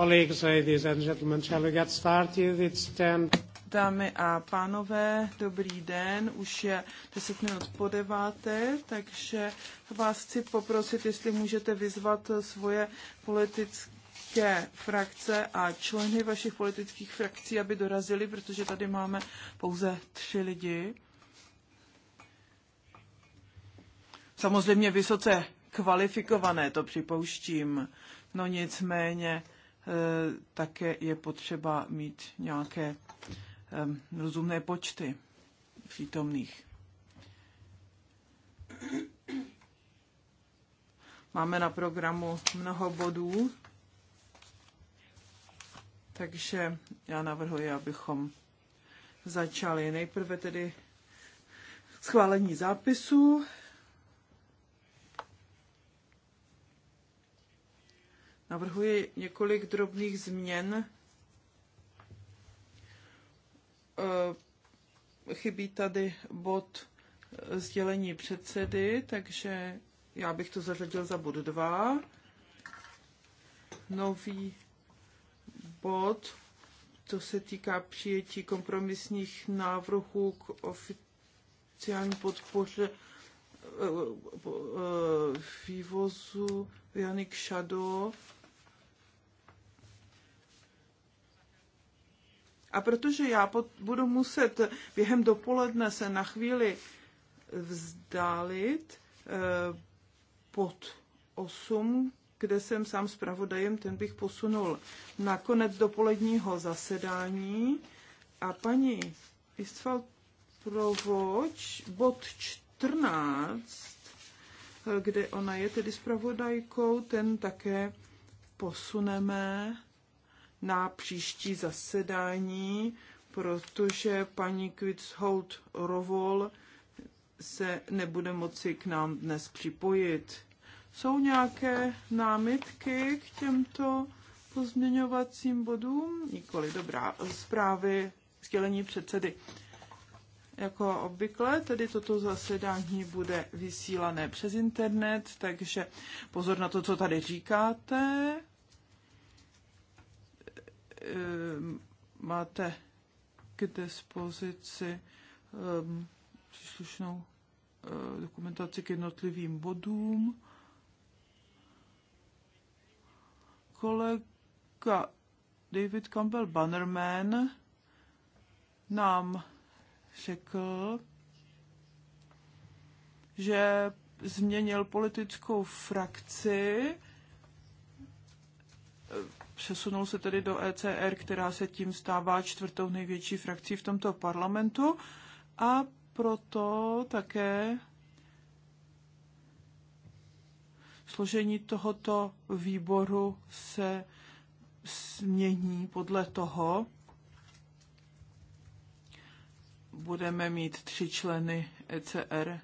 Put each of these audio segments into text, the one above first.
Colleagues, ladies and gentlemen, shall we get started? It's 10. Dámy a pánové, dobrý den. Už je deset minut po deváté, takže vás chci poprosit, jestli můžete vyzvat svoje politické frakce a členy vašich politických frakcí, aby dorazili, protože tady máme pouze tři lidi. Samozřejmě vysoce kvalifikované, to připouštím. No nicméně Eh, také je potřeba mít nějaké rozumné počty přítomných. Máme na programu mnoho bodů, takže já navrhuji, abychom začali. Nejprve tedy schválení zápisů Navrhuji několik drobných změn. Eh, chybí tady bod eh, sdělení předsedy, takže já bych to zařadil za bod 2. Nový bod, to se týká přijetí kompromisních návrhů k oficiální podpoře eh, vývozu Janik Shadow A protože já pod, budu muset během dopoledne se na chvíli vzdálit eh, pod 8, kde jsem sám zpravodajem, ten bych posunul na konec dopoledního zasedání. A paní Istval Provoč, bod 14, eh, kde ona je tedy zpravodajkou, ten také posuneme na příští zasedání, protože paní Quitzhout Rovol se nebude moci k nám dnes připojit. Jsou nějaké námitky k těmto pozměňovacím bodům? Nikoli dobrá. Zprávy sdělení předsedy. Jako obvykle, tedy toto zasedání bude vysílané přes internet, takže pozor na to, co tady říkáte. Eh, máte k dispozici ehm, příslušnou eh, dokumentaci k jednotlivým bodům. Kolega David Campbell Bannerman nám řekl, že změnil politickou frakci Přesunul se tedy do ECR, která se tím stává čtvrtou největší frakcí v tomto parlamentu a proto také složení tohoto výboru se změní podle toho. Budeme mít tři členy ECR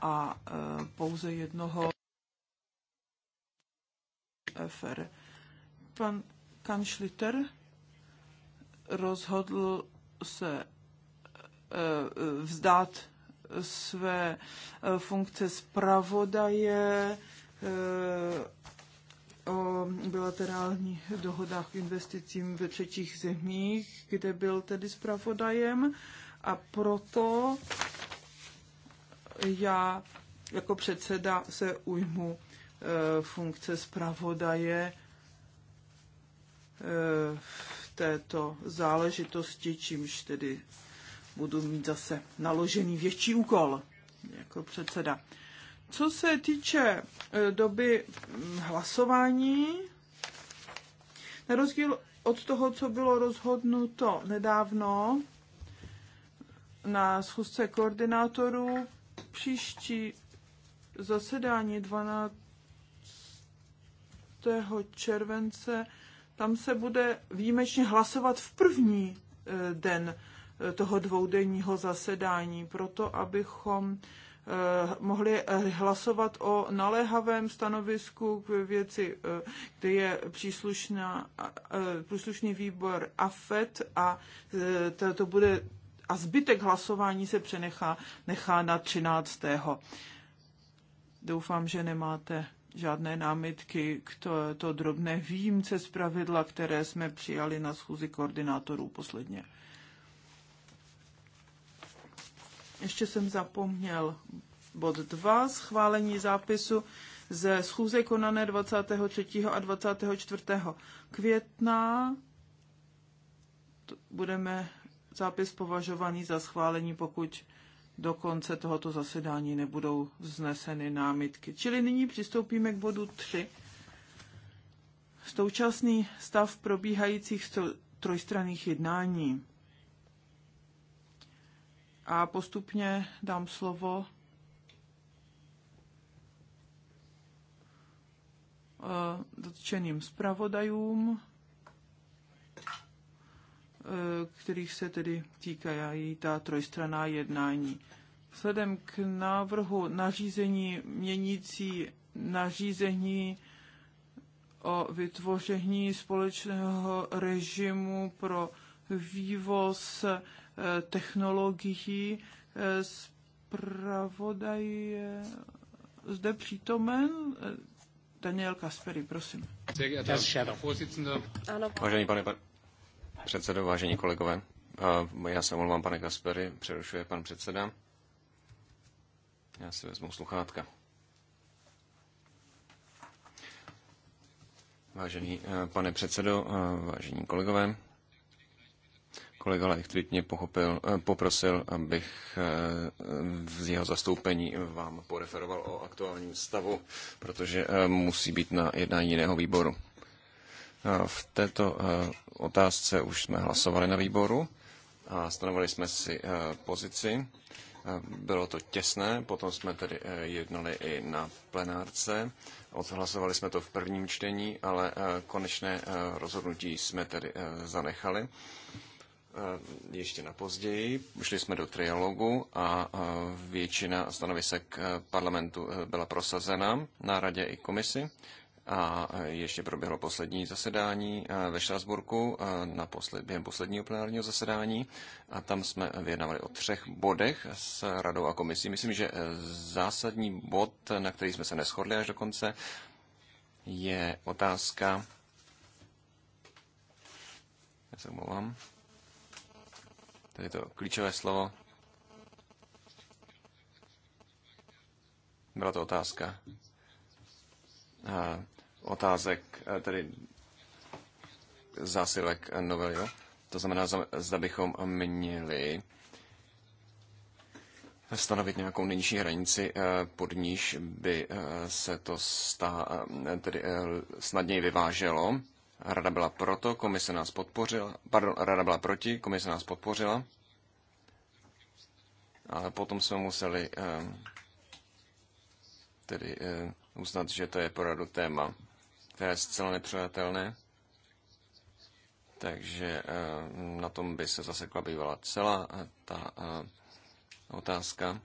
a e, pouze jednoho EFR. Pan Kanšliter rozhodl se eh, vzdát své eh, funkce zpravodaje eh, o bilaterálních dohodách k investicím ve třetích zemích, kde byl tedy zpravodajem a proto já jako předseda se ujmu Eh, funkce zpravodaje eh, v této záležitosti, čímž tedy budu mít zase naložený větší úkol jako předseda. Co se týče eh, doby hm, hlasování, na rozdíl od toho, co bylo rozhodnuto nedávno na schůzce koordinátorů, příští zasedání 12 července, tam se bude výjimečně hlasovat v první eh, den eh, toho dvoudenního zasedání, proto abychom eh, mohli hlasovat o naléhavém stanovisku k věci, kde je příslušná, příslušný výbor AFET a e to, to bude a zbytek hlasování se přenechá nechá na 13. Doufám, že nemáte žádné námitky k to, to drobné výjimce z pravidla, které jsme přijali na schůzi koordinátorů posledně. Ještě jsem zapomněl bod 2, schválení zápisu ze schůze konané 23. a 24. května. Budeme zápis považovaný za schválení, pokud do konce tohoto zasedání nebudou vzneseny námitky. Čili nyní přistoupíme k bodu 3. Současný stav probíhajících trojstranných jednání. A postupně dám slovo eh, dotčeným zpravodajům Eh, kterých se tedy týkají ta trojstraná jednání. Vzhledem k návrhu nařízení měnící nařízení o vytvoření společného režimu pro vývoz eh, technologií. Eh, zpravodaj je zde přítomen. Daniel Kaspery, prosím. Ano. Vážený pane předsedo, vážení kolegové. Eh, já se omlouvám, pane Kaspery, přerušuje pan předseda. Já si vezmu sluchátka. Vážený eh, pane předsedo, eh, vážení kolegové, kolega Lechtvit mě pochopil, poprosil, abych z jeho zastoupení vám poreferoval o aktuálním stavu, protože musí být na jednání jiného výboru. V této eh, otázce už jsme hlasovali na výboru a stanovili jsme si eh, pozici. Eh, bylo to těsné, potom jsme tedy jednali i na plenárce. Odhlasovali jsme to v prvním čtení, ale konečné rozhodnutí jsme tedy zanechali ještě na později. Šli jsme do trialogu a většina stanovisek parlamentu byla prosazena na radě i komisi a ještě proběhlo poslední zasedání eh, ve Štrasburku eh, na posled, během posledního plenárního zasedání a tam jsme vyjednávali o třech bodech s radou a komisí. Myslím, že eh, zásadní bod, na který jsme se neschodli až do konce, je otázka já se omlouvám. Tady to klíčové slovo. Byla to otázka otázek, eh, tedy zásilek eh, novely. Jo? To znamená, zda bychom měli stanovit nějakou nejnižší hranici, eh, pod níž by se to stá, tedy snadněji vyváželo. Rada byla proto, komise nás podpořila, pardon, rada byla proti, komise nás podpořila, ale potom jsme museli tedy uznat, že to je poradu téma které je zcela nepřijatelné. Takže eh, na tom by se zasekla bývala celá eh, ta eh, otázka,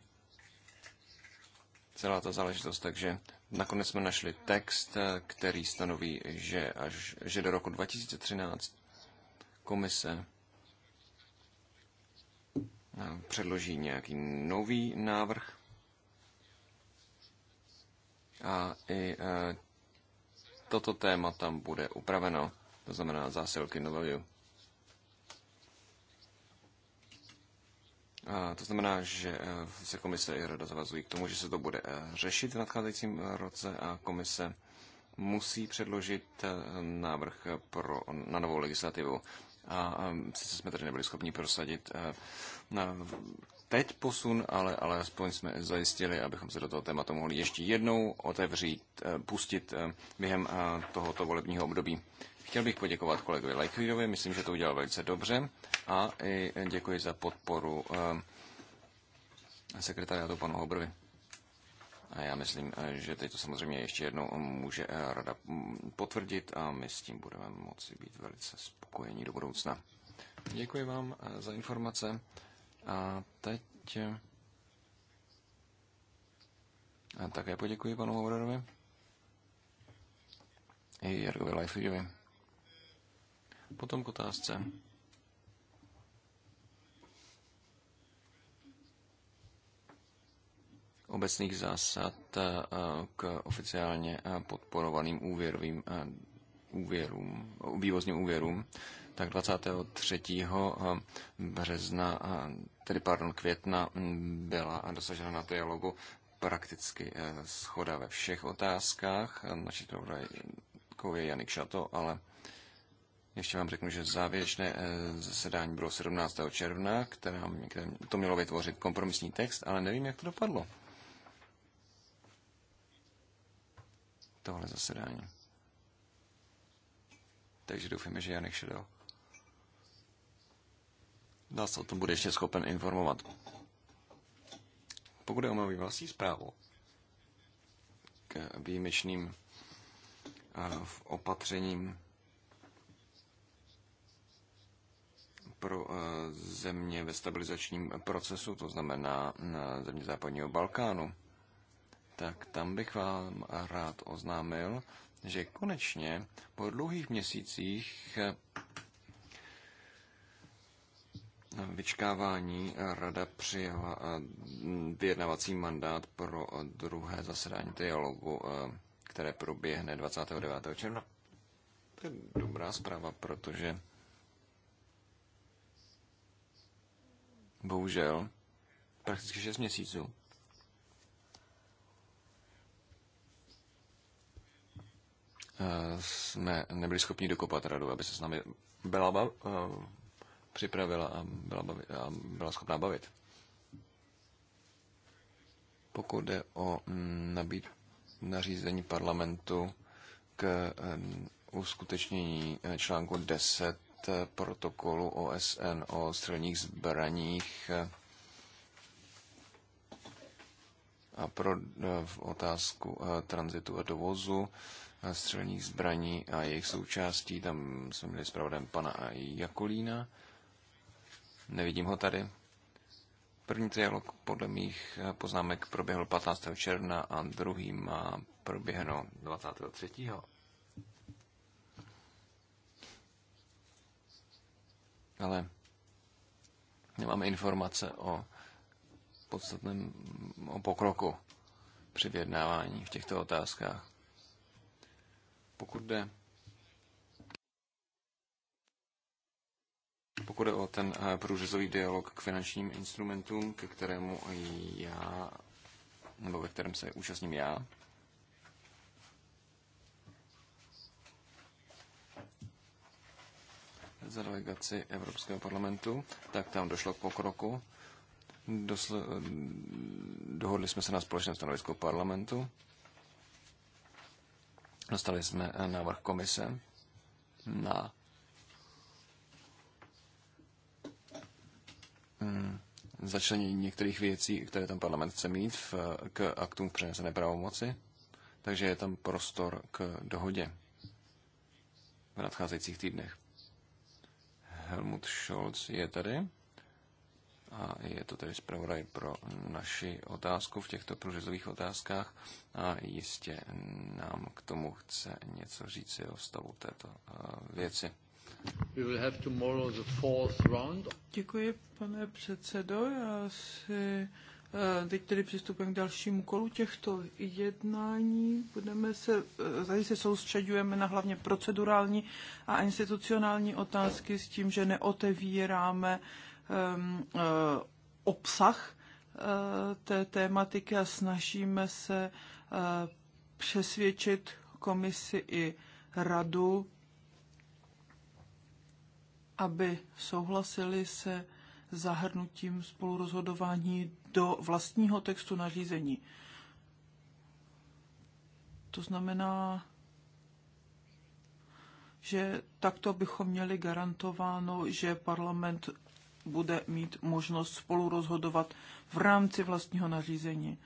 celá ta záležitost. Takže nakonec jsme našli text, který stanoví, že, až, že do roku 2013 komise předloží nějaký nový návrh a i toto téma tam bude upraveno, to znamená zásilky A To znamená, že eh, se komise i rada zavazují k tomu, že se to bude eh, řešit v nadcházejícím roce a komise musí předložit eh, návrh pro, na novou legislativu. A sice jsme tady nebyli schopni prosadit na teď posun, ale alespoň jsme zajistili, abychom se do toho tématu mohli ještě jednou otevřít, eh, pustit eh, během eh, tohoto volebního období. Chtěl bych poděkovat kolegovi Lajkvírovi, myslím, že to udělal velice dobře a i děkuji za podporu sekretariátu panu Hobrovi. A já myslím, že teď to samozřejmě ještě jednou může rada mm, potvrdit a my s tím budeme moci být velice spokojení do budoucna. Děkuji vám za informace. A teď... A také poděkuji panu Hovorerovi. I Jarkovi Lajfidžovi. Potom k otázce. obecných zásad eh, k oficiálně eh, podporovaným úvěrovým eh, úvěrům, vývozním úvěrům tak 23. Eh, března, eh, tedy pardon, května mm, byla dosažena na dialogu prakticky eh, schoda ve všech otázkách. Naši to je Janik Šato, ale ještě vám řeknu, že závěrečné zasedání bylo 17. června, která, které to mělo vytvořit kompromisní text, ale nevím, jak to dopadlo. Tohle zasedání. Takže doufáme, že Janek Šedel nás o tom bude ještě schopen informovat. Pokud je o mou vlastní zprávu k výjimečným eh, opatřením pro eh, země ve stabilizačním procesu, to znamená na země západního Balkánu, tak tam bych vám rád oznámil, že konečně po dlouhých měsících vyčkávání rada přijala eh, vyjednavací mandát pro eh, druhé zasedání dialogu, eh, které proběhne 29. června. To je dobrá zpráva, protože bohužel prakticky 6 měsíců jsme nebyli schopni dokopat radu, aby se s námi byla připravila a byla, bavi, a byla schopná bavit. Pokud jde o mm, nabít nařízení parlamentu k mm, uskutečnění eh, článku 10 eh, protokolu OSN o střelních zbraních eh, a pro v otázku tranzitu a dovozu střelních zbraní a jejich součástí. Tam jsme měli zpravodajem pana Jakolína. Nevidím ho tady. První trialog podle mých eh, poznámek proběhl 15. června a druhý má proběhno 23. Ale nemáme informace o podstatném o pokroku při vyjednávání v těchto otázkách. Pokud jde Pokud je o ten eh, průřezový dialog k finančním instrumentům, ke kterému já, nebo ve kterém se účastním já, za delegaci Evropského parlamentu, tak tam došlo k pokroku. Dosl- dohodli jsme se na společném stanovisku parlamentu. Dostali jsme eh, návrh komise na Mm, začlenění některých věcí, které tam parlament chce mít v, k aktům v přenesené pravomoci, takže je tam prostor k dohodě v nadcházejících týdnech. Helmut Scholz je tady a je to tedy zpravodaj pro naši otázku v těchto průřezových otázkách a jistě nám k tomu chce něco říci o stavu této eh, věci. Děkuji, pane předsedo. Já si eh, Teď tedy přistupujeme k dalšímu kolu těchto jednání. Budeme se, eh, tady se soustředujeme na hlavně procedurální a institucionální otázky s tím, že neotevíráme um, uh, obsah uh, té tématiky a snažíme se uh, přesvědčit komisi i radu aby souhlasili se zahrnutím spolurozhodování do vlastního textu nařízení. To znamená, že takto bychom měli garantováno, že parlament bude mít možnost spolurozhodovat v rámci vlastního nařízení.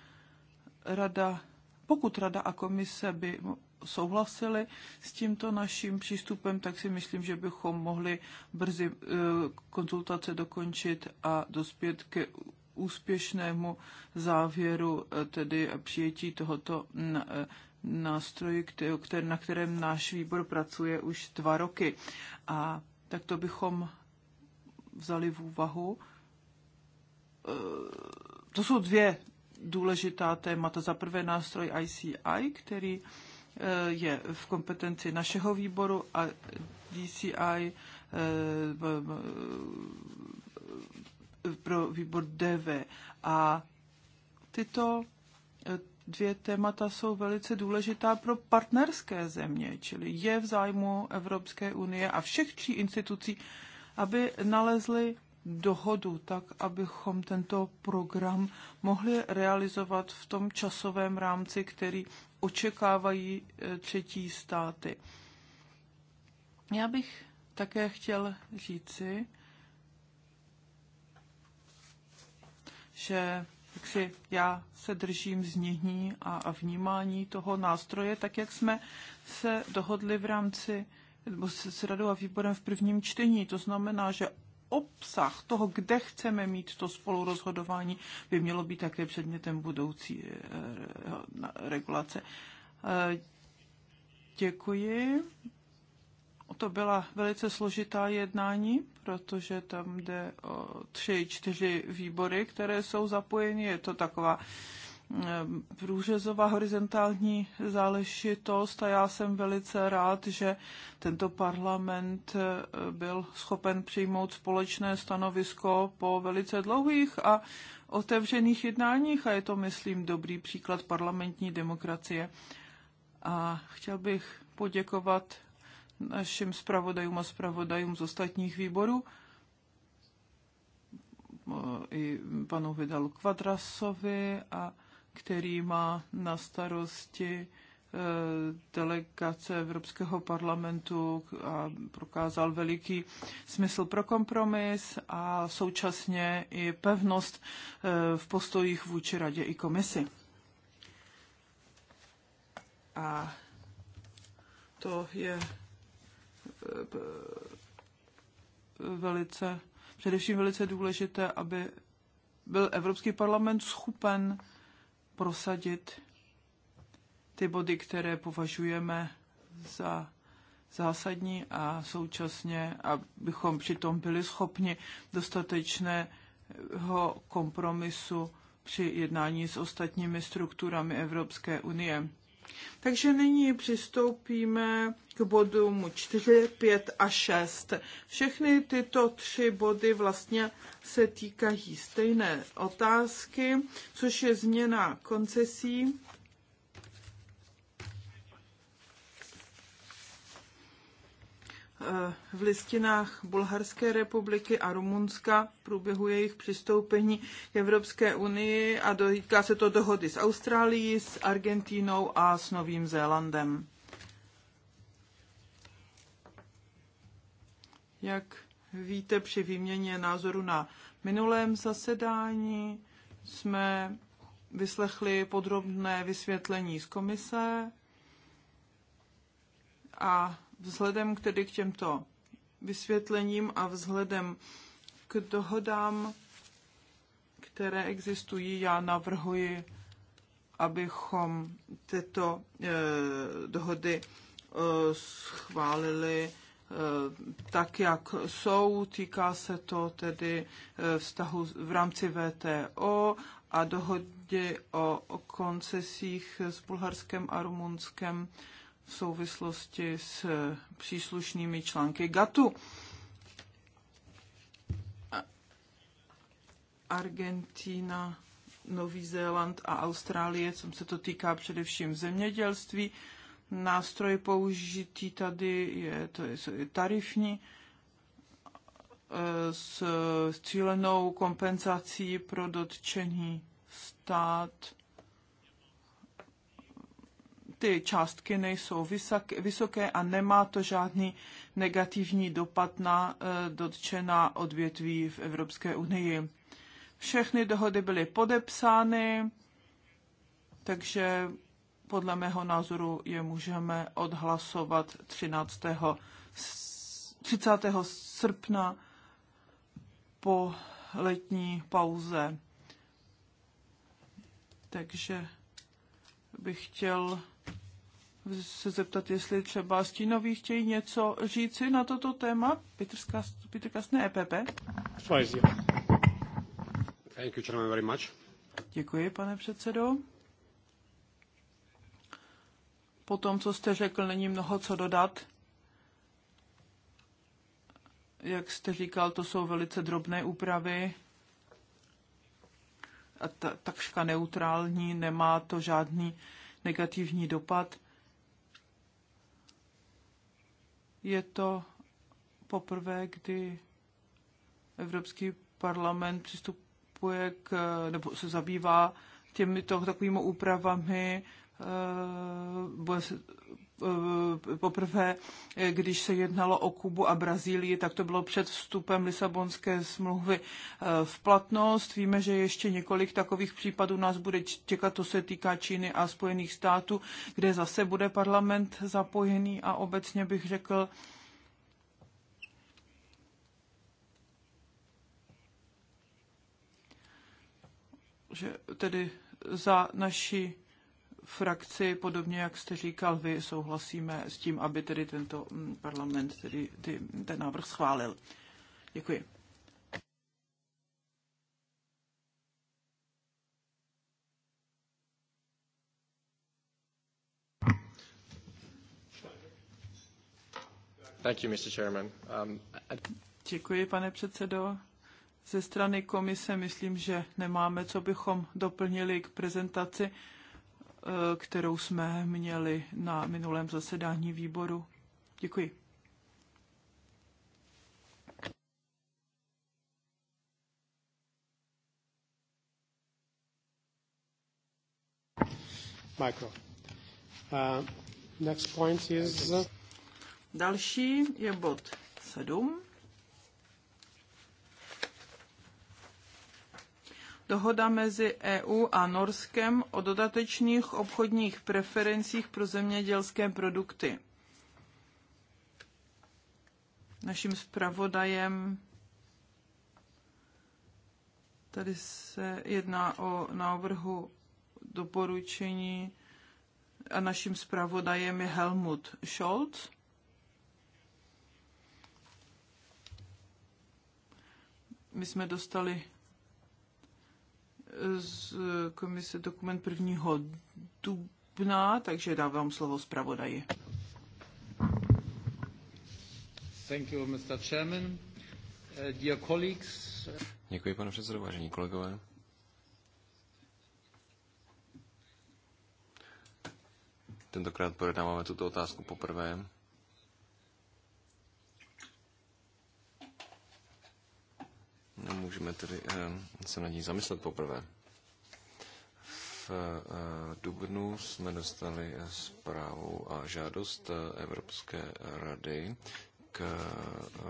Rada, pokud rada a komise by souhlasili s tímto naším přístupem, tak si myslím, že bychom mohli brzy eh, konzultace dokončit a dospět ke úspěšnému závěru, eh, tedy přijetí tohoto mm, eh, nástroji, na kterém náš výbor pracuje už dva roky. A tak to bychom vzali v úvahu. To jsou dvě důležitá témata. Za prvé nástroj ICI, který Eh, je v kompetenci našeho výboru a DCI eh, pro výbor DV. A tyto eh, dvě témata jsou velice důležitá pro partnerské země, čili je v zájmu Evropské unie a všech tří institucí, aby nalezly dohodu, tak abychom tento program mohli realizovat v tom časovém rámci, který očekávají eh, třetí státy. Já bych také chtěl říci, že jaksi já se držím znění a, vnímání toho nástroje, tak jak jsme se dohodli v rámci s radou a výborem v prvním čtení. To znamená, že obsah toho, kde chceme mít to spolurozhodování, by mělo být také předmětem budoucí eh, regulace. Eh, děkuji. To byla velice složitá jednání, protože tam jde o tři, čtyři výbory, které jsou zapojeny. Je to taková Eh, průřezová horizontální záležitost a já jsem velice rád, že tento parlament eh, byl schopen přijmout společné stanovisko po velice dlouhých a otevřených jednáních a je to, myslím, dobrý příklad parlamentní demokracie. A chtěl bych poděkovat našim zpravodajům a zpravodajům z ostatních výborů eh, i panu Vidalu Kvadrasovi a který má na starosti eh, delegace Evropského parlamentu a prokázal veliký smysl pro kompromis a současně i pevnost eh, v postojích vůči radě i komisi. A to je eh, velice, především velice důležité, aby byl Evropský parlament schopen prosadit ty body, které považujeme za zásadní a současně, abychom přitom byli schopni dostatečného kompromisu při jednání s ostatními strukturami Evropské unie. Takže nyní přistoupíme k bodům 4, 5 a 6. Všechny tyto tři body vlastně se týkají stejné otázky, což je změna koncesí Eh, v listinách Bulharské republiky a Rumunska v průběhu jejich přistoupení k Evropské unii a dotýká se to dohody s Austrálií, s Argentínou a s Novým Zélandem. Jak víte, při výměně názoru na minulém zasedání jsme vyslechli podrobné vysvětlení z komise a vzhledem k tedy k těmto vysvětlením a vzhledem k dohodám, které existují, já navrhuji, abychom tyto e, dohody e, schválili eh, tak, jak jsou. Týká se to tedy vztahu v rámci VTO a dohody o koncesích s Bulharskem a Rumunskem. E, v souvislosti s příslušnými články GATU. Argentina, Nový Zéland a Austrálie, co se to týká především zemědělství. Nástroj použitý tady je, to je, tarifní eh, s cílenou kompenzací pro dotčený stát ty částky nejsou vysoké a nemá to žádný negativní dopad na eh, dotčená odvětví v Evropské unii. Všechny dohody byly podepsány, takže podle mého názoru je můžeme odhlasovat 13. 30. srpna po letní pauze. Takže bych chtěl se zeptat, jestli třeba stínoví chtějí něco říci na toto téma. Petr, Kast, Kastner, EPP. Thank you, chairman, very much. Děkuji, pane předsedo. Po tom, co jste řekl, není mnoho co dodat. Jak jste říkal, to jsou velice drobné úpravy. A ta, takška neutrální, nemá to žádný negativní dopad. Je to poprvé, kdy Evropský parlament přistupuje k, nebo se zabývá těmito takovými úpravami, eh, bude se Eh, poprvé, eh, když se jednalo o Kubu a Brazílii, tak to bylo před vstupem Lisabonské smlouvy eh, v platnost. Víme, že ještě několik takových případů nás bude čekat, to se týká Číny a Spojených států, kde zase bude parlament zapojený a obecně bych řekl, že tedy za naši frakci, podobně jak jste říkal vy, souhlasíme s tím, aby tedy tento mm, parlament tedy ty, ten návrh schválil. Děkuji. Thank you, Mr. Chairman. Um, I... Děkuji, pane předsedo. Ze strany komise myslím, že nemáme, co bychom doplnili k prezentaci Eh, kterou jsme měli na minulém zasedání výboru. Děkuji. Micro. Uh, next point is... Další je bod 7. dohoda mezi EU a Norskem o dodatečných obchodních preferencích pro zemědělské produkty. Naším zpravodajem tady se jedná o návrhu doporučení a naším zpravodajem je Helmut Scholz. My jsme dostali z komise dokument 1. dubna, takže dávám slovo zpravodaji. Thank you, Mr. Chairman. Uh, dear colleagues. Děkuji, pane předsedo, vážení kolegové. Tentokrát projednáváme tuto otázku poprvé Můžeme tedy eh, se na ní zamyslet poprvé. V eh, dubnu jsme dostali zprávu a žádost Evropské rady k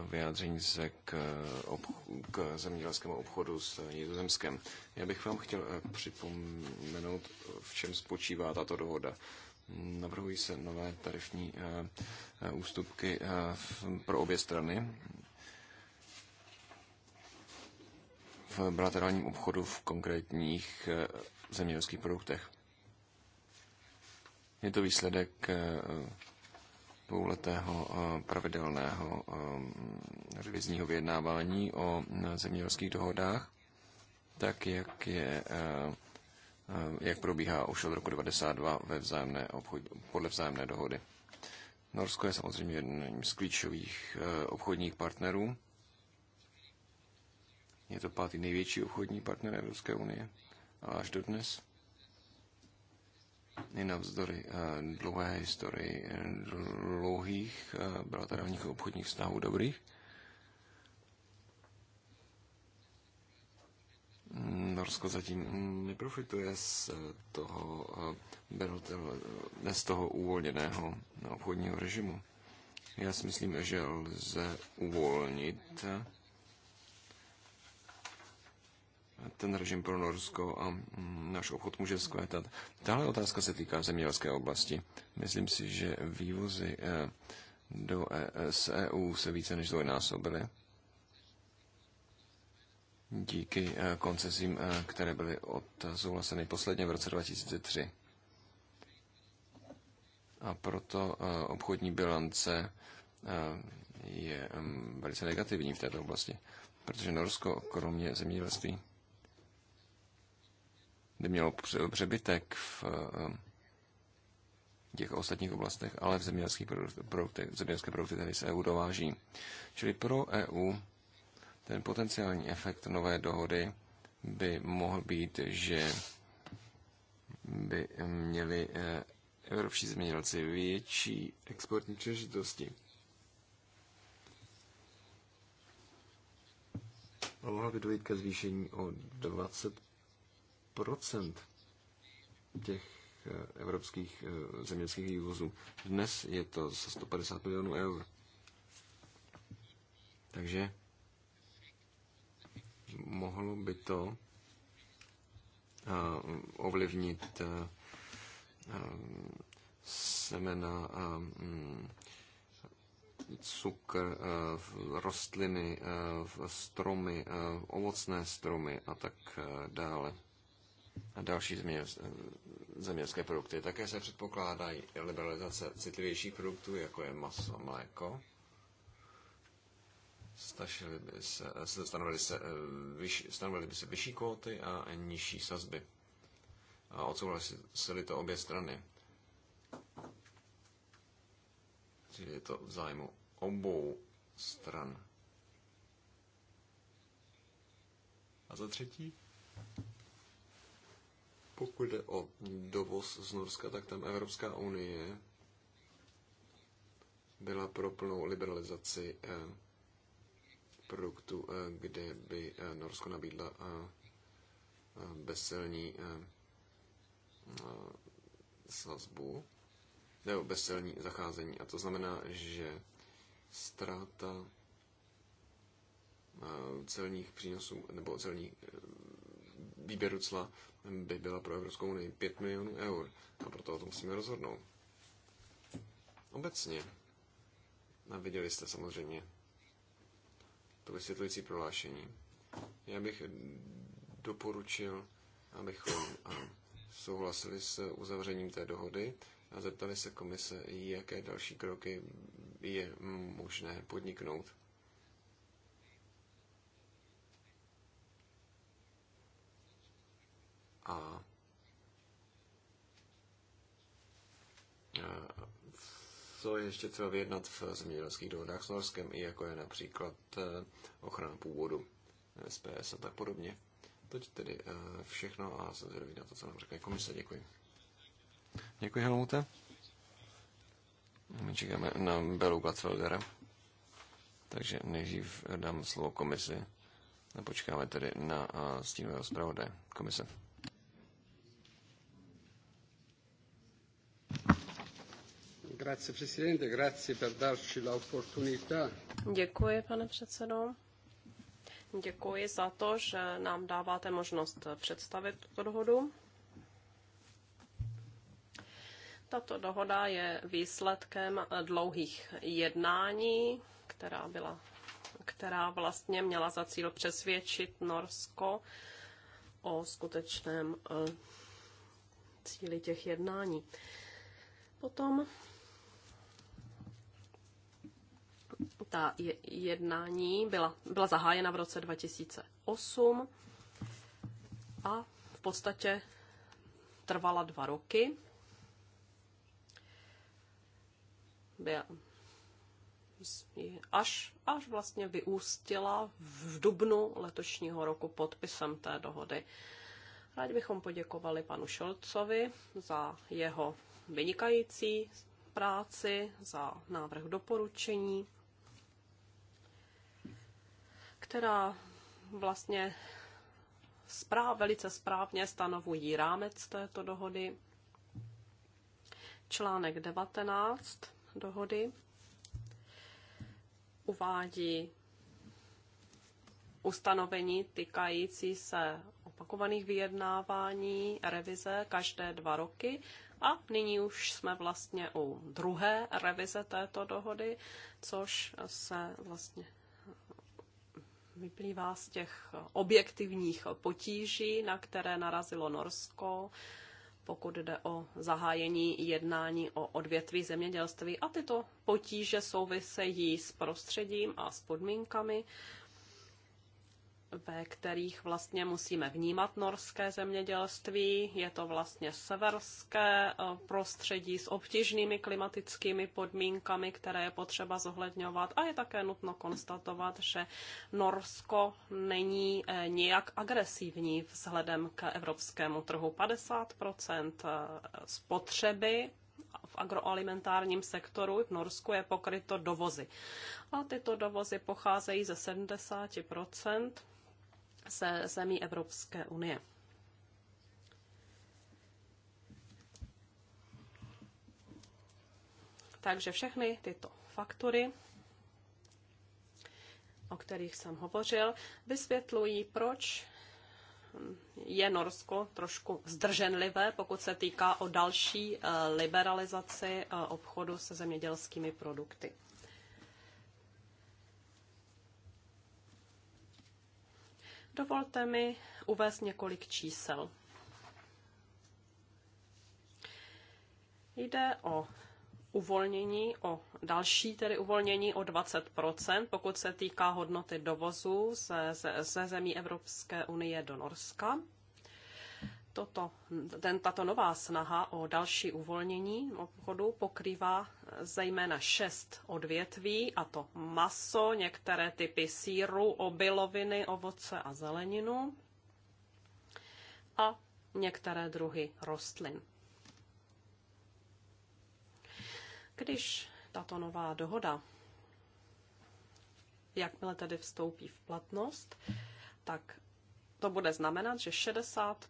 vyjádření se k, k zemědělskému obchodu s Nizozemskem. Já bych vám chtěl eh, připomenout, v čem spočívá tato dohoda. Navrhují se nové tarifní ústupky pro obě strany bilaterálním obchodu v konkrétních eh, zemědělských produktech. Je to výsledek eh, dvouletého eh, pravidelného revizního vyjednávání o zemědělských dohodách, tak jak, je, jak probíhá už od roku 1992 ve vzájemné obchod, podle vzájemné dohody. Norsko je samozřejmě jedním z klíčových obchodních partnerů je to pátý největší obchodní partner Evropské unie, a až dodnes i navzdory eh, dlouhé historii eh, dlouhých eh, bilaterálních obchodních vztahů dobrých. Mm, Norsko zatím neprofituje z toho, z toho uvolněného obchodního režimu. Já si myslím, že lze uvolnit ten režim pro Norsko a mm, náš obchod může zkvétat. Tahle otázka se týká zemědělské oblasti. Myslím si, že vývozy eh, do eh, z EU se více než dvojnásobily díky eh, koncesím, které byly odsouhlaseny posledně v roce 2003. A proto obchodní bilance je mm, velice negativní v této oblasti, protože Norsko kromě zemědělství kde mělo přebytek v eh, těch ostatních oblastech, ale v zemědělských produktech, zemědělské produkty tady se EU dováží. Čili pro EU ten potenciální efekt nové dohody by mohl být, že by měli eh, evropští zemědělci větší exportní přežitosti. A mohla by dojít ke zvýšení o 20 procent těch eh, evropských eh, zemědělských vývozů. Dnes je to za 150 milionů eur. Takže mohlo by to ovlivnit semena, cukr, rostliny, stromy, ovocné stromy a tak eh, dále a další eh, zemědělské produkty. Také se předpokládají liberalizace citlivějších produktů, jako je maso a mléko. by eh, se, stanovily, se, eh, vyš, by se vyšší kvóty a nižší sazby. A odsouhlasily to obě strany. Čili je to v zájmu obou stran. A za třetí? Pokud jde o dovoz z Norska, tak tam Evropská unie byla pro plnou liberalizaci eh, produktu, eh, kde by eh, Norsko nabídla bezcelní sazbu, nebo bezcelní zacházení. A to znamená, že ztráta celních přínosů nebo celních výběru cla by byla pro Evropskou unii 5 milionů eur. A proto o tom musíme rozhodnout. Obecně. A viděli jste samozřejmě to vysvětlující prohlášení. Já bych doporučil, abychom souhlasili s uzavřením té dohody a zeptali se komise, jaké další kroky je možné podniknout. a e, co je ještě třeba vyjednat v zemědělských dohodách s Norskem, i jako je například e, ochrana původu, SPS e, a tak podobně. je tedy všechno a jsem zvědavý na to, co nám řekne komise. Děkuji. Děkuji, Helmute. My čekáme na Belu Glatfeldera. Takže nejdřív dám slovo komisi. počkáme tedy na stínového zpravodaje komise. Grazie Presidente, grazie per darci l'opportunità. Děkuji, pane předsedo. Děkuji za to, že nám dáváte možnost představit tuto dohodu. Tato dohoda je výsledkem dlouhých jednání, která, byla, která vlastně měla za cíl přesvědčit Norsko o skutečném eh, cíli těch jednání. Potom ta jednání byla, byla zahájena v roce 2008 a v podstatě trvala dva roky. Byla, až, až vlastně vyústila v dubnu letošního roku podpisem té dohody. Rádi bychom poděkovali panu Šolcovi za jeho vynikající práci, za návrh doporučení která vlastně správ, velice správně stanovují rámec této dohody. Článek 19 dohody uvádí ustanovení týkající se opakovaných vyjednávání, revize každé dva roky. A nyní už jsme vlastně u druhé revize této dohody, což se vlastně vyplývá z těch objektivních potíží, na které narazilo Norsko, pokud jde o zahájení jednání o odvětví zemědělství. A tyto potíže souvisejí s prostředím a s podmínkami, ve kterých vlastně musíme vnímat norské zemědělství. Je to vlastně severské eh, prostředí s obtížnými klimatickými podmínkami, které je potřeba zohledňovat. A je také nutno konstatovat, že Norsko není eh, nijak agresivní vzhledem k evropskému trhu. 50 eh, spotřeby v agroalimentárním sektoru v Norsku je pokryto dovozy. A tyto dovozy pocházejí ze 70 se zemí Evropské unie. Takže všechny tyto faktory, o kterých jsem hovořil, vysvětlují, proč je Norsko trošku zdrženlivé, pokud se týká o další eh, liberalizaci eh, obchodu se zemědělskými produkty. Dovolte mi uvést několik čísel. Jde o uvolnění, o další tedy uvolnění o 20%, pokud se týká hodnoty dovozu ze, ze, ze zemí Evropské unie do Norska toto, ten, tato nová snaha o další uvolnění obchodu pokrývá zejména šest odvětví, a to maso, některé typy síru, obiloviny, ovoce a zeleninu a některé druhy rostlin. Když tato nová dohoda, jakmile tedy vstoupí v platnost, tak to bude znamenat, že 60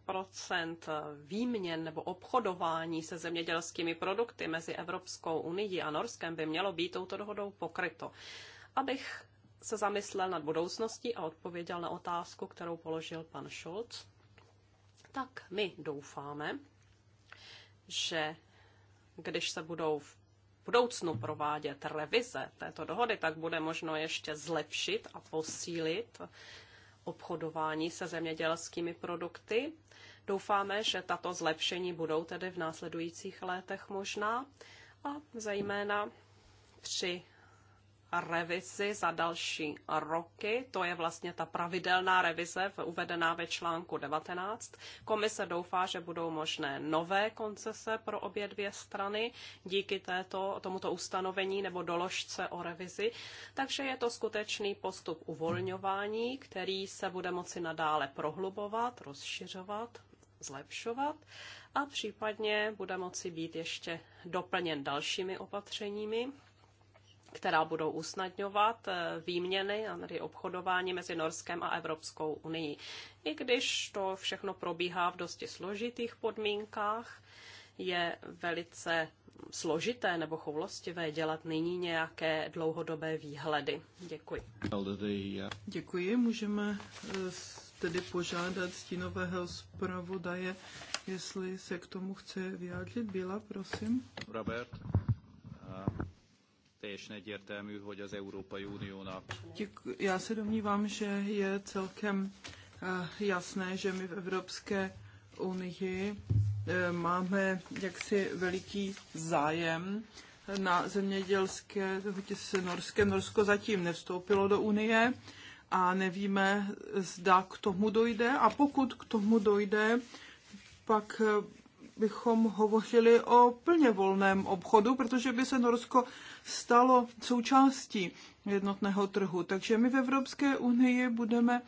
výměn nebo obchodování se zemědělskými produkty mezi Evropskou unii a Norskem by mělo být touto dohodou pokryto. Abych se zamyslel nad budoucností a odpověděl na otázku, kterou položil pan Scholz, tak my doufáme, že když se budou v budoucnu provádět revize této dohody, tak bude možno ještě zlepšit a posílit obchodování se zemědělskými produkty. Doufáme, že tato zlepšení budou tedy v následujících letech možná a zejména při revizi za další roky. To je vlastně ta pravidelná revize uvedená ve článku 19. Komise doufá, že budou možné nové koncese pro obě dvě strany díky této, tomuto ustanovení nebo doložce o revizi. Takže je to skutečný postup uvolňování, který se bude moci nadále prohlubovat, rozšiřovat zlepšovat a případně bude moci být ještě doplněn dalšími opatřeními, která budou usnadňovat eh, výměny a tedy obchodování mezi Norskem a Evropskou unii. I když to všechno probíhá v dosti složitých podmínkách, je velice složité nebo choulostivé dělat nyní nějaké dlouhodobé výhledy. Děkuji. Děkuji, můžeme eh, tedy požádat stínového zpravodaje, jestli se k tomu chce vyjádřit. Byla, prosím. Robert teljesen egyértelmű, hogy az Európai Uniónak. Já se domnívám, že je celkem eh, jasné, že my v Evropské unii eh, máme jaksi veliký zájem na zemědělské dohodě s Norskem. Norsko zatím nevstoupilo do Unie a nevíme, zda k tomu dojde. A pokud k tomu dojde, pak eh, bychom hovořili o plně volném obchodu, protože by se Norsko stalo součástí jednotného trhu. Takže my v Evropské unii budeme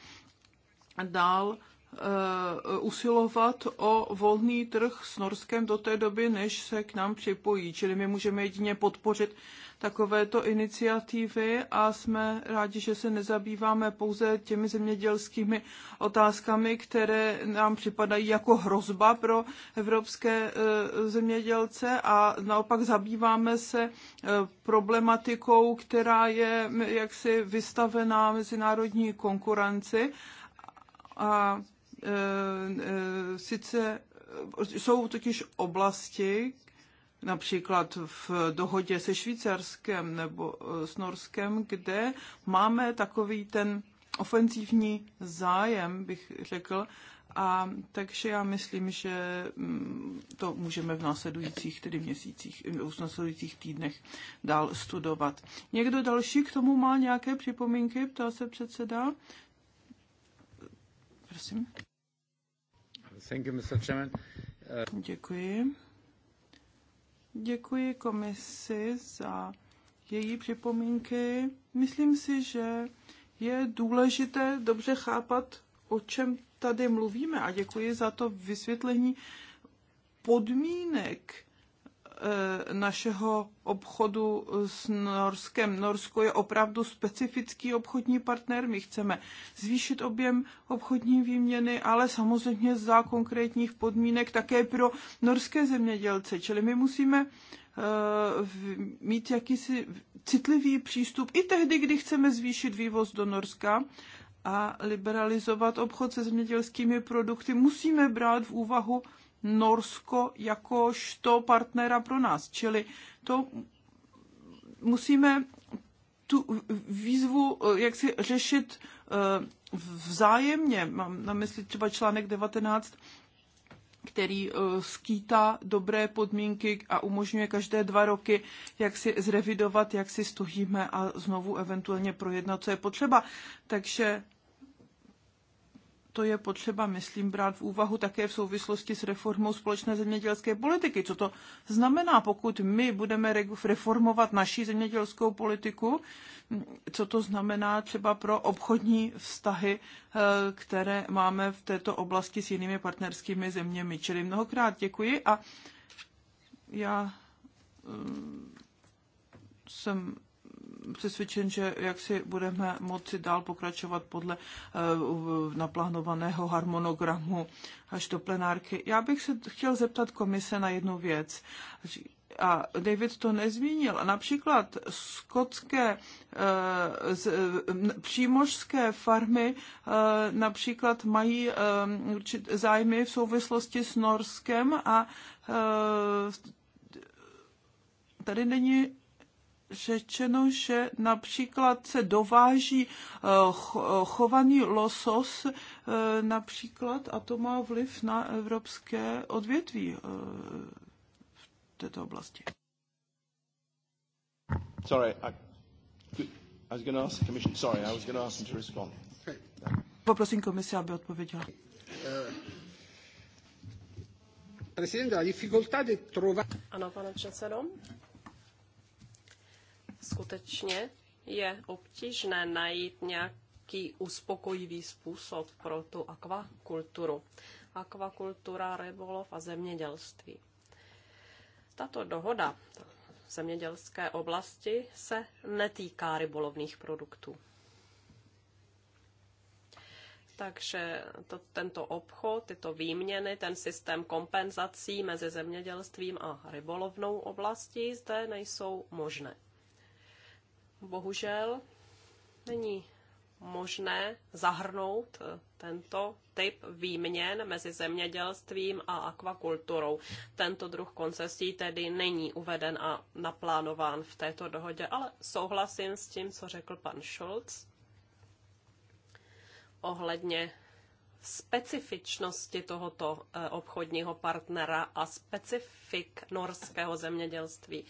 dál Eh, usilovat o volný trh s Norskem do té doby, než se k nám připojí. Čili my můžeme jedině podpořit takovéto iniciativy a jsme rádi, že se nezabýváme pouze těmi zemědělskými otázkami, které nám připadají jako hrozba pro evropské eh, zemědělce a naopak zabýváme se eh, problematikou, která je jaksi vystavená mezinárodní konkurenci a Eh, eh, sice eh, jsou totiž oblasti, například v dohodě se Švýcarskem nebo s Norskem, kde máme takový ten ofenzivní zájem, bych řekl, a takže já myslím, že mm, to můžeme v následujících tedy měsících, v následujících týdnech dál studovat. Někdo další k tomu má nějaké připomínky? Ptá se předseda. Prosím. Uh, děkuji. Děkuji komisi za její připomínky. Myslím si, že je důležité dobře chápat, o čem tady mluvíme a děkuji za to vysvětlení podmínek Eh, našeho obchodu s Norskem. Norsko je opravdu specifický obchodní partner. My chceme zvýšit objem obchodní výměny, ale samozřejmě za konkrétních podmínek také pro norské zemědělce. Čili my musíme eh, mít jakýsi citlivý přístup i tehdy, kdy chceme zvýšit vývoz do Norska a liberalizovat obchod se zemědělskými produkty, musíme brát v úvahu Norsko jakožto partnera pro nás. Čili to musíme tu výzvu, eh, jak si řešit eh, vzájemně, mám na mysli třeba článek 19, který eh, skýtá dobré podmínky a umožňuje každé dva roky, jak si zrevidovat, jak si stojíme a znovu eventuálně projednat, co je potřeba. Takže to je potřeba, myslím, brát v úvahu také v souvislosti s reformou společné zemědělské politiky. Co to znamená, pokud my budeme reformovat naši zemědělskou politiku, co to znamená třeba pro obchodní vztahy, eh, které máme v této oblasti s jinými partnerskými zeměmi. Čili mnohokrát děkuji a já eh, jsem přesvědčen, že jak si budeme moci dál pokračovat podle eh, naplánovaného harmonogramu až do plenárky. Já bych se chtěl zeptat komise na jednu věc a David to nezmínil, a například skotské eh, z, eh, přímořské farmy například mají zájmy v souvislosti s Norskem a tady není řečeno, že například se dováží eh, chovaný losos eh, například a to má vliv na evropské odvětví eh, v této oblasti. Sorry, I, I was going to ask the commission. Sorry, I was going to ask them to respond. Poprosím komisi, aby odpověděla. Ano, pane předsedo, skutečně je obtížné najít nějaký uspokojivý způsob pro tu akvakulturu. Akvakultura, rybolov a zemědělství. Tato dohoda v zemědělské oblasti se netýká rybolovných produktů. Takže to, tento obchod, tyto výměny, ten systém kompenzací mezi zemědělstvím a rybolovnou oblastí zde nejsou možné. Bohužel není možné zahrnout eh, tento typ výměn mezi zemědělstvím a akvakulturou. Tento druh koncesí tedy není uveden a naplánován v této dohodě, ale souhlasím s tím, co řekl pan Schulz ohledně specifičnosti tohoto eh, obchodního partnera a specifik norského zemědělství.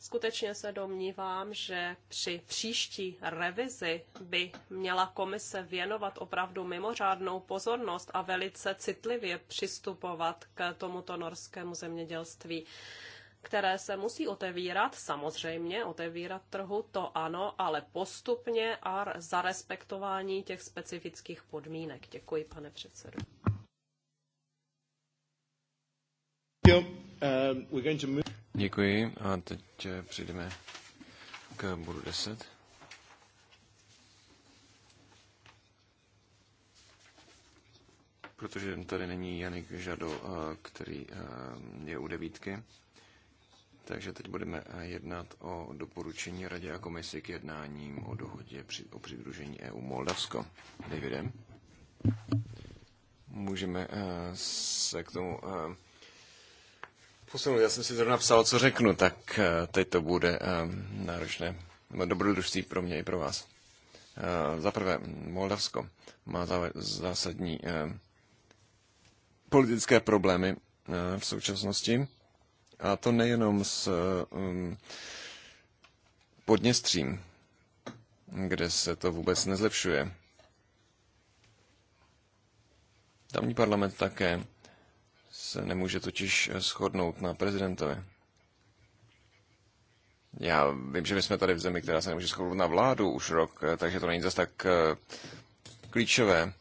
Skutečně se domnívám, že při příští revizi by měla komise věnovat opravdu mimořádnou pozornost a velice citlivě přistupovat k tomuto norskému zemědělství které se musí otevírat, samozřejmě otevírat trhu, to ano, ale postupně a za respektování těch specifických podmínek. Děkuji, pane předsedo. Děkuji a teď eh, přijdeme k bodu 10. Protože tady není Janik Žado, eh, který eh, je u devítky. Takže teď budeme jednat o doporučení Radě a komisi k jednáním o dohodě při, o přidružení EU Moldavsko. Davidem, můžeme se k tomu posunul. Já jsem si zrovna psal, co řeknu, tak eh, teď to bude eh, náročné. No, dobrodružství pro mě i pro vás. Eh, za prvé, Moldavsko má zásadní politické problémy v současnosti. A to nejenom s um, podněstřím, kde se to vůbec nezlepšuje. Tamní parlament také se nemůže totiž eh, shodnout na prezidentovi. Já vím, že my jsme tady v zemi, která se nemůže shodnout na vládu už rok, eh, takže to není zas tak eh, klíčové.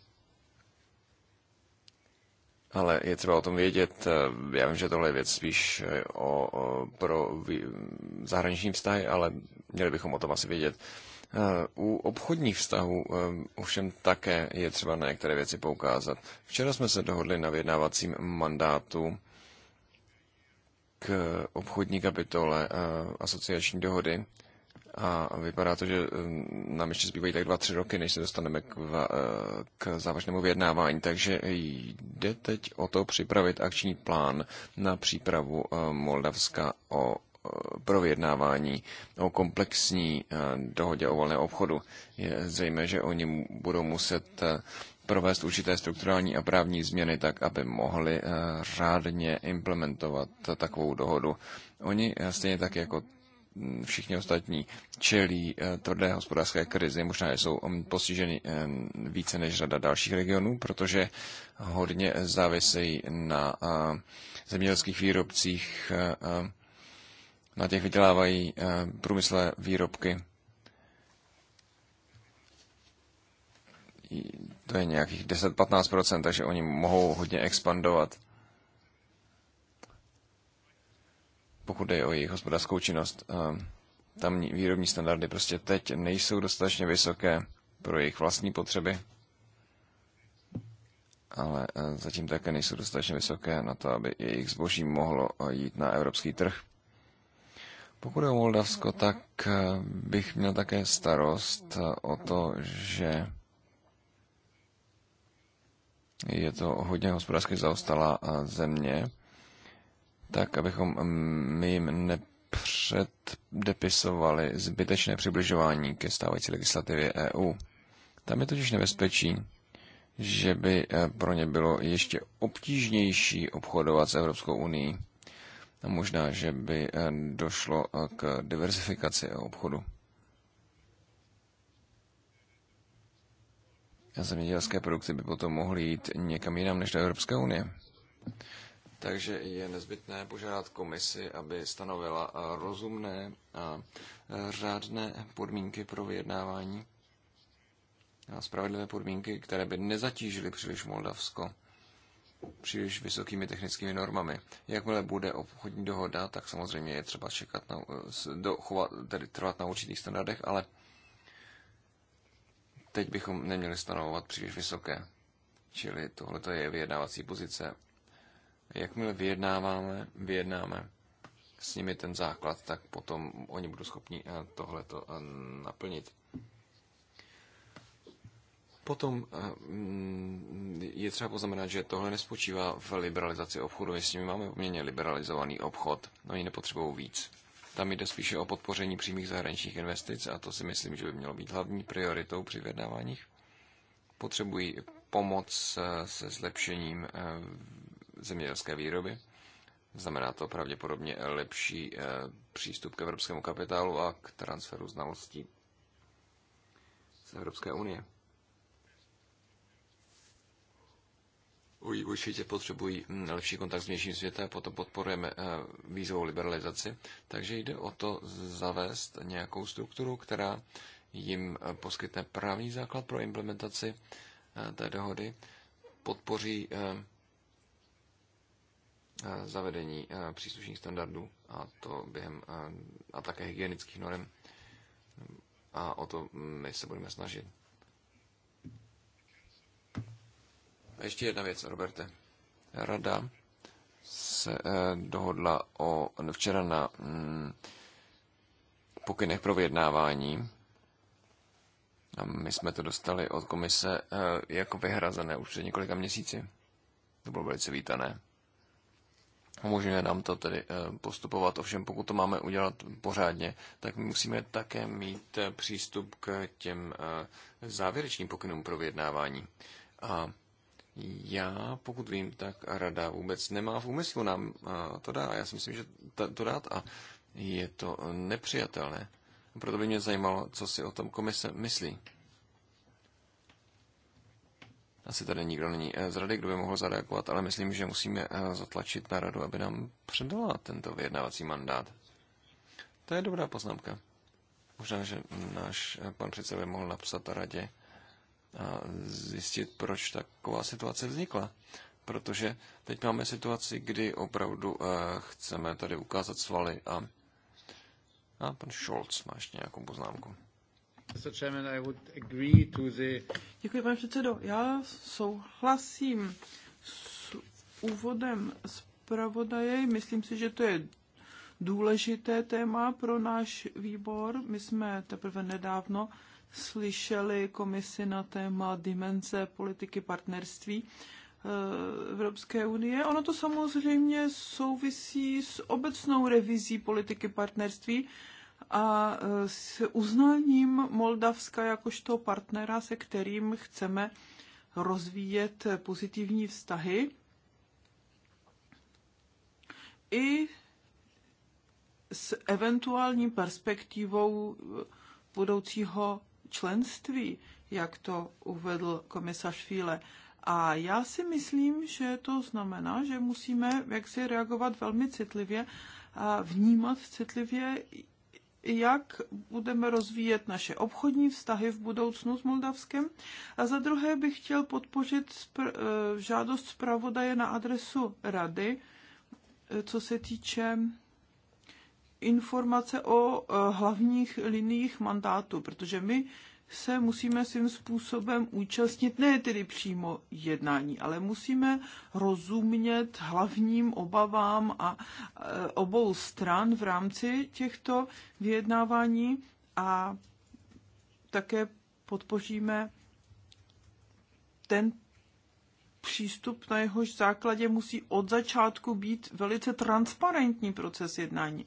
Ale je třeba o tom vědět. Já vím, že tohle je věc spíš o, o, pro zahraniční vztahy, ale měli bychom o tom asi vědět. Eh, u obchodních vztahů eh, ovšem také je třeba na některé věci poukázat. Včera jsme se dohodli na vyjednávacím mandátu k obchodní kapitole eh, asociační dohody a vypadá to, že nám ještě zbývají tak dva, tři roky, než se dostaneme k, va, k závažnému vyjednávání. Takže jde teď o to připravit akční plán na přípravu Moldavska o Eh, pro vyjednávání o komplexní eh, dohodě o volné obchodu. Je zřejmé, že oni budou muset eh, provést určité strukturální a právní změny tak, aby mohli řádně implementovat takovou dohodu. Oni stejně tak jako hm, všichni ostatní čelí tvrdé hospodářské krizi, možná jsou hm, postiženy hm, více než řada dalších regionů, protože hodně závisejí na zemědělských výrobcích, na těch vydělávají eh, průmyslové výrobky. To je nějakých 10-15%, takže oni mohou hodně expandovat. Pokud jde o jejich hospodářskou činnost, eh, tamní výrobní standardy prostě teď nejsou dostatečně vysoké pro jejich vlastní potřeby, ale eh, zatím také nejsou dostatečně vysoké na to, aby jejich zboží mohlo jít na evropský trh. Pokud je o Moldavsko, tak eh, bych měl také starost eh, o to, že je to hodně hospodářsky zaostalá eh, země, tak abychom mm, my jim nepředdepisovali zbytečné přibližování ke stávající legislativě EU. Tam je totiž nebezpečí, že by pro ně bylo ještě obtížnější obchodovat s Evropskou unii možná, že by eh, došlo eh, k diversifikaci obchodu. A zemědělské produkty by potom mohly jít někam jinam než do Evropské unie. Takže je nezbytné požádat komisi, aby stanovila eh, rozumné a řádné podmínky pro vyjednávání a spravedlivé podmínky, které by nezatížily příliš Moldavsko příliš vysokými technickými normami. Jakmile bude obchodní dohoda, tak samozřejmě je třeba čekat na, eh, do, chovat, tedy trvat na určitých standardech, ale teď bychom neměli stanovovat příliš vysoké. Čili tohle je vyjednávací pozice. Jakmile vyjednáváme, vyjednáme s nimi ten základ, tak potom oni budou schopni eh, tohleto eh, naplnit. Potom eh, mm, je třeba poznamenat, že tohle nespočívá v liberalizaci obchodu. Jestli my máme poměrně liberalizovaný obchod, oni nepotřebují víc. Tam jde spíše o podpoření přímých zahraničních investic a to si myslím, že by mělo být hlavní prioritou při vědnáváních. Potřebují pomoc eh, se zlepšením eh, zemědělské výroby. Znamená to pravděpodobně lepší přístup k evropskému kapitálu a k transferu znalostí z Evropské unie. určitě potřebují hm, lepší kontakt s vnějším světem, potom podporujeme eh, vízovou liberalizaci. Takže jde o to zavést nějakou strukturu, která jim eh, poskytne právní základ pro implementaci eh, té dohody, podpoří zavedení příslušných standardů a to během a také hygienických norm. A o to hm, my se budeme snažit. A ještě jedna věc, Roberte. Rada se eh, dohodla o, no, včera na mm, pokynech pro vyjednávání. A my jsme to dostali od komise eh, jako vyhrazené už před několika měsíci. To bylo velice vítané. Umožňuje nám to tedy eh, postupovat, ovšem pokud to máme udělat pořádně, tak musíme také mít přístup k těm závěrečným pokynům pro vyjednávání. A já, pokud vím, tak rada vůbec nemá v úmyslu nám to dát. Já si myslím, že to dát a je to nepřijatelné. Proto by mě zajímalo, co si o tom komise myslí. Asi tady nikdo není eh, z rady, kdo by mohl zareagovat, ale myslím, že musíme eh, zatlačit na radu, aby nám předala tento vyjednávací mandát. To je dobrá poznámka. Možná, že náš eh, pan předseda by mohl napsat radě, a zjistit, proč taková situace vznikla. Protože teď máme situaci, kdy opravdu eh, chceme tady ukázat svaly a a pan Scholz má ještě nějakou poznámku. Děkuji, pane předsedo. Já souhlasím s úvodem zpravodaje. Myslím si, že to je důležité téma pro náš výbor. My jsme teprve nedávno slyšeli komisi na téma dimenze politiky partnerství eh, Evropské unie. Ono to samozřejmě souvisí s obecnou revizí politiky partnerství a eh, s uznáním Moldavska jakožto partnera, se kterým chceme rozvíjet pozitivní vztahy. I s eventuální perspektivou budoucího členství, jak to uvedl komisař Fíle. A já si myslím, že to znamená, že musíme jaksi reagovat velmi citlivě a vnímat citlivě, jak budeme rozvíjet naše obchodní vztahy v budoucnu s Moldavskem. A za druhé bych chtěl podpořit spr- eh, žádost zpravodaje na adresu rady, eh, co se týče informace o e, hlavních liniích mandátu, protože my se musíme svým způsobem účastnit, ne tedy přímo jednání, ale musíme rozumět hlavním obavám a e, obou stran v rámci těchto vyjednávání a také podpoříme ten přístup, na jehož základě musí od začátku být velice transparentní proces jednání.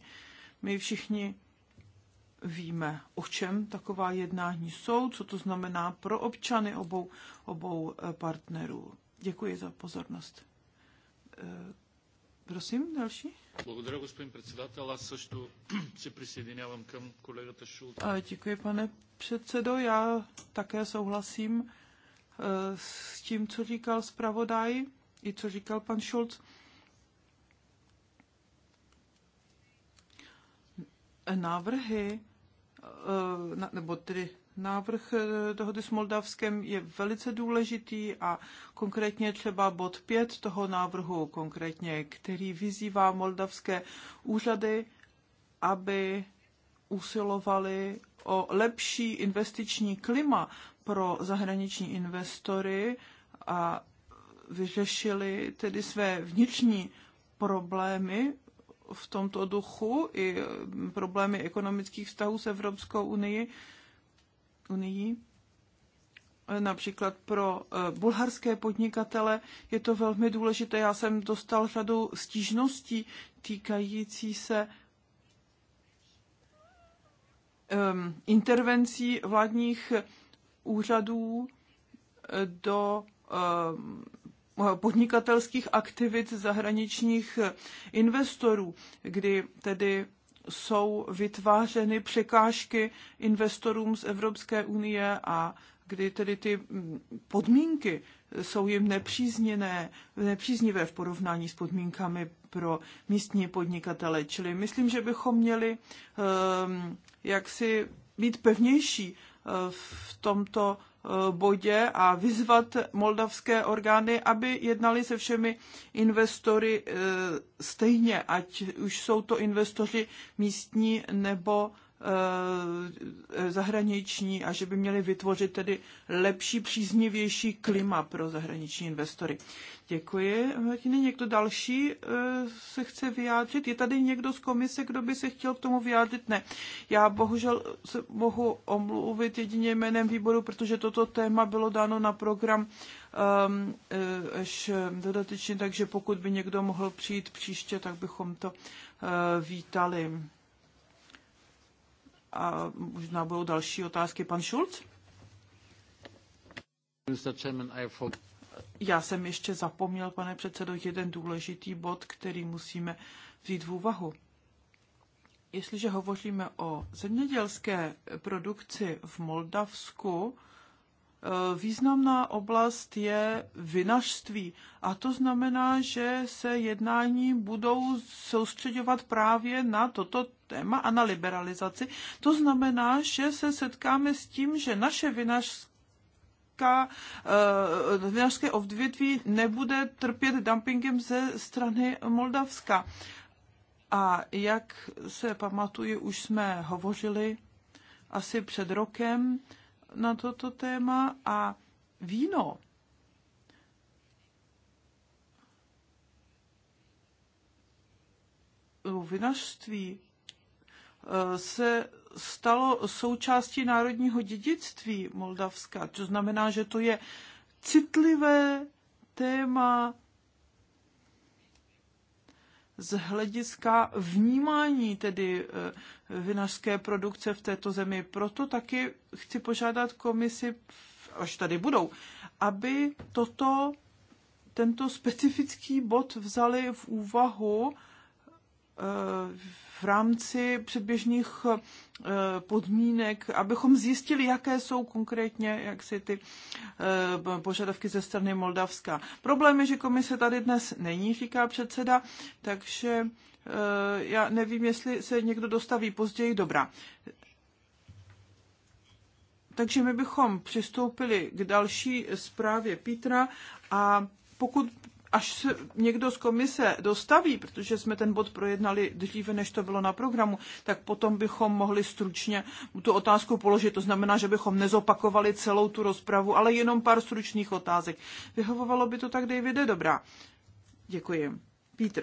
My všichni víme, o čem taková jednání jsou, co to znamená pro občany obou, obou eh, partnerů. Děkuji za pozornost. Eh, prosím, další. Благодаря, господин председател. Аз също се присъединявам към колегата Шулт. Děkuji, pane předsedo. Já také souhlasím eh, s tím, co říkal zpravodaj i co říkal pan Šulc. návrhy, eh, nebo tedy návrh eh, dohody s Moldavskem je velice důležitý a konkrétně třeba bod 5 toho návrhu, konkrétně, který vyzývá moldavské úřady, aby usilovali o lepší investiční klima pro zahraniční investory a vyřešili tedy své vnitřní problémy v tomto duchu i problémy ekonomických vztahů s Evropskou unii, unii. Například pro eh, bulharské podnikatele je to velmi důležité. Já jsem dostal řadu stížností týkající se um, intervencí vládních úřadů eh, do um, podnikatelských aktivit zahraničních investorů, kdy tedy jsou vytvářeny překážky investorům z Evropské unie a kdy tedy ty mm, podmínky jsou jim nepřízněné, nepříznivé v porovnání s podmínkami pro místní podnikatele. Čili myslím, že bychom měli um, jaksi být pevnější eh, v tomto bodě a vyzvat moldavské orgány, aby jednali se všemi investory eh, stejně, ať už jsou to investoři místní nebo Eh, eh, zahraniční a že by měli vytvořit tedy lepší, příznivější klima pro zahraniční investory. Děkuji. Martine, někdo další eh, se chce vyjádřit? Je tady někdo z komise, kdo by se chtěl k tomu vyjádřit? Ne. Já bohužel se mohu omluvit jedině jménem výboru, protože toto téma bylo dáno na program um, až ehm, dodatečně, takže pokud by někdo mohl přijít příště, tak bychom to uh, vítali a možná budou další otázky. Pan Schulz? Já jsem ještě zapomněl, pane předsedo, jeden důležitý bod, který musíme vzít v úvahu. Jestliže hovoříme o zemědělské produkci v Moldavsku, eh, významná oblast je vinařství. A to znamená, že se jednání budou soustředovat právě na toto téma a na liberalizaci. To znamená, že se setkáme s tím, že naše vinařské eh, vinařské odvětví nebude trpět dumpingem ze strany Moldavska. A jak se pamatuju, už jsme hovořili asi před rokem na toto téma a víno vinařství se stalo součástí národního dědictví Moldavska, to znamená, že to je citlivé téma z hlediska vnímání tedy eh, vinařské produkce v této zemi. Proto taky chci požádat komisi, až tady budou, aby toto, tento specifický bod vzali v úvahu eh, v rámci předběžných eh, podmínek, abychom zjistili, jaké jsou konkrétně jak si ty eh, požadavky ze strany Moldavska. Problém je, že komise tady dnes není, říká předseda, takže eh, já nevím, jestli se někdo dostaví později. Dobrá. Takže my bychom přistoupili k další zprávě Petra a pokud až se někdo z komise dostaví, protože jsme ten bod projednali dříve, než to bylo na programu, tak potom bychom mohli stručně tu otázku položit. To znamená, že bychom nezopakovali celou tu rozpravu, ale jenom pár stručných otázek. Vyhovovalo by to tak, Davide? Dobrá. Děkuji. Pítr.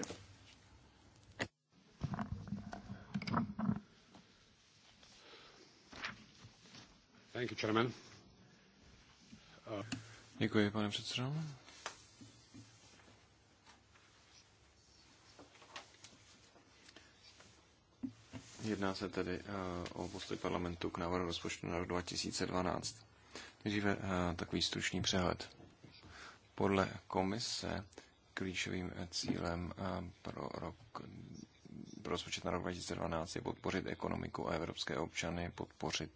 Thank you, Chairman. Děkuji, pane předsedo. Jedná se tedy eh, o postoj parlamentu k návrhu rozpočtu na rok 2012. Nejdříve eh, takový stručný přehled. Podle komise klíčovým eh, cílem pro rok pro rozpočet na rok 2012 je podpořit ekonomiku a evropské občany, podpořit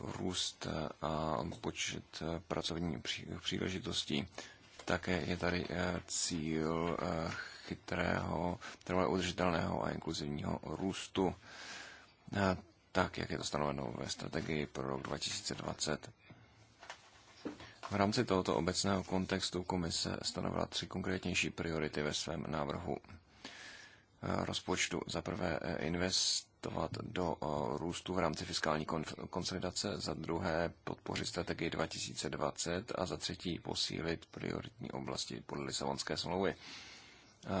růst a počet pracovních příležitostí. Také je tady cíl chytrého, trvale udržitelného a inkluzivního růstu, tak jak je to stanoveno ve strategii pro rok 2020. V rámci tohoto obecného kontextu komise stanovila tři konkrétnější priority ve svém návrhu e, rozpočtu. Za prvé e, investovat do e, růstu v rámci fiskální konsolidace, za druhé podpořit strategii 2020 a za třetí posílit prioritní oblasti podle Lisabonské smlouvy.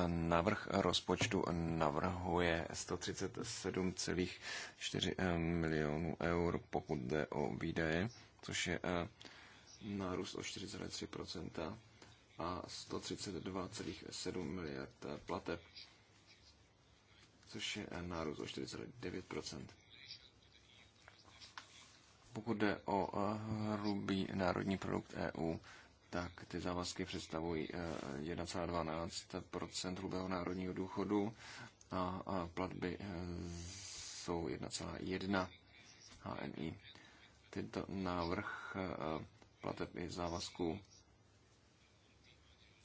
Návrh rozpočtu navrhuje 137,4 eh, milionů eur, pokud jde o výdaje, což je eh, nárůst o 43% a 132,7 miliard eh, plateb, což je nárůst o 49%. Pokud jde o hrubý národní produkt EU, tak ty závazky představují 1,12 eh, hrubého národního důchodu a platby eh, jsou 1,1 HNI. Tento návrh eh, plateb i závazků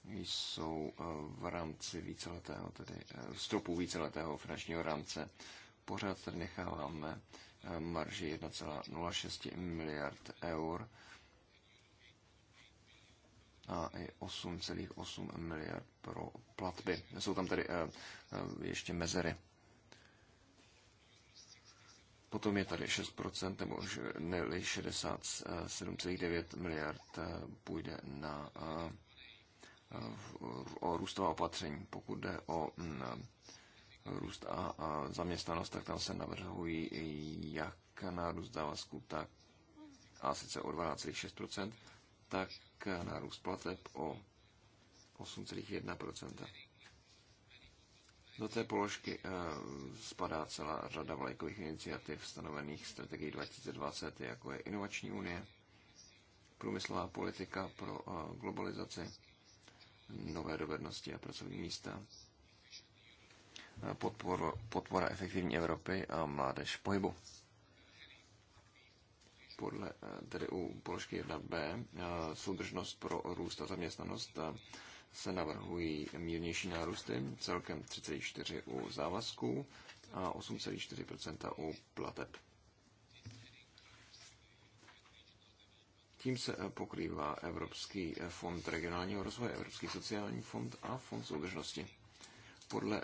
jsou v rámci víceletého, tedy stropu víceletého finančního rámce. Pořád tady necháváme marži 1,06 miliard eur a 8,8 miliard pro platby. Jsou tam tedy eh, eh, ještě mezery. Potom je tady 6%, nebo ne 67,9 miliard eh, půjde na o růstová opatření. Pokud jde o mm, růst a zaměstnanost, tak tam se navrhují jak na růst závazku, tak a sice o 12,6%, tak nárůst plateb o 8,1%. Do té položky eh, spadá celá řada vlajkových iniciativ stanovených strategií 2020, jako je Inovační unie, průmyslová politika pro eh, globalizaci, nové dovednosti a pracovní místa, eh, podpor, podpora efektivní Evropy a mládež v pohybu podle, tedy u položky 1b, eh, soudržnost pro růst a zaměstnanost, eh, se navrhují mírnější nárůsty, celkem 3,4 u závazků a 8,4 u plateb. Tím se eh, pokrývá Evropský fond regionálního rozvoje, Evropský sociální fond a fond soudržnosti. Podle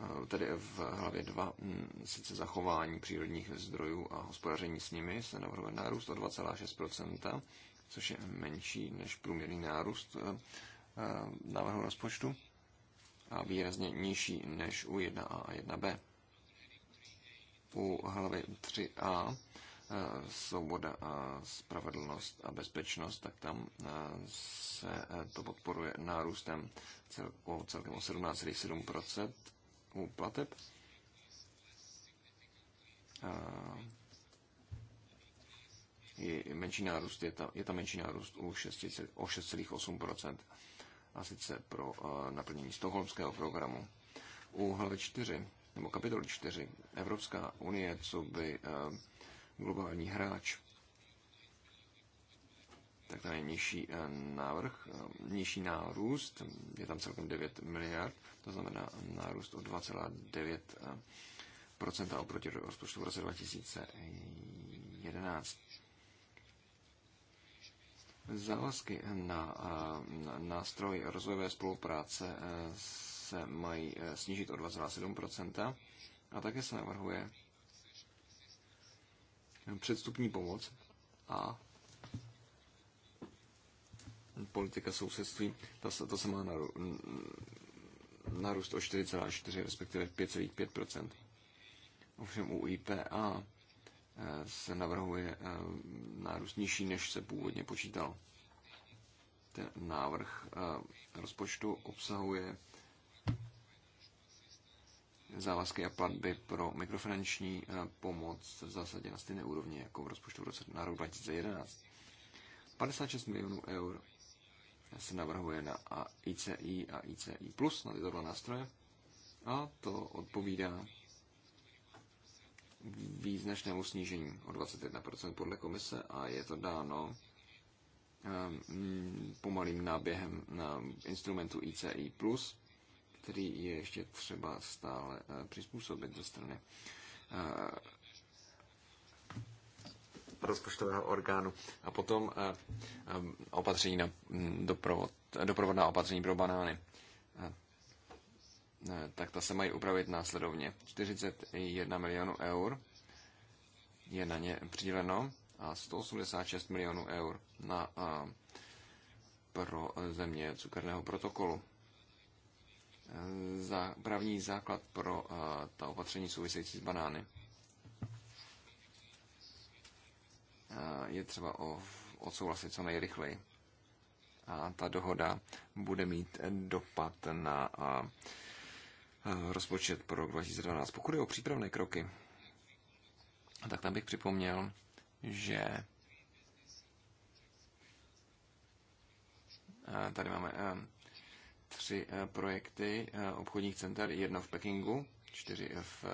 Eh, tedy v hlavě 2, mm, sice zachování přírodních zdrojů a hospodaření s nimi, se navrhuje nárůst o 2,6%, což je menší než průměrný nárůst eh, eh, návrhu rozpočtu a výrazně nižší než u 1a a 1b. U hlavy 3a svoboda, a spravedlnost a bezpečnost, tak tam se to podporuje nárůstem celkem o 17,7%, u plateb. A Je menší nárůst, je, ta, je tam menší nárůst u 6, o 6,8 a sice pro uh, naplnění stokholmského programu. U hlavy 4, nebo kapitoly 4, Evropská unie, co by uh, globální hráč tak tam je nižší eh, návrh, eh, nižší nárůst, je tam celkem 9 miliard, to znamená nárůst o 2,9% eh, oproti rozpočtu v roce 2011. Závazky na, na nástroj rozvojové spolupráce se mají snížit o 2,7% a také se navrhuje předstupní pomoc a politika sousedství, ta se, to se má naru, narůst o 4,4, respektive 5,5 Ovšem u IPA eh, se navrhuje eh, nárůst nižší, než se původně počítalo. Ten návrh eh, rozpočtu obsahuje závazky a platby pro mikrofinanční pomoc v zásadě na stejné úrovni jako v rozpočtu na rok 2011. 56 milionů eur se navrhuje na ICI a ICI+, plus na tyto dva nástroje. A to odpovídá význačnému snížení o 21% podle komise a je to dáno ehm, pomalým náběhem na instrumentu ICI+, který je ještě třeba stále eh, přizpůsobit ze strany eh, rozpočtového orgánu a potom eh, eh, opatření na mm, doprovod, doprovodná opatření pro banány. Eh, tak ta se mají upravit následovně. 41 milionů eur je na ně přiděleno a 186 milionů eur na, pro země cukerného protokolu. Za, právní základ pro ta opatření související s banány Eh, je třeba o odsouhlasit co nejrychleji. A ta dohoda bude mít dopad na eh, rozpočet pro rok 2012. Pokud je o přípravné kroky, tak tam bych připomněl, že eh, tady máme tři projekty obchodních center, jedno v Pekingu, čtyři v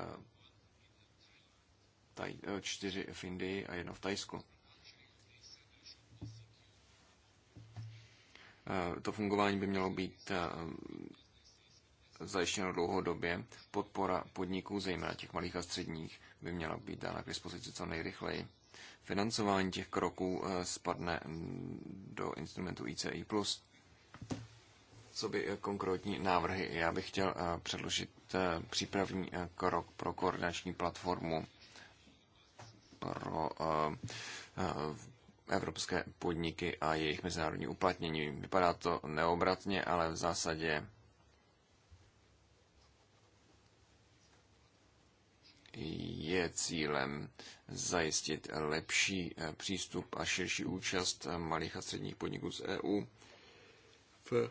taj, eh, čtyři v Indii a jedno v Tajsku. Eh, to fungování by mělo být eh, zajištěno dlouhodobě. Podpora podniků, zejména těch malých a středních, by měla být dána k dispozici co nejrychleji. Financování těch kroků spadne mm, do instrumentu ICI+. Co by konkrétní návrhy? Já bych chtěl předložit přípravní krok pro koordinační platformu pro eh, eh, evropské podniky a jejich mezinárodní uplatnění. Vypadá to neobratně, ale v zásadě je cílem zajistit lepší eh, přístup a širší účast malých a středních podniků z EU v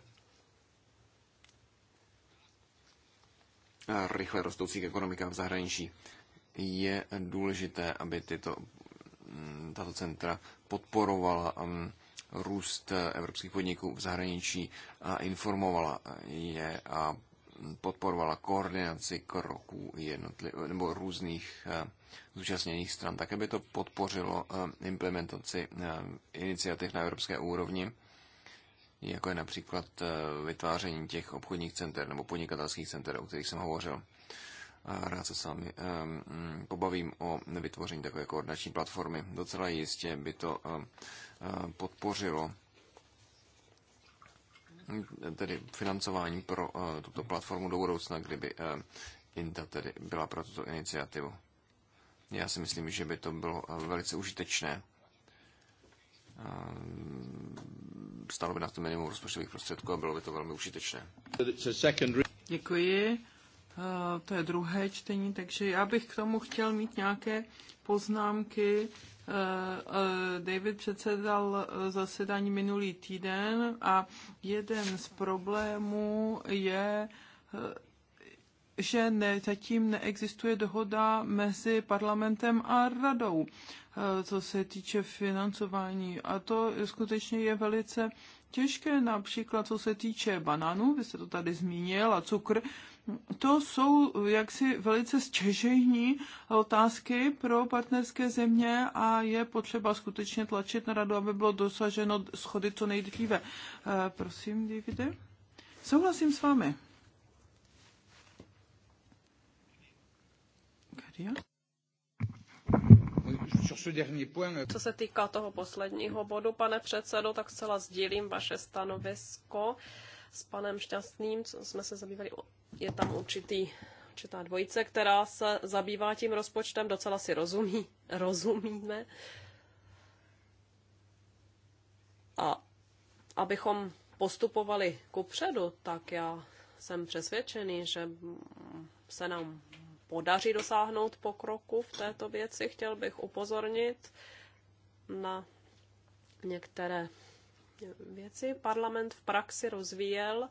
rychle rostoucích ekonomikách v zahraničí je důležité, aby tyto, mm, tato centra podporovala mm, růst evropských podniků v zahraničí a informovala je a podporovala koordinaci kroků nebo různých eh, zúčastněných stran. Také by to podpořilo eh, implementaci eh, iniciativ na evropské úrovni, jako je například vytváření těch obchodních center nebo podnikatelských center, o kterých jsem hovořil a rád se s vámi mm, pobavím o vytvoření takové koordinační platformy. Docela jistě by to podpořilo tedy financování pro eh, tuto platformu do budoucna, kdyby INTA tedy byla pro tuto iniciativu. Já si myslím, že by to bylo eh, velice užitečné. Stalo by na to minimum rozpočtových prostředků a bylo by to velmi užitečné. Děkuji to je druhé čtení, takže já bych k tomu chtěl mít nějaké poznámky. E, e, David předsedal e, zasedání minulý týden a jeden z problémů je, že ne, zatím neexistuje dohoda mezi parlamentem a radou, co se týče financování. A to skutečně je velice těžké, například co se týče banánů, vy jste to tady zmínil, a cukr, to jsou jaksi velice stěžejní otázky pro partnerské země a je potřeba skutečně tlačit na radu, aby bylo dosaženo schody co nejdříve. Eh, prosím, Davide. Souhlasím s vámi. Karia? Euh, co se týká toho posledního bodu, pane předsedo, tak zcela sdílím vaše stanovisko s panem Šťastným, co jsme se zabývali je tam určitý, určitá dvojice, která se zabývá tím rozpočtem, docela si rozumí, rozumíme. A abychom postupovali kupředu, tak já jsem přesvědčený, že se nám podaří dosáhnout pokroku v této věci. Chtěl bych upozornit na některé věci. Parlament v praxi rozvíjel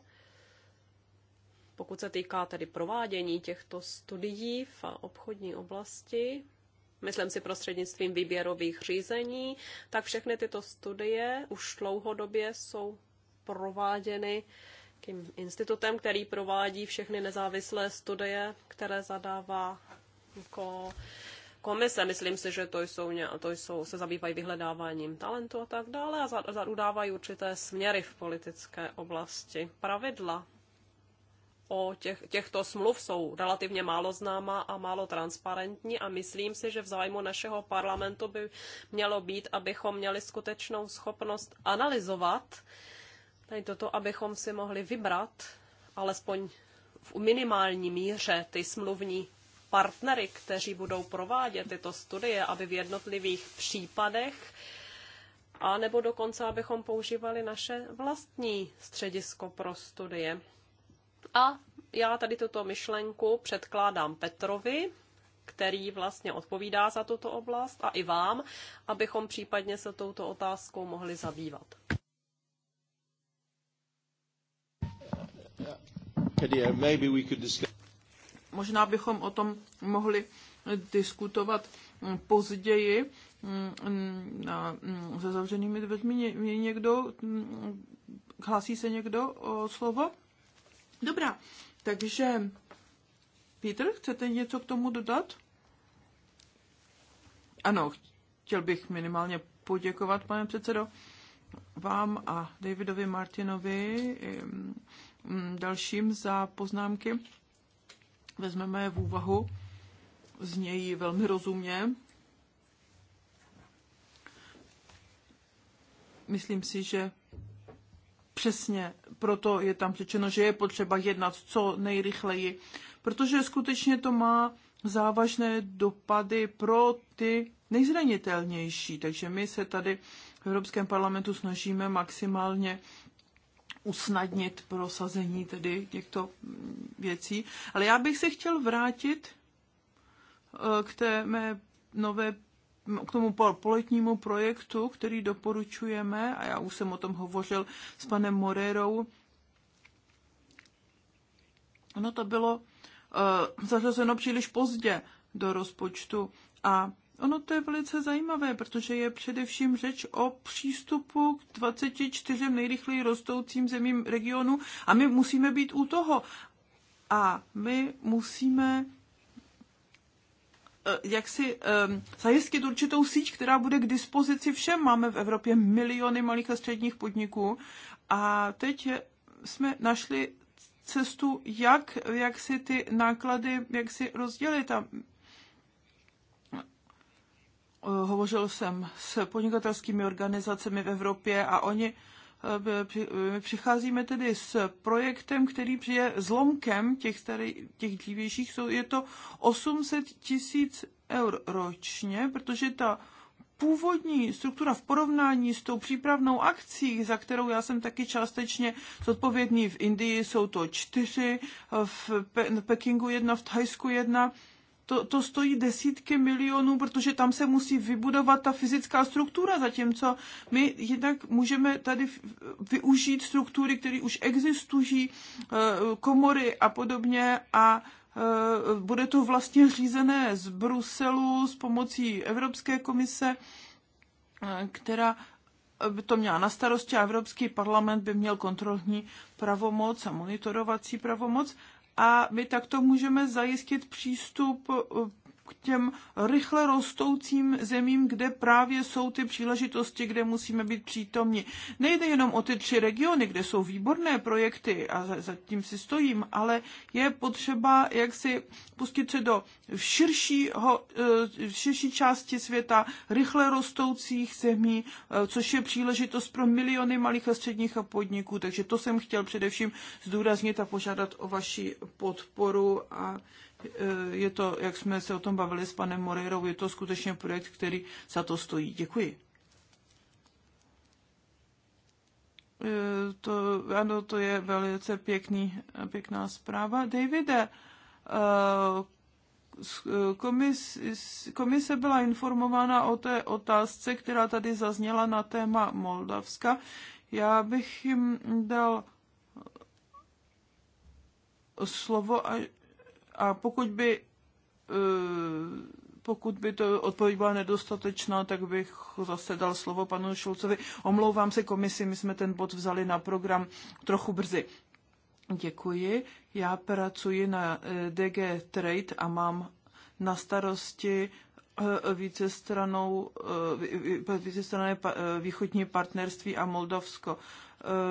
pokud se týká tedy provádění těchto studií v obchodní oblasti, myslím si prostřednictvím výběrových řízení, tak všechny tyto studie už dlouhodobě jsou prováděny tím institutem, který provádí všechny nezávislé studie, které zadává jako komise. Myslím si, že to jsou, to jsou se zabývají vyhledáváním talentu a tak dále a udávají určité směry v politické oblasti. Pravidla o těch, těchto smluv jsou relativně málo známa a málo transparentní a myslím si, že v zájmu našeho parlamentu by mělo být, abychom měli skutečnou schopnost analyzovat tady toto, abychom si mohli vybrat alespoň v minimální míře ty smluvní partnery, kteří budou provádět tyto studie, aby v jednotlivých případech a nebo dokonce, abychom používali naše vlastní středisko pro studie. A já tady tuto myšlenku předkládám Petrovi, který vlastně odpovídá za tuto oblast, a i vám, abychom případně se touto otázkou mohli zabývat. Možná bychom o tom mohli diskutovat později mm, mm, se zavřenými dveřmi. Někdo, mm, hlásí se někdo o slovo? Dobrá, takže Petr, chcete něco k tomu dodat? Ano, chtěl bych minimálně poděkovat, pane předsedo, vám a Davidovi Martinovi mm, dalším za poznámky. Vezmeme je v úvahu, znějí velmi rozumně. Myslím si, že přesně proto je tam řečeno, že je potřeba jednat co nejrychleji, protože skutečně to má závažné dopady pro ty nejzranitelnější. Takže my se tady v Evropském parlamentu snažíme maximálně usnadnit prosazení tedy těchto věcí. Ale já bych se chtěl vrátit eh, k té mé nové k tomu poletnímu projektu, který doporučujeme, a já už jsem o tom hovořil s panem Morerou, ono to bylo uh, zařazeno příliš pozdě do rozpočtu a Ono to je velice zajímavé, protože je především řeč o přístupu k 24 nejrychleji rostoucím zemím regionu a my musíme být u toho. A my musíme Eh, jak si eh, zajistit určitou síť, která bude k dispozici všem. Máme v Evropě miliony malých a středních podniků a teď jsme našli cestu, jak, jak si ty náklady, jak si rozdělit. A eh, hovořil jsem s podnikatelskými organizacemi v Evropě a oni přicházíme tedy s projektem, který je zlomkem těch, starý, těch dřívějších. Je to 800 tisíc eur ročně, protože ta původní struktura v porovnání s tou přípravnou akcí, za kterou já jsem taky částečně zodpovědný v Indii, jsou to čtyři, v Pe- Pekingu jedna, v Thajsku jedna, to, to stojí desítky milionů, protože tam se musí vybudovat ta fyzická struktura, zatímco my jednak můžeme tady využít struktury, které už existují, eh, komory a podobně a eh, bude to vlastně řízené z Bruselu s pomocí Evropské komise, eh, která by to měla na starosti a Evropský parlament by měl kontrolní pravomoc a monitorovací pravomoc a my takto můžeme zajistit přístup eh, k těm rychle rostoucím zemím, kde právě jsou ty příležitosti, kde musíme být přítomni. Nejde jenom o ty tři regiony, kde jsou výborné projekty a zatím si stojím, ale je potřeba jak si pustit se do širšího, eh, širší části světa, rychle rostoucích zemí, eh, což je příležitost pro miliony malých a středních a podniků. Takže to jsem chtěl především zdůraznit a požádat o vaši podporu a Eh, je to, jak jsme se o tom bavili s panem Moreirou, je to skutečně projekt, který za to stojí. Děkuji. Eh, to, ano, to je velice pěkný, pěkná zpráva. Davide, eh, komise byla informována o té otázce, která tady zazněla na téma Moldavska. Já bych jim dal slovo, a pokud by, e, pokud by to odpověď byla nedostatečná, tak bych zase dal slovo panu Šulcovi. Omlouvám se komisi, my jsme ten bod vzali na program trochu brzy. Děkuji. Já pracuji na e, DG Trade a mám na starosti e, vícestranou, vícestrané východní partnerství a Moldavsko.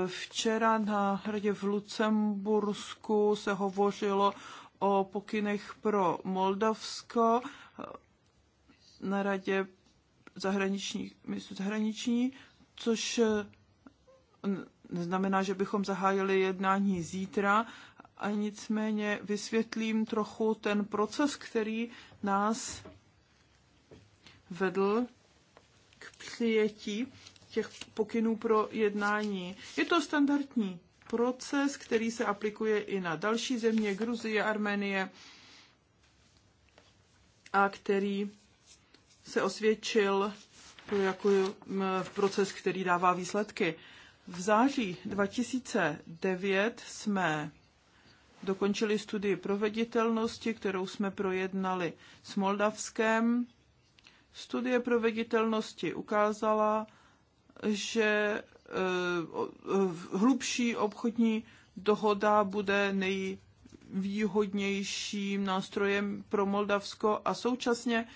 Včera na hradě v Lucembursku se hovořilo o pokynech pro Moldavsko na radě zahraniční, zahraniční, což eh, neznamená, že bychom zahájili jednání zítra, a nicméně vysvětlím trochu ten proces, který nás vedl k přijetí těch pokynů pro jednání. Je to standardní proces, který se aplikuje i na další země, Gruzie, Arménie, a který se osvědčil jako mm, proces, který dává výsledky. V září 2009 jsme dokončili studii proveditelnosti, kterou jsme projednali s Moldavskem. Studie proveditelnosti ukázala, že eh, hlubší obchodní dohoda bude nejvýhodnějším nástrojem pro Moldavsko a současně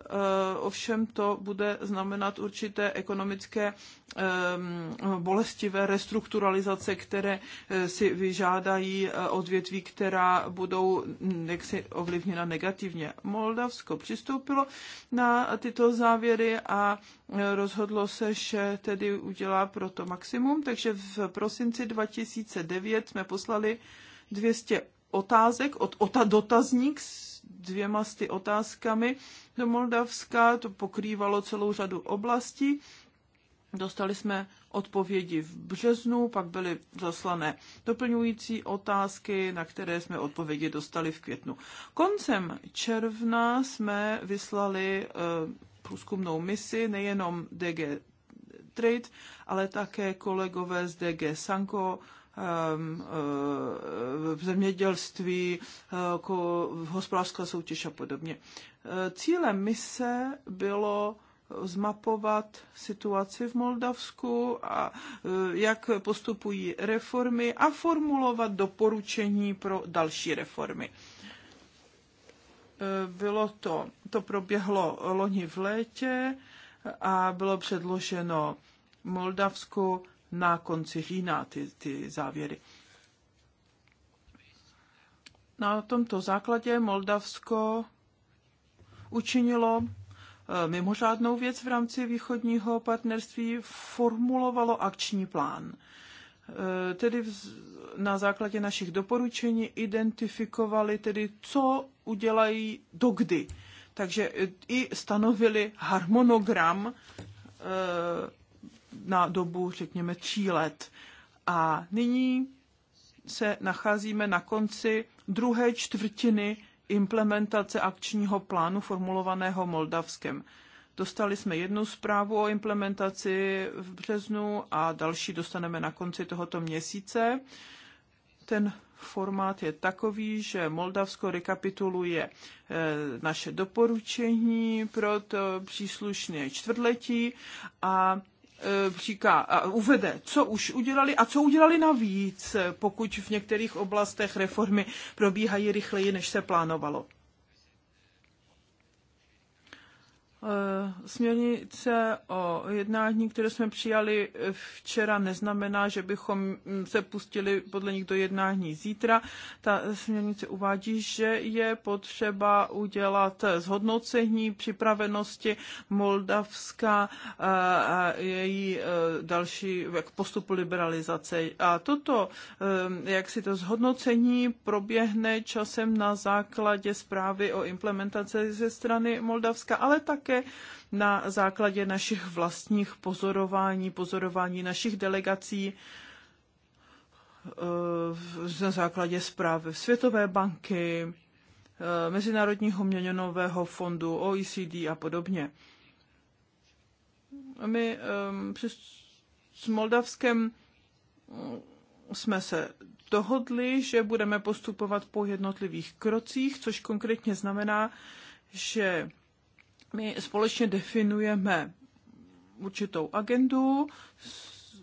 Eh, ovšem to bude znamenat určité ekonomické ehm, bolestivé restrukturalizace, které eh, si vyžádají eh, odvětví, která budou hm, jaksi ovlivněna negativně. Moldavsko přistoupilo na tyto závěry a rozhodlo se, že tedy udělá proto maximum, takže v prosinci 2009 jsme poslali 200 otázek od OTA dotazník dvěma ty otázkami do Moldavska, to pokrývalo celou řadu oblastí. Dostali jsme odpovědi v březnu, pak byly zaslané doplňující otázky, na které jsme odpovědi dostali v květnu. Koncem června jsme vyslali eh, průzkumnou misi nejenom DG Trade, ale také kolegové z DG Sanko, ehm, eh, v zemědělství, jako eh, hospodářská soutěž a podobně. Eh, cílem mise bylo zmapovat situaci v Moldavsku a eh, jak postupují reformy a formulovat doporučení pro další reformy. Bylo to, to proběhlo loni v létě a bylo předloženo Moldavsku na konci října ty, ty závěry. Na tomto základě Moldavsko učinilo eh, mimořádnou věc v rámci východního partnerství, formulovalo akční plán. Eh, tedy na základě našich doporučení identifikovali tedy, co udělají dokdy. Takže eh, i stanovili harmonogram na dobu, řekněme, tří let. A nyní se nacházíme na konci druhé čtvrtiny implementace akčního plánu formulovaného Moldavskem. Dostali jsme jednu zprávu o implementaci v březnu a další dostaneme na konci tohoto měsíce. Ten formát je takový, že Moldavsko rekapituluje eh, naše doporučení pro to příslušné čtvrtletí a Eh, říká, a uvede, co už udělali a co udělali navíc, eh, pokud v některých oblastech reformy probíhají rychleji, než se plánovalo. Eh, směrnice o jednání, které jsme přijali eh, včera, neznamená, že bychom mm, se pustili podle nich do jednání zítra. Ta směrnice uvádí, že je potřeba udělat zhodnocení připravenosti Moldavska eh, a její další jak postupu liberalizace. A toto, jak si to zhodnocení proběhne časem na základě zprávy o implementaci ze strany Moldavska, ale tak také na základě našich vlastních pozorování, pozorování našich delegací eh, na základě zprávy Světové banky, eh, Mezinárodního měněnového fondu, OECD a podobně. My eh, přes, s Moldavskem jsme se dohodli, že budeme postupovat po jednotlivých krocích, což konkrétně znamená, že my společně definujeme určitou agendu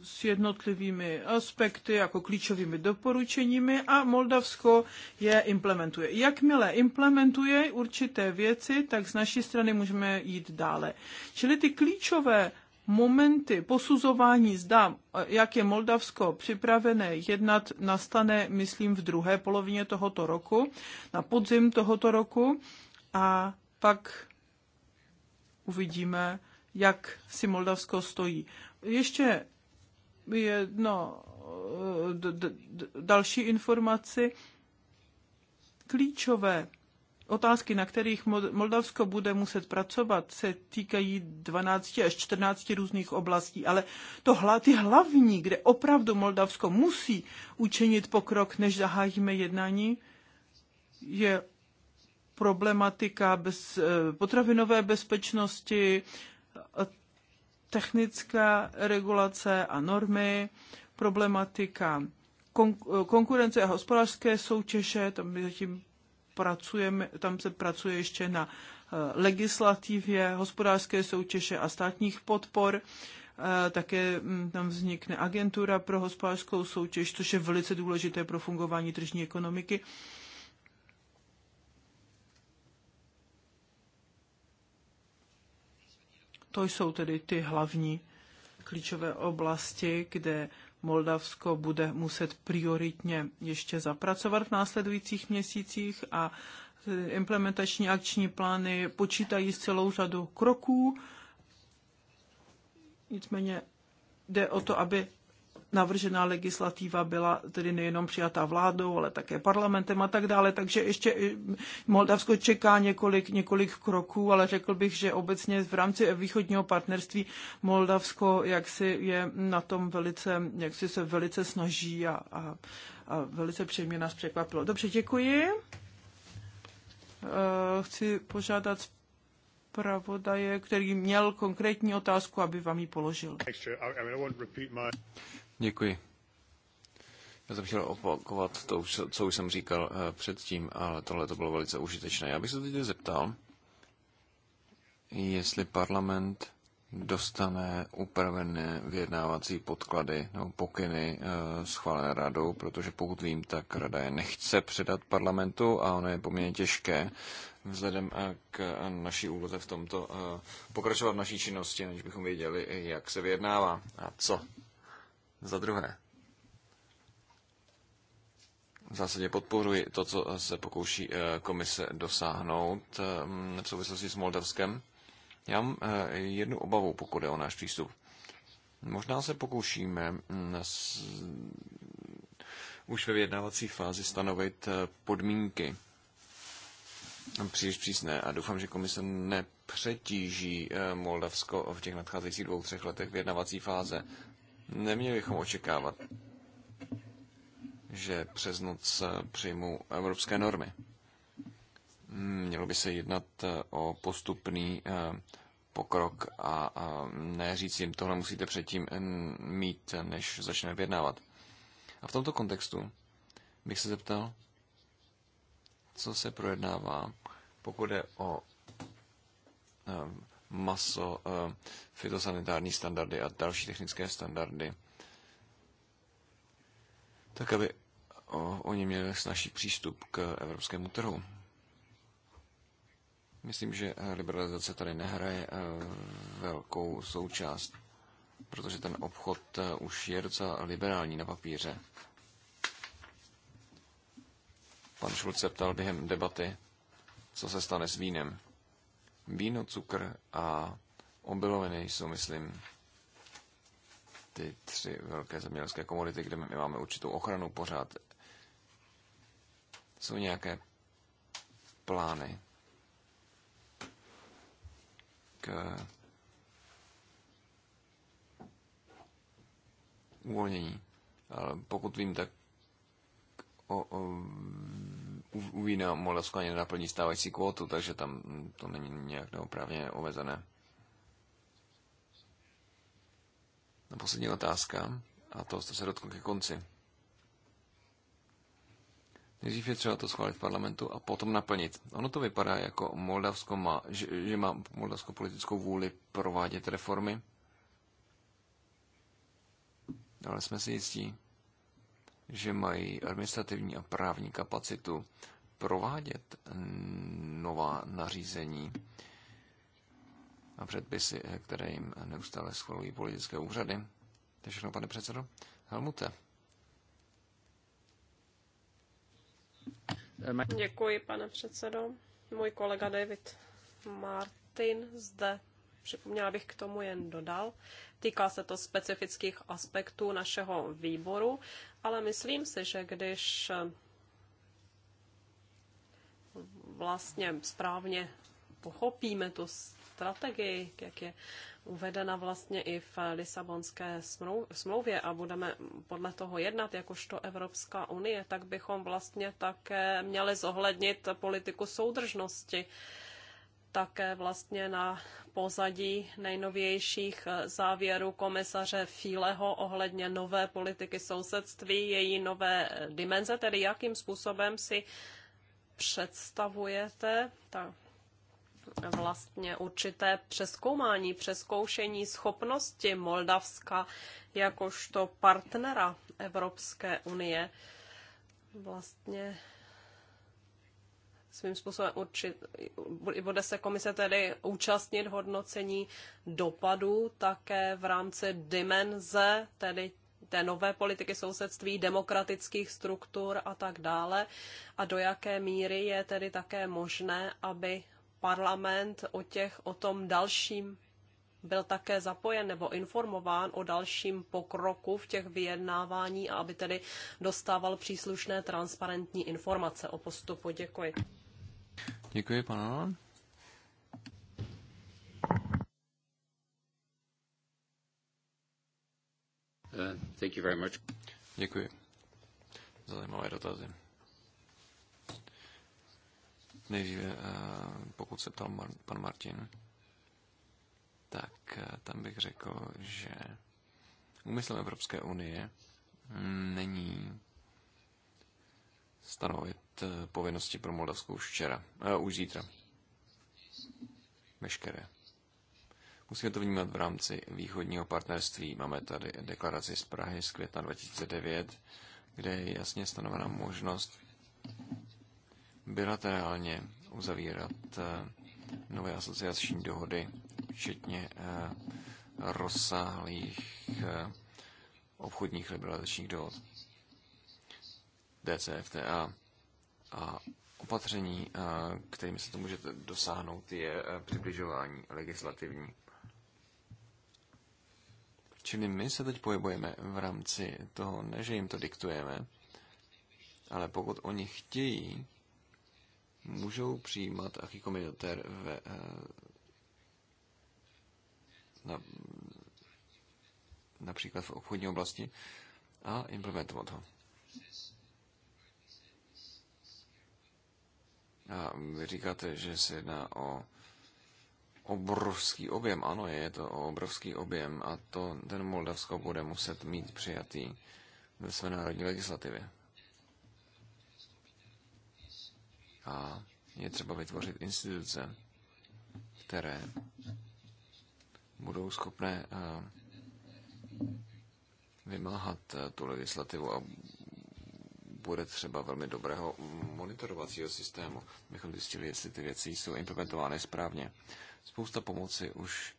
s jednotlivými aspekty jako klíčovými doporučeními a Moldavsko je implementuje. Jakmile implementuje určité věci, tak z naší strany můžeme jít dále. Čili ty klíčové momenty posuzování zda, jak je Moldavsko připravené jednat, nastane, myslím, v druhé polovině tohoto roku, na podzim tohoto roku a pak uvidíme, jak si Moldavsko stojí. Ještě jedno eh, další informaci. Klíčové otázky, na kterých Moldavsko bude muset pracovat, se týkají 12 až 14 různých oblastí, ale to hla, ty hlavní, kde opravdu Moldavsko musí učinit pokrok, než zahájíme jednání, je problematika bez, eh, potravinové bezpečnosti, technická regulace a normy, problematika konkurence a hospodářské soutěže, tam my zatím pracujeme, tam se pracuje ještě na eh, legislativě hospodářské soutěže a státních podpor. Eh, také hm, tam vznikne agentura pro hospodářskou soutěž, což je velice důležité pro fungování tržní ekonomiky. To jsou tedy ty hlavní klíčové oblasti, kde Moldavsko bude muset prioritně ještě zapracovat v následujících měsících a e, implementační akční plány počítají s celou řadu kroků. Nicméně jde o to, aby navržená legislativa byla tedy nejenom přijatá vládou, ale také parlamentem a tak dále. Takže ještě Moldavsko čeká několik, několik kroků, ale řekl bych, že obecně v rámci východního partnerství Moldavsko jaksi je na tom velice, jaksi se velice snaží a, a, a velice příjemně nás překvapilo. Dobře, děkuji. Eh, chci požádat zpravodaje, který měl konkrétní otázku, aby vám ji položil. Děkuji. Já jsem chtěl opakovat to, co už jsem říkal eh, předtím, ale tohle to bylo velice užitečné. Já bych se teď zeptal, jestli parlament dostane upravené vyjednávací podklady nebo pokyny eh, schválené radou, protože pokud vím, tak rada je nechce předat parlamentu a ono je poměrně těžké vzhledem eh, k naší úloze v tomto pokračovat naší činnosti, než bychom věděli, jak se vyjednává a co za druhé, v zásadě podporuji to, co se pokouší eh, komise dosáhnout eh, v souvislosti s Moldavskem. Já mám eh, jednu obavu, pokud je o náš přístup. Možná se pokoušíme mm, s... už ve vyjednávací fázi stanovit podmínky příliš přísné a doufám, že komise nepřetíží Moldavsko v těch nadcházejících dvou, třech letech vyjednávací fáze Neměli bychom očekávat, že přes noc přijmou evropské normy. Mělo by se jednat eh, o postupný eh, pokrok a ne říct jim, tohle musíte předtím eh, mít, než začne vyjednávat. A v tomto kontextu bych se zeptal, co se projednává, pokud je o maso, eh, fitosanitární standardy a další technické standardy, tak aby oni měli snažší přístup k evropskému trhu. Myslím, že liberalizace tady nehraje eh, velkou součást, protože ten obchod eh, už je docela liberální na papíře. Pan Šulc se ptal během debaty, co se stane s vínem. Víno, cukr a obiloviny jsou, myslím, ty tři velké zemědělské komodity, kde my máme určitou ochranu pořád. Jsou nějaké plány k uvolnění. Ale pokud vím, tak o, o u vína Moldavsko ani nenaplní stávající kvótu, takže tam to není nějak neoprávně omezené. Na poslední otázka, a to jste se dotkl ke konci. Nejdřív je třeba to schválit v parlamentu a potom naplnit. Ono to vypadá jako Moldavsko má, že, že má Moldavsko politickou vůli provádět reformy, ale jsme si jistí, že mají administrativní a právní kapacitu provádět nová nařízení a předpisy, které jim neustále schvalují politické úřady. To je všechno, pane předsedo. Helmute. Děkuji, pane předsedo. Můj kolega David Martin zde připomněla bych k tomu jen dodal. Týká se to specifických aspektů našeho výboru ale myslím si, že když eh, vlastně správně pochopíme tu strategii, jak je uvedena vlastně i v Lisabonské smlouvě a budeme podle toho jednat, jakožto Evropská unie, tak bychom vlastně také měli zohlednit politiku soudržnosti, také vlastně na pozadí nejnovějších eh, závěrů komisaře Fíleho ohledně nové politiky sousedství, její nové eh, dimenze, tedy jakým způsobem si představujete ta vlastně určité přeskoumání, přeskoušení schopnosti Moldavska jakožto partnera Evropské unie. Vlastně svým způsobem určit, bude se komise tedy účastnit hodnocení dopadů také v rámci dimenze, tedy té nové politiky sousedství, demokratických struktur a tak dále. A do jaké míry je tedy také možné, aby parlament o těch, o tom dalším byl také zapojen nebo informován o dalším pokroku v těch vyjednávání a aby tedy dostával příslušné transparentní informace o postupu. Děkuji. Děkuji, pane. Uh, thank you very much. Děkuji za zajímavé dotazy. Nejdříve, eh, pokud se ptal pan Martin, tak eh, tam bych řekl, že úmyslem Evropské unie není stanovit eh, povinnosti pro Moldavskou už včera, uh, už zítra. Veškeré. Musíme to vnímat v rámci východního partnerství. Máme tady deklaraci z Prahy z května 2009, kde je jasně stanovena možnost bilaterálně uzavírat eh, nové asociační dohody, včetně rozsáhlých obchodních liberalizačních dohod. DCFTA. A opatření, kterými se to můžete dosáhnout, je přibližování legislativní. Čili my se teď pohybujeme v rámci toho, ne že jim to diktujeme, ale pokud oni chtějí, můžou přijímat achy komunitér ve, na, například v obchodní oblasti a implementovat ho. A vy říkáte, že se jedná o obrovský objem. Ano, je to obrovský objem a to ten Moldavsko bude muset mít přijatý ve své národní legislativě. A je třeba vytvořit instituce, které budou schopné eh, vymáhat eh, tu legislativu a bude třeba velmi dobrého monitorovacího systému, abychom zjistili, jestli ty věci jsou implementovány správně. Spousta pomoci už,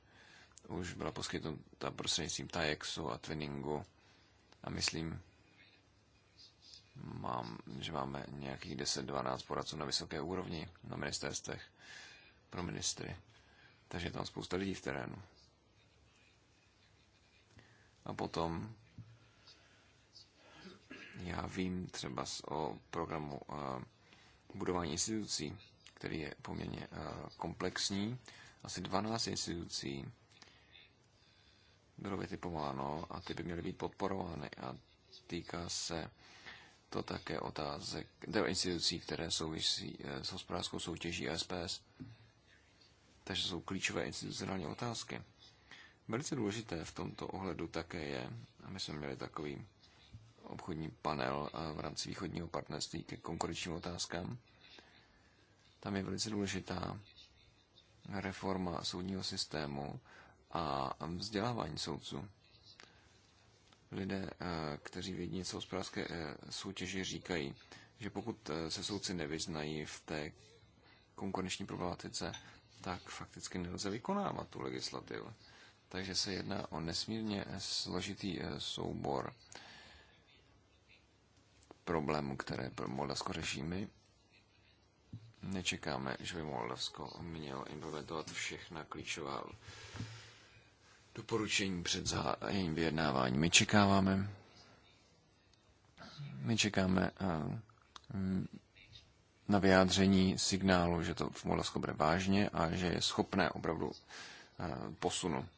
už byla poskytnuta prostřednictvím TAEXu a Twinningu a myslím, mám, že máme nějakých 10-12 poradců na vysoké úrovni na ministerstvech pro ministry. Takže je tam spousta lidí v terénu. A potom já vím třeba o programu eh, budování institucí, který je poměrně eh, komplexní. Asi 12 institucí bylo vytipováno a ty by měly být podporovány a týká se to také otázek nebo institucí, které souvisí eh, s hospodářskou soutěží a SPS. Takže jsou klíčové institucionální otázky. Velice důležité v tomto ohledu také je, a my jsme měli takový obchodní panel eh, v rámci východního partnerství ke konkurenčním otázkám. Tam je velice důležitá reforma soudního systému a vzdělávání soudců. Lidé, eh, kteří vědí něco o hospodářské eh, soutěži, říkají, že pokud se soudci nevyznají v té konkurenční problematice, tak fakticky nelze vykonávat tu legislativu. Takže se jedná o nesmírně složitý soubor problémů, které pro Moldavsko řešíme. Nečekáme, že by Moldavsko mělo implementovat všechna klíčová doporučení před zahájením vyjednávání. My čekáváme, my čekáme eh, mm, na vyjádření signálu, že to v Moldavsku bude vážně a že je schopné opravdu eh, posunu.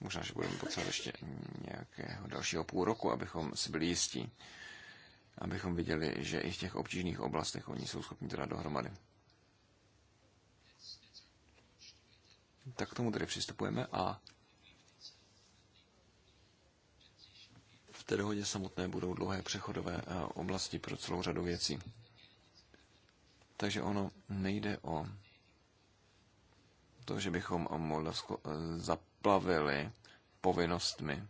Možná, že budeme potřebovat ještě nějakého dalšího půl roku, abychom si byli jistí abychom viděli, že i v těch obtížných oblastech oni jsou schopni dát dohromady. Tak k tomu tedy přistupujeme a v té dohodě samotné budou dlouhé přechodové eh, oblasti pro celou řadu věcí. Takže ono nejde o to, že bychom Moldavsko eh, zaplavili povinnostmi,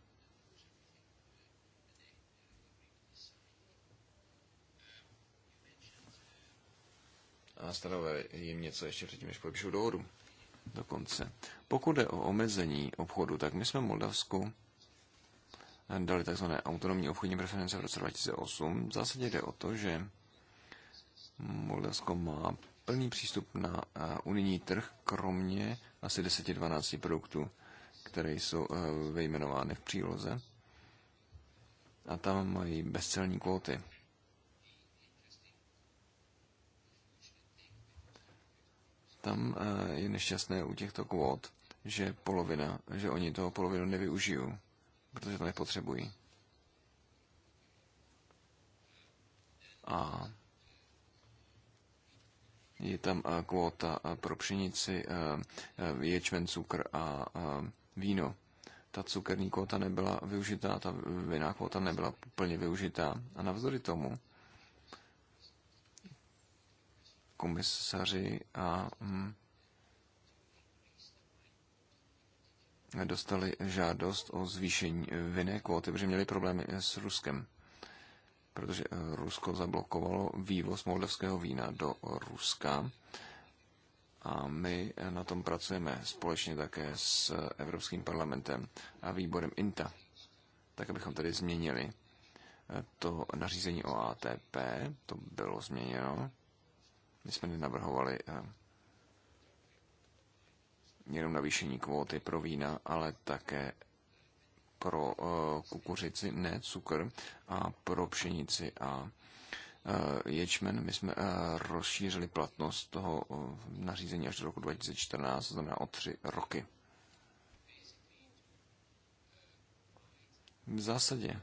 a jim něco ještě předtím, než podepíšou dohodu. Dokonce. Pokud je o omezení obchodu, tak my jsme Moldavsku dali tzv. autonomní obchodní preference v roce 2008. V zásadě jde o to, že Moldavsko má plný přístup na eh, unijní trh, kromě asi 10-12 produktů, které jsou eh, vyjmenovány v příloze. A tam mají bezcelní kvóty. tam eh, je nešťastné u těchto kvót, že polovina, že oni toho polovinu nevyužijou, protože to nepotřebují. A je tam eh, kvóta eh, pro pšenici, ječmen, cukr a víno. Ta cukerní kvóta nebyla využitá, ta vinná kvóta nebyla plně využitá. A navzdory tomu komisaři a mm, dostali žádost o zvýšení vinné kvóty, protože měli problémy s Ruskem. Protože eh, Rusko zablokovalo vývoz moldavského vína do Ruska a my eh, na tom pracujeme společně také s eh, Evropským parlamentem a výborem INTA, tak abychom tady změnili to nařízení o ATP, to bylo změněno, my jsme nenavrhovali eh, jenom navýšení kvóty pro vína, ale také pro eh, kukuřici, ne cukr, a pro pšenici a eh, ječmen. My jsme rozšířili platnost toho nařízení až do roku 2014, to znamená o tři roky. V zásadě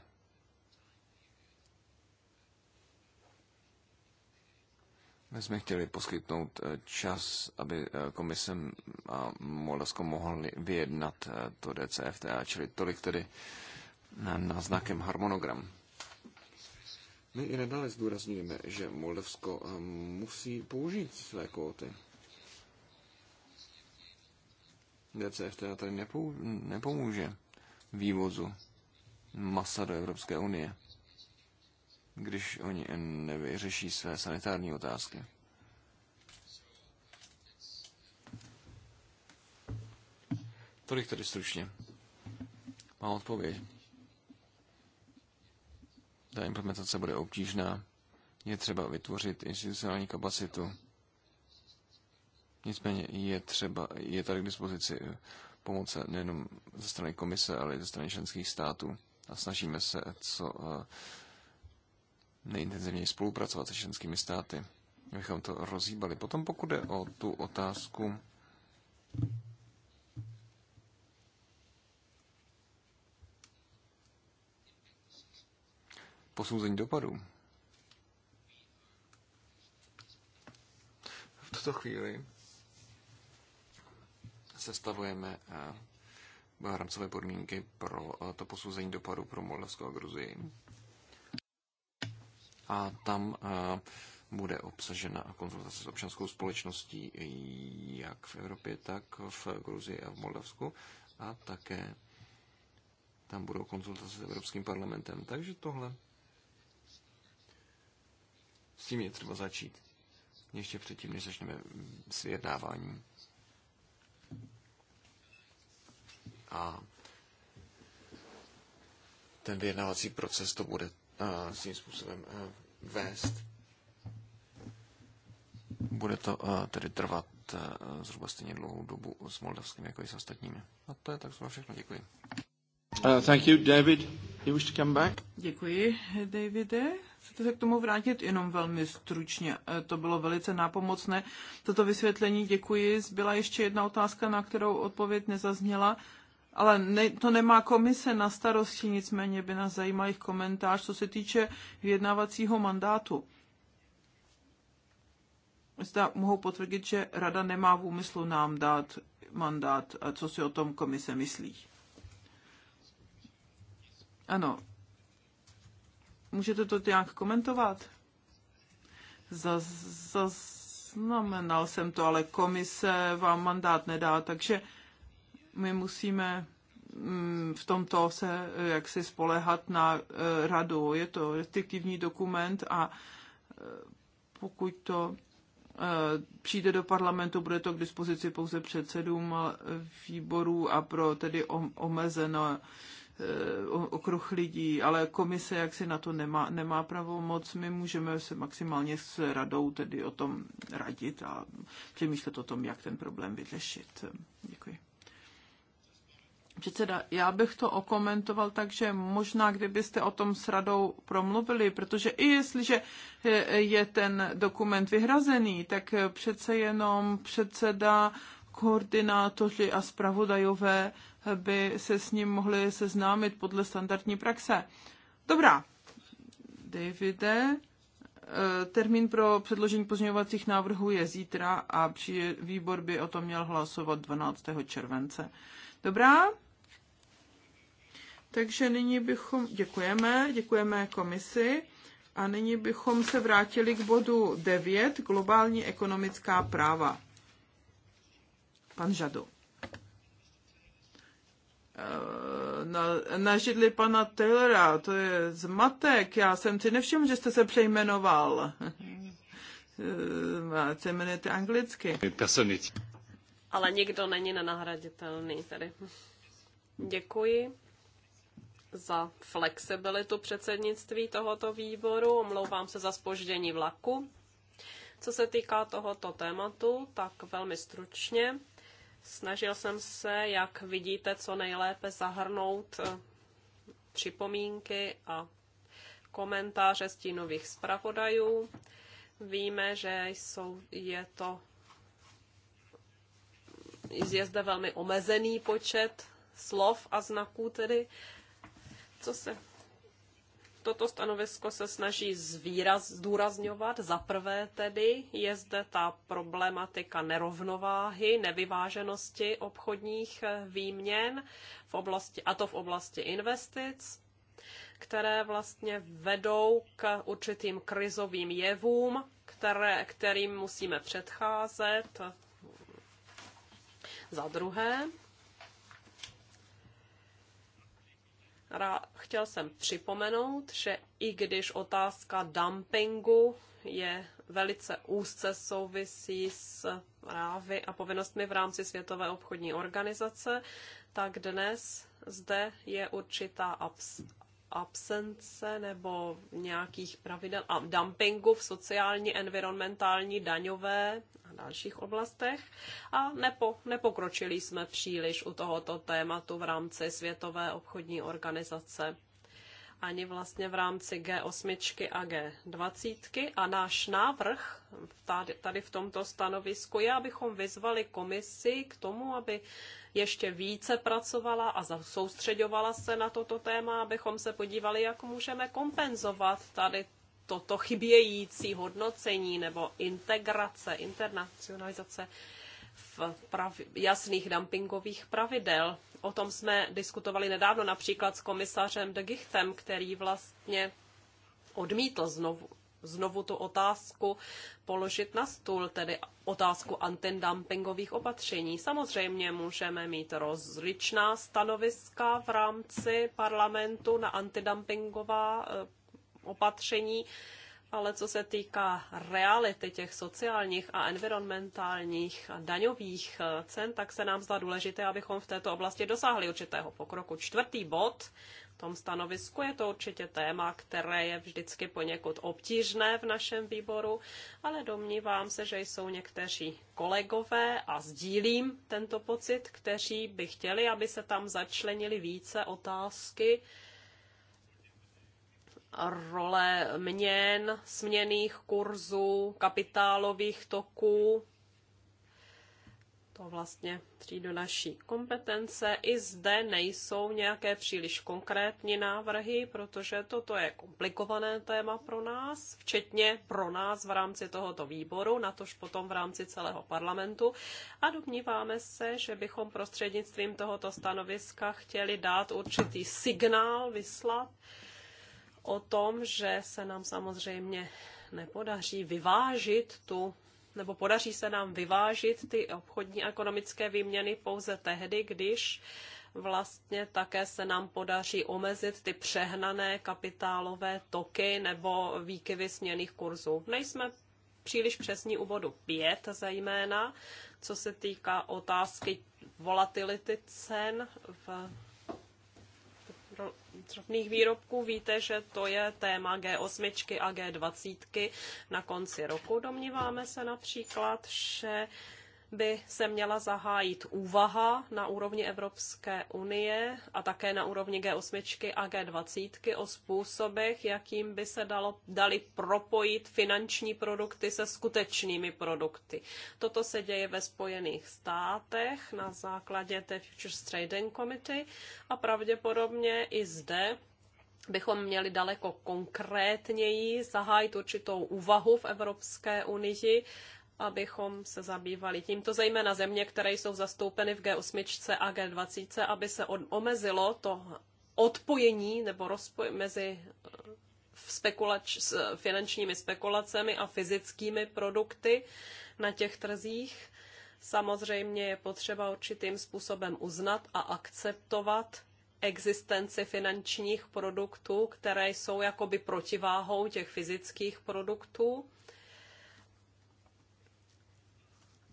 My jsme chtěli poskytnout eh, čas, aby eh, komise a Moldavsko mohli vyjednat eh, to DCFTA, čili tolik tedy na znakem harmonogram. My i nadále zdůrazňujeme, že Moldavsko musí použít své kvóty. DCFTA tady nepou, nepomůže vývozu masa do Evropské unie když oni nevyřeší své sanitární otázky. Tolik tedy stručně. Mám odpověď. Ta implementace bude obtížná. Je třeba vytvořit institucionální kapacitu. Nicméně je třeba, je tady k dispozici pomoc nejenom ze strany komise, ale i ze strany členských států a snažíme se co eh, nejintenzivněji spolupracovat se členskými státy, abychom to rozhýbali. Potom pokud jde o tu otázku, posouzení dopadů. V tuto chvíli sestavujeme eh, rámcové podmínky pro eh, to posouzení dopadu pro Moldavskou a Gruzii a tam eh, bude obsažena konzultace s občanskou společností jak v Evropě, tak v Gruzii a v Moldavsku a také tam budou konzultace s Evropským parlamentem. Takže tohle s tím je třeba začít. Ještě předtím, než začneme s vyjednáváním. A ten vyjednávací proces to bude uh, svým způsobem eh, vést. Bude to eh, tedy trvat eh, zhruba stejně dlouhou dobu s Moldavským jako i s ostatními. A no, to je tak zhruba všechno. Děkuji. Uh, thank you, David. You wish to come back? Děkuji, Davide. Chcete se k tomu vrátit jenom velmi stručně. To bylo velice nápomocné. Toto vysvětlení děkuji. Byla ještě jedna otázka, na kterou odpověď nezazněla ale ne, to nemá komise na starosti, nicméně by nás zajímal jejich komentář, co se týče vyjednávacího mandátu. Zda mohou potvrdit, že rada nemá v úmyslu nám dát mandát a co si o tom komise myslí. Ano. Můžete to nějak komentovat? zaznamenal jsem to, ale komise vám mandát nedá, takže my musíme mm, v tomto se eh, jaksi spolehat na eh, radu. Je to restriktivní dokument a eh, pokud to přijde do parlamentu, bude to k dispozici pouze předsedům výborů a pro tedy omezeno okruh lidí, ale komise jaksi na to nemá, nemá pravomoc. My můžeme se maximálně s radou tedy o tom radit a přemýšlet o tom, jak ten problém vyřešit. Děkuji. Předseda, já bych to okomentoval tak, že možná kdybyste o tom s radou promluvili, protože i jestliže eh, je ten dokument vyhrazený, tak přece jenom předseda, koordinátoři a zpravodajové by se s ním mohli seznámit podle standardní praxe. Dobrá, Davide, eh, termín pro předložení pozměňovacích návrhů je zítra a výbor by o tom měl hlasovat 12. července. Dobrá, takže nyní bychom, děkujeme, děkujeme komisi a nyní bychom se vrátili k bodu 9, globální ekonomická práva. Pan Žadu. Eh, na, na židli pana Taylora, to je zmatek, já jsem si nevšiml, že jste se přejmenoval. Se eh, jmenujete anglicky. Ale nikdo není nenahraditelný tady. Děkuji za flexibilitu předsednictví tohoto výboru. Omlouvám se za spoždění vlaku. Co se týká tohoto tématu, tak velmi stručně. Snažil jsem se, jak vidíte, co nejlépe zahrnout eh, připomínky a komentáře stínových zpravodajů. Víme, že jsou, je to je zde velmi omezený počet slov a znaků tedy co se toto stanovisko se snaží zvýraz, zdůrazňovat. Za prvé tedy je zde ta problematika nerovnováhy, nevyváženosti obchodních eh, výměn v oblasti, a to v oblasti investic, které vlastně vedou k určitým krizovým jevům, které, kterým musíme předcházet. Za druhé, chtěl jsem připomenout, že i když otázka dumpingu je velice úzce souvisí s právy a povinnostmi v rámci Světové obchodní organizace, tak dnes zde je určitá abs- absence nebo nějakých pravidel a dumpingu v sociální, environmentální, daňové dalších oblastech a nepo, nepokročili jsme příliš u tohoto tématu v rámci Světové obchodní organizace ani vlastně v rámci G8 a G20. A náš návrh tady, v tomto stanovisku je, abychom vyzvali komisi k tomu, aby ještě více pracovala a soustředovala se na toto téma, abychom se podívali, jak můžeme kompenzovat tady toto chybějící hodnocení nebo integrace, internacionalizace v prav, jasných dumpingových pravidel. O tom jsme diskutovali nedávno například s komisařem de Gichtem, který vlastně odmítl znovu, znovu tu otázku položit na stůl, tedy otázku antidumpingových opatření. Samozřejmě můžeme mít rozličná stanoviska v rámci parlamentu na antidumpingová eh, opatření, ale co se týká reality těch sociálních a environmentálních a daňových eh, cen, tak se nám zdá důležité, abychom v této oblasti dosáhli určitého pokroku. Čtvrtý bod v tom stanovisku je to určitě téma, které je vždycky poněkud obtížné v našem výboru, ale domnívám se, že jsou někteří kolegové a sdílím tento pocit, kteří by chtěli, aby se tam začlenili více otázky, role měn, směných kurzů, kapitálových toků. To vlastně přijde do naší kompetence. I zde nejsou nějaké příliš konkrétní návrhy, protože toto je komplikované téma pro nás, včetně pro nás v rámci tohoto výboru, natož potom v rámci celého parlamentu. A domníváme se, že bychom prostřednictvím tohoto stanoviska chtěli dát určitý signál, vyslat, o tom, že se nám samozřejmě nepodaří vyvážit tu nebo podaří se nám vyvážit ty obchodní ekonomické výměny pouze tehdy, když vlastně také se nám podaří omezit ty přehnané kapitálové toky nebo výkyvy směných kurzů. Nejsme příliš přesní u bodu 5 zejména, co se týká otázky volatility cen v ropných výrobků. Víte, že to je téma G8 a G20 na konci roku. Domníváme se například, že by se měla zahájit úvaha na úrovni Evropské unie a také na úrovni G8 a G20 o způsobech, jakým by se dalo, dali propojit finanční produkty se skutečnými produkty. Toto se děje ve Spojených státech na základě té Futures Trading Committee a pravděpodobně i zde bychom měli daleko konkrétněji zahájit určitou úvahu v Evropské unii abychom se zabývali tímto, zejména země, které jsou zastoupeny v G8 a G20, aby se omezilo to odpojení nebo rozpoj mezi eh, spekulač, s finančními spekulacemi a fyzickými produkty na těch trzích. Samozřejmě je potřeba určitým způsobem uznat a akceptovat existenci finančních produktů, které jsou jakoby protiváhou těch fyzických produktů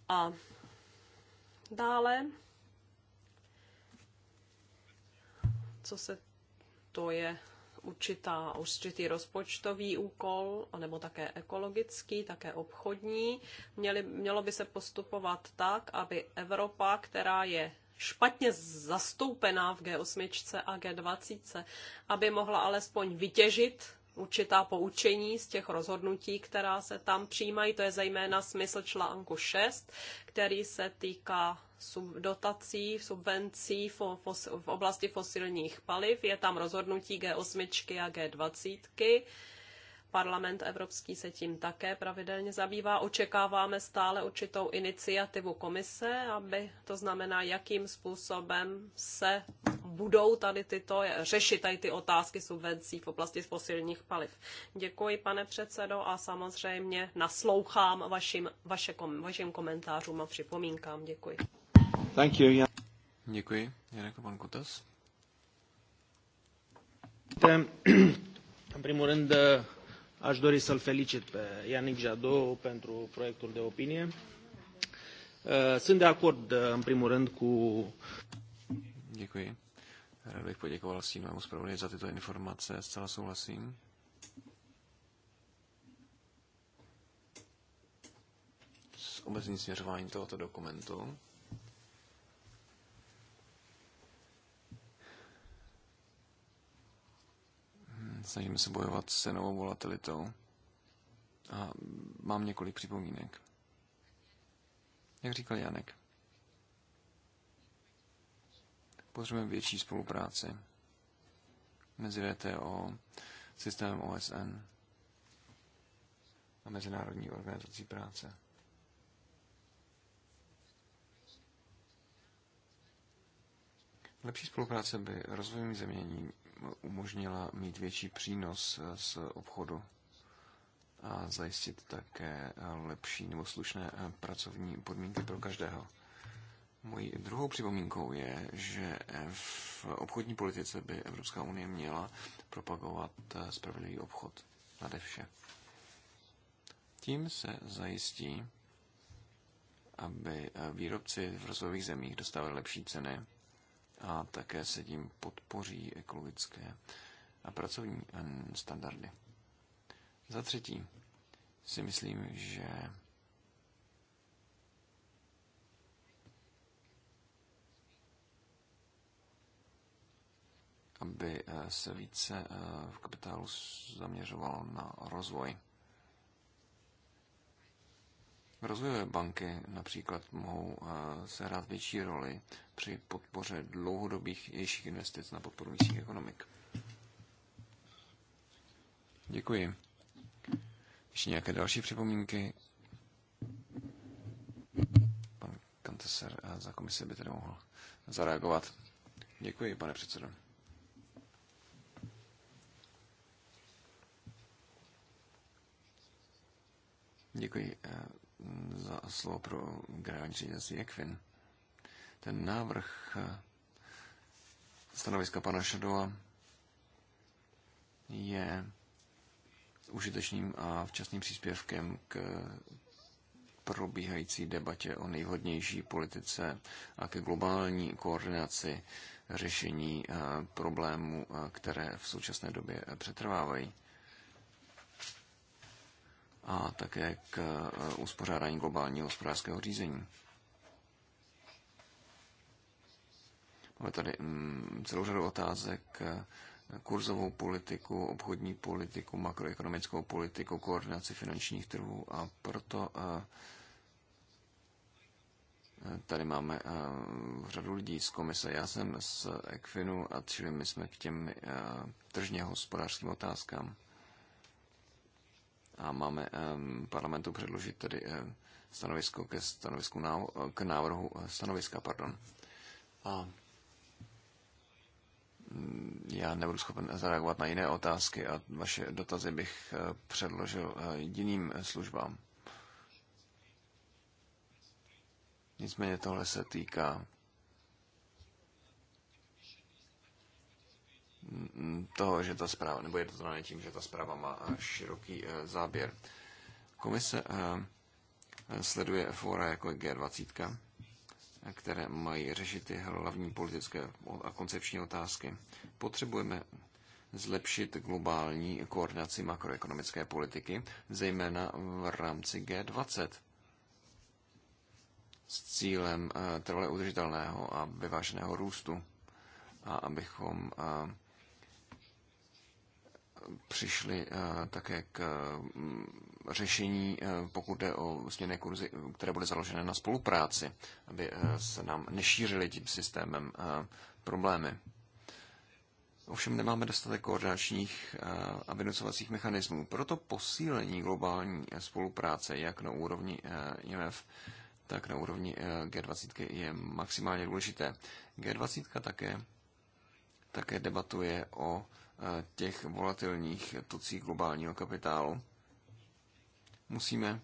A dále, co se to je určitá, určitý rozpočtový úkol, nebo také ekologický, také obchodní. Měli, mělo by se postupovat tak, aby Evropa, která je špatně zastoupená v G8 a G20, aby mohla alespoň vytěžit určitá poučení z těch rozhodnutí, která se tam přijímají. To je zejména smysl článku 6, který se týká dotací, subvencí v oblasti fosilních paliv. Je tam rozhodnutí G8 a G20 Parlament Evropský se tím také pravidelně zabývá. Očekáváme stále určitou iniciativu komise, aby to znamená, jakým způsobem se budou tady tyto, řešit tady ty otázky subvencí v oblasti fosilních paliv. Děkuji, pane předsedo, a samozřejmě naslouchám vašim, vaše vašim komentářům a připomínkám. Děkuji. Thank you, Jan. Děkuji. Janek pan Kutas. În Aș dori să-l felicit pe Ianic Jadot pentru proiectul de opinie. Uh, sunt de acord, uh, în primul rând, cu... Děkuji. Rád bych poděkoval stínovému zpravodaji za tyto informace. Zcela souhlasím. S obecným směřováním tohoto dokumentu. snažíme se bojovat s cenovou volatilitou. A mám několik připomínek. Jak říkal Janek, potřebujeme větší spolupráci mezi VTO, systémem OSN a Mezinárodní organizací práce. Lepší spolupráce by rozvojovým zeměním umožnila mít větší přínos eh, z obchodu a zajistit také eh, lepší nebo slušné eh, pracovní podmínky pro každého. Mojí druhou připomínkou je, že v obchodní politice by Evropská unie měla propagovat spravedlivý obchod nade vše. Tím se zajistí, aby výrobci v rozvojových zemích dostávali lepší ceny a také se tím podpoří ekologické a pracovní eh, standardy. Za třetí si myslím, že aby eh, se více eh, v kapitálu zaměřovalo na rozvoj. Rozvojové banky například mohou eh, sehrát větší roli při podpoře dlouhodobých jejich investic na podporu místních ekonomik. Děkuji. Ještě nějaké další připomínky? Pan Kanteser eh, za komise by tedy mohl zareagovat. Děkuji, pane předsedo. Děkuji eh, za slovo pro generální ředitelství Ekvin. Ten návrh eh, stanoviska pana Šadova je užitečným a včasným příspěvkem k probíhající debatě o nejvhodnější politice a ke globální koordinaci řešení eh, problémů, eh, které v současné době přetrvávají a také k eh, uspořádání globálního hospodářského řízení. Máme tady mm, celou řadu otázek, eh, kurzovou politiku, obchodní politiku, makroekonomickou politiku, koordinaci finančních trhů a proto eh, tady máme řadu lidí z komise. Já jsem z Ekfinu a čili my jsme k těm tržně hospodářským otázkám a máme parlamentu předložit tedy eh, stanovisko ke stanovisku k návrhu eh, stanoviska. Pardon. A mm, já nebudu schopen zareagovat na jiné otázky a vaše dotazy bych eh, předložil jiným službám. Nicméně tohle se týká toho, že ta zpráva, nebo je to dané tím, že ta zpráva má široký eh, záběr. Komise eh, sleduje fóra jako G20, které mají řešit ty hlavní politické a koncepční otázky. Potřebujeme zlepšit globální koordinaci makroekonomické politiky, zejména v rámci G20 s cílem eh, trvale udržitelného a vyváženého růstu a abychom přišli eh, také k mm, řešení, eh, pokud jde o směrné kurzy, které bude založené na spolupráci, aby eh, se nám nešířily tím systémem problémy. Ovšem nemáme dostatek koordinačních a vynucovacích mechanismů. Proto posílení globální spolupráce jak na úrovni IMF, tak na úrovni G20 je maximálně důležité. G20 také, také debatuje o těch volatilních tocí globálního kapitálu, musíme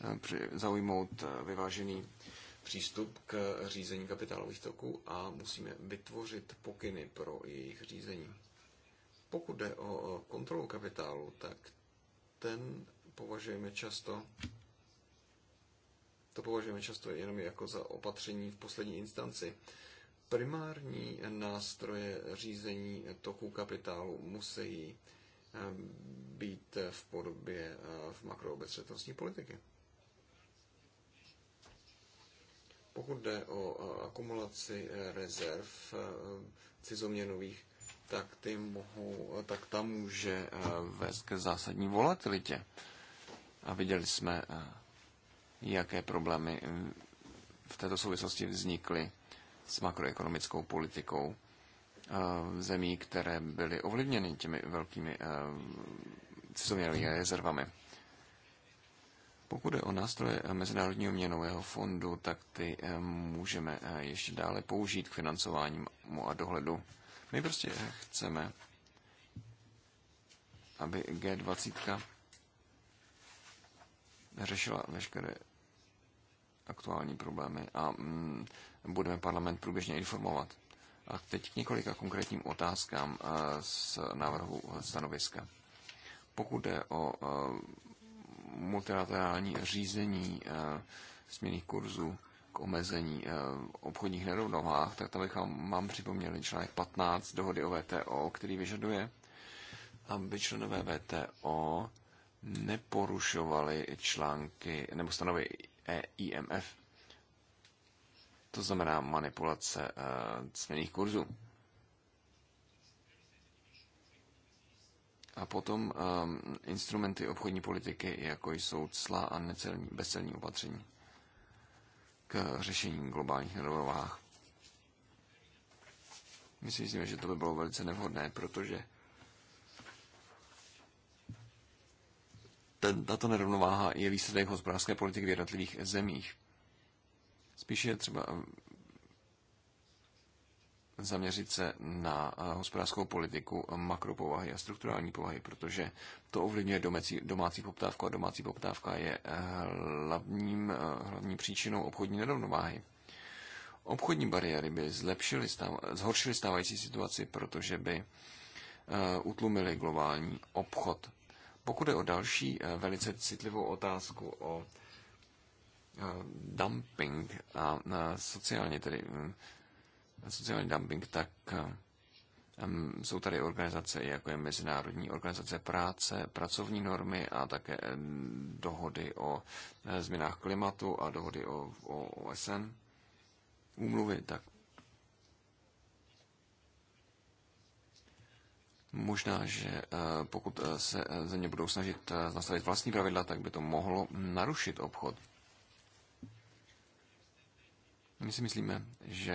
eh, zaujmout eh, vyvážený přístup k řízení kapitálových toků a musíme vytvořit pokyny pro jejich řízení. Pokud jde o kontrolu kapitálu, tak ten považujeme často to považujeme často jenom jako za opatření v poslední instanci primární nástroje řízení toku kapitálu musí eh, být v podobě eh, v makroobecřetnostní politiky. Pokud jde o eh, akumulaci rezerv cizoměnových, tak, ty mohou, tak tam může vést ke zásadní volatilitě. A viděli jsme, jaké problémy v této souvislosti vznikly s makroekonomickou politikou eh, zemí, které byly ovlivněny těmi velkými cizovměnovými eh, rezervami. Pokud je o nástroje Mezinárodního měnového fondu, tak ty eh, můžeme ještě dále použít k financování a dohledu. My prostě chceme, aby G20 řešila veškeré aktuální problémy a mm, budeme parlament průběžně informovat. A teď k několika konkrétním otázkám eh, z návrhu stanoviska. Pokud jde o eh, multilaterální řízení eh, směných kurzů k omezení obchodních nerovnovách, tak tam bych vám, vám připomněl článek 15 dohody o VTO, který vyžaduje, aby členové VTO neporušovali články nebo stanovy EIMF to znamená manipulace eh, směných kurzů. A potom um, instrumenty obchodní politiky, jako jsou cla a necelní, bezcelní opatření k řešení globálních nerovnováh. Myslím, si, že to by bylo velice nevhodné, protože ten, tato nerovnováha je výsledek hospodářské politiky v jednotlivých zemích. Spíše je třeba eh, zaměřit se na eh, hospodářskou politiku makropovahy a strukturální povahy, protože to ovlivňuje domací, domácí poptávku a domácí poptávka je eh, hlavním, hlavní příčinou obchodní nerovnováhy. Obchodní bariéry by zlepšily, stáv, zhoršily stávající situaci, protože by utlumily globální obchod. Pokud je o další velice citlivou otázku o dumping a sociálně tedy mm, sociální dumping, tak jsou tady organizace, jako je Mezinárodní organizace práce, pracovní normy a také dohody o e, změnách klimatu a dohody o, o OSN, úmluvy, tak Možná, že e, pokud e, se země budou snažit nastavit vlastní pravidla, tak by to mohlo narušit obchod. My si myslíme, že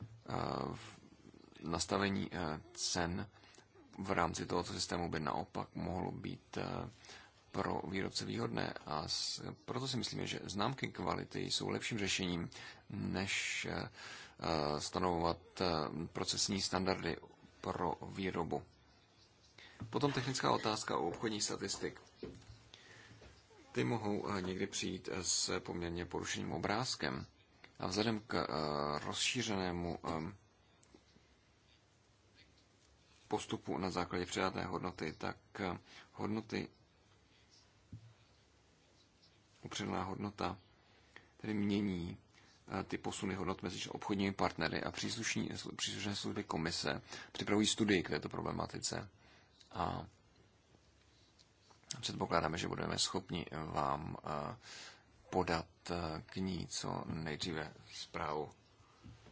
eh, nastavení eh, cen v rámci tohoto systému by naopak mohlo být eh, pro výrobce výhodné a proto si myslíme, že známky kvality jsou lepším řešením, než stanovovat procesní standardy pro výrobu. Potom technická otázka o obchodních statistik ty mohou eh, někdy přijít eh, s poměrně porušeným obrázkem. A vzhledem k eh, rozšířenému postupu na základě přidaté hodnoty, tak hodnoty, upředná hodnota, tedy mění ty posuny hodnot mezi obchodními partnery a příslušní, příslušné služby komise připravují studii k této problematice. A Předpokládáme, že budeme schopni vám eh, podat eh, k ní co nejdříve zprávu.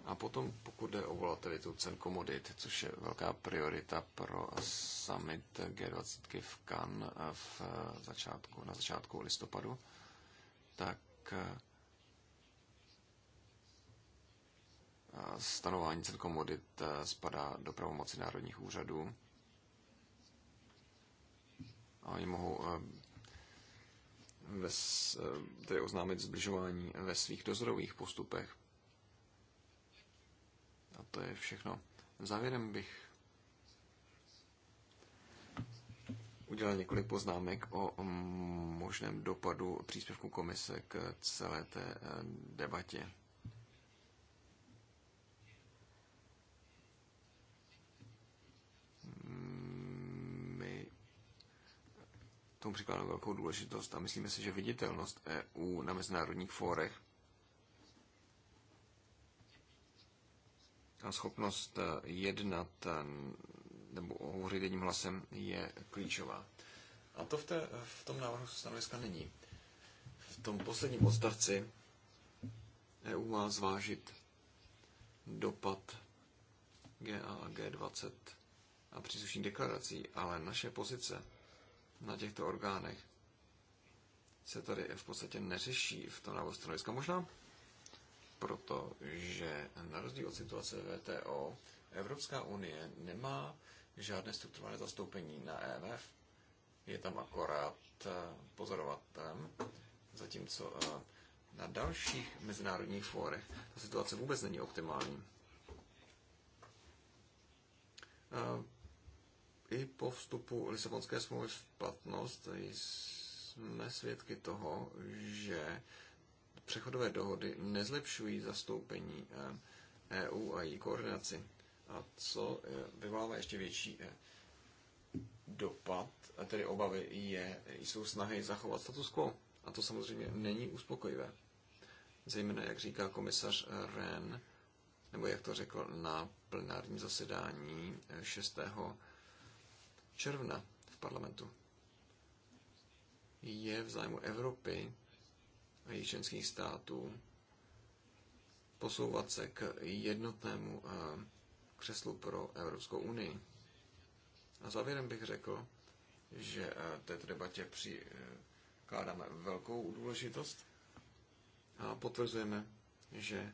A potom, pokud jde o volatilitu cen komodit, což je velká priorita pro summit G20 v Cannes eh, v začátku, na začátku listopadu, tak stanování cen komodit spadá do pravomoci národních úřadů a oni mohou eh, ve, eh, tedy oznámit zbližování ve svých dozorových postupech. A to je všechno. Závěrem bych udělal několik poznámek o možném dopadu příspěvku komise k celé té eh, debatě. tomu přikládáme velkou důležitost a myslíme si, že viditelnost EU na mezinárodních fórech a schopnost eh, jednat eh, nebo hovořit jedním hlasem je klíčová. A to v, té, v tom návrhu stanoviska není. V tom posledním odstavci EU má zvážit dopad GA a G20 a příslušných deklarací, ale naše pozice na těchto orgánech se tady v podstatě neřeší v tom návodu stanoviska. Možná proto, že na rozdíl od situace VTO, Evropská unie nemá žádné strukturované zastoupení na EMF. Je tam akorát eh, pozorovatelem, zatímco eh, na dalších mezinárodních fórech ta situace vůbec není optimální. i po vstupu Lisabonské smlouvy v platnost jsme svědky toho, že přechodové dohody nezlepšují zastoupení EU eh, e a její koordinaci. A co eh, vyvolává ještě větší eh, dopad, a tedy obavy, je, jsou snahy zachovat status quo. A to samozřejmě není uspokojivé. Zejména, jak říká komisař Ren, nebo jak to řekl na plenárním zasedání 6 června v parlamentu. Je v zájmu Evropy a jejich členských států posouvat se k jednotnému eh, křeslu pro Evropskou unii. A závěrem bych řekl, že eh, této debatě přikládáme eh, velkou důležitost a potvrzujeme, že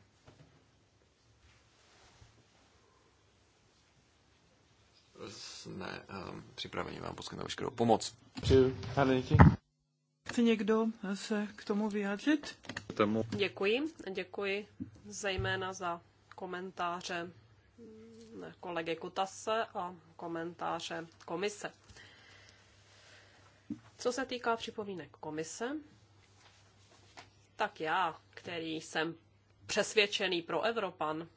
jsme ehm, připraveni vám poskytnout veškerou pomoc. Chce někdo eh, se k tomu vyjádřit? Tomu. Děkuji, děkuji zejména za komentáře mm, kolegy Kutase a komentáře komise. Co se týká připomínek komise, tak já, který jsem přesvědčený pro Evropan,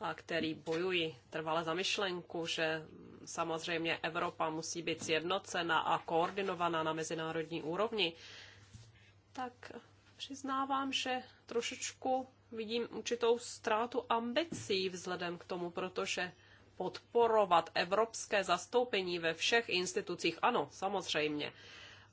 a který bojují trvale za myšlenku, že samozřejmě Evropa musí být sjednocena a koordinovaná na mezinárodní úrovni, tak přiznávám, že trošičku vidím určitou ztrátu ambicí vzhledem k tomu, protože podporovat evropské zastoupení ve všech institucích, ano, samozřejmě,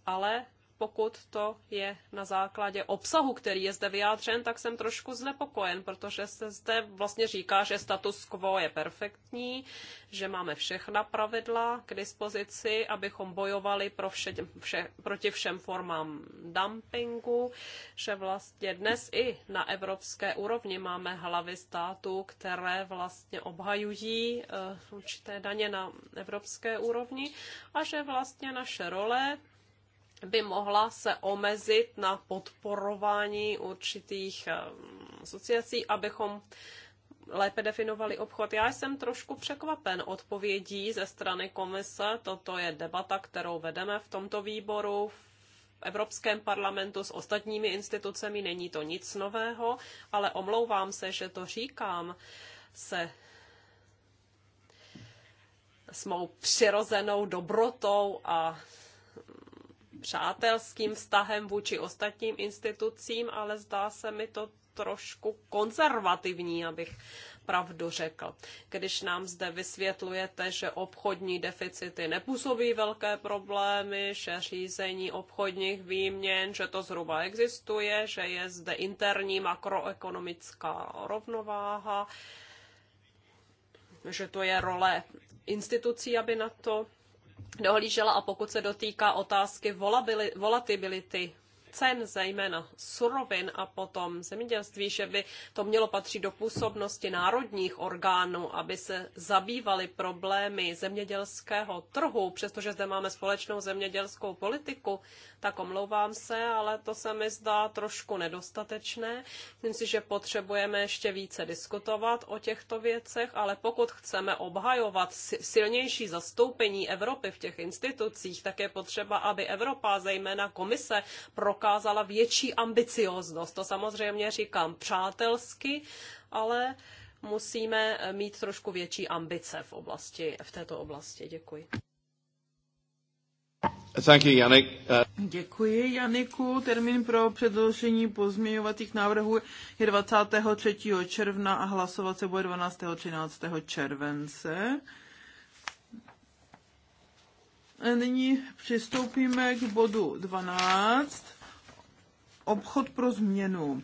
ale pokud to je na základě obsahu, který je zde vyjádřen, tak jsem trošku znepokojen, protože se zde vlastně říká, že status quo je perfektní, že máme všechna pravidla k dispozici, abychom bojovali pro vše, vše, proti všem formám dumpingu, že vlastně dnes i na evropské úrovni máme hlavy států, které vlastně obhajují uh, určité daně na evropské úrovni a že vlastně naše role by mohla se omezit na podporování určitých eh, asociací, abychom lépe definovali obchod. Já jsem trošku překvapen odpovědí ze strany komise. Toto je debata, kterou vedeme v tomto výboru, v Evropském parlamentu s ostatními institucemi. Není to nic nového, ale omlouvám se, že to říkám se s mou přirozenou dobrotou a přátelským vztahem vůči ostatním institucím, ale zdá se mi to trošku konzervativní, abych pravdu řekl. Když nám zde vysvětlujete, že obchodní deficity nepůsobí velké problémy, že řízení obchodních výměn, že to zhruba existuje, že je zde interní makroekonomická rovnováha, že to je role institucí, aby na to dohlížela a pokud se dotýká otázky volatility cen, zejména surovin a potom zemědělství, že by to mělo patřit do působnosti národních orgánů, aby se zabývaly problémy zemědělského trhu, přestože zde máme společnou zemědělskou politiku, tak omlouvám se, ale to se mi zdá trošku nedostatečné. Myslím si, že potřebujeme ještě více diskutovat o těchto věcech, ale pokud chceme obhajovat silnější zastoupení Evropy v těch institucích, tak je potřeba, aby Evropa, zejména komise, prokázala, prokázala větší ambicioznost. To samozřejmě říkám přátelsky, ale musíme mít trošku větší ambice v, oblasti, v této oblasti. Děkuji. Thank you, Janik. Uh... Děkuji, Janiku. Termín pro předložení pozměňovacích návrhů je 23. června a hlasovat se bude 12. 13. července. A nyní přistoupíme k bodu 12 obchod pro změnu.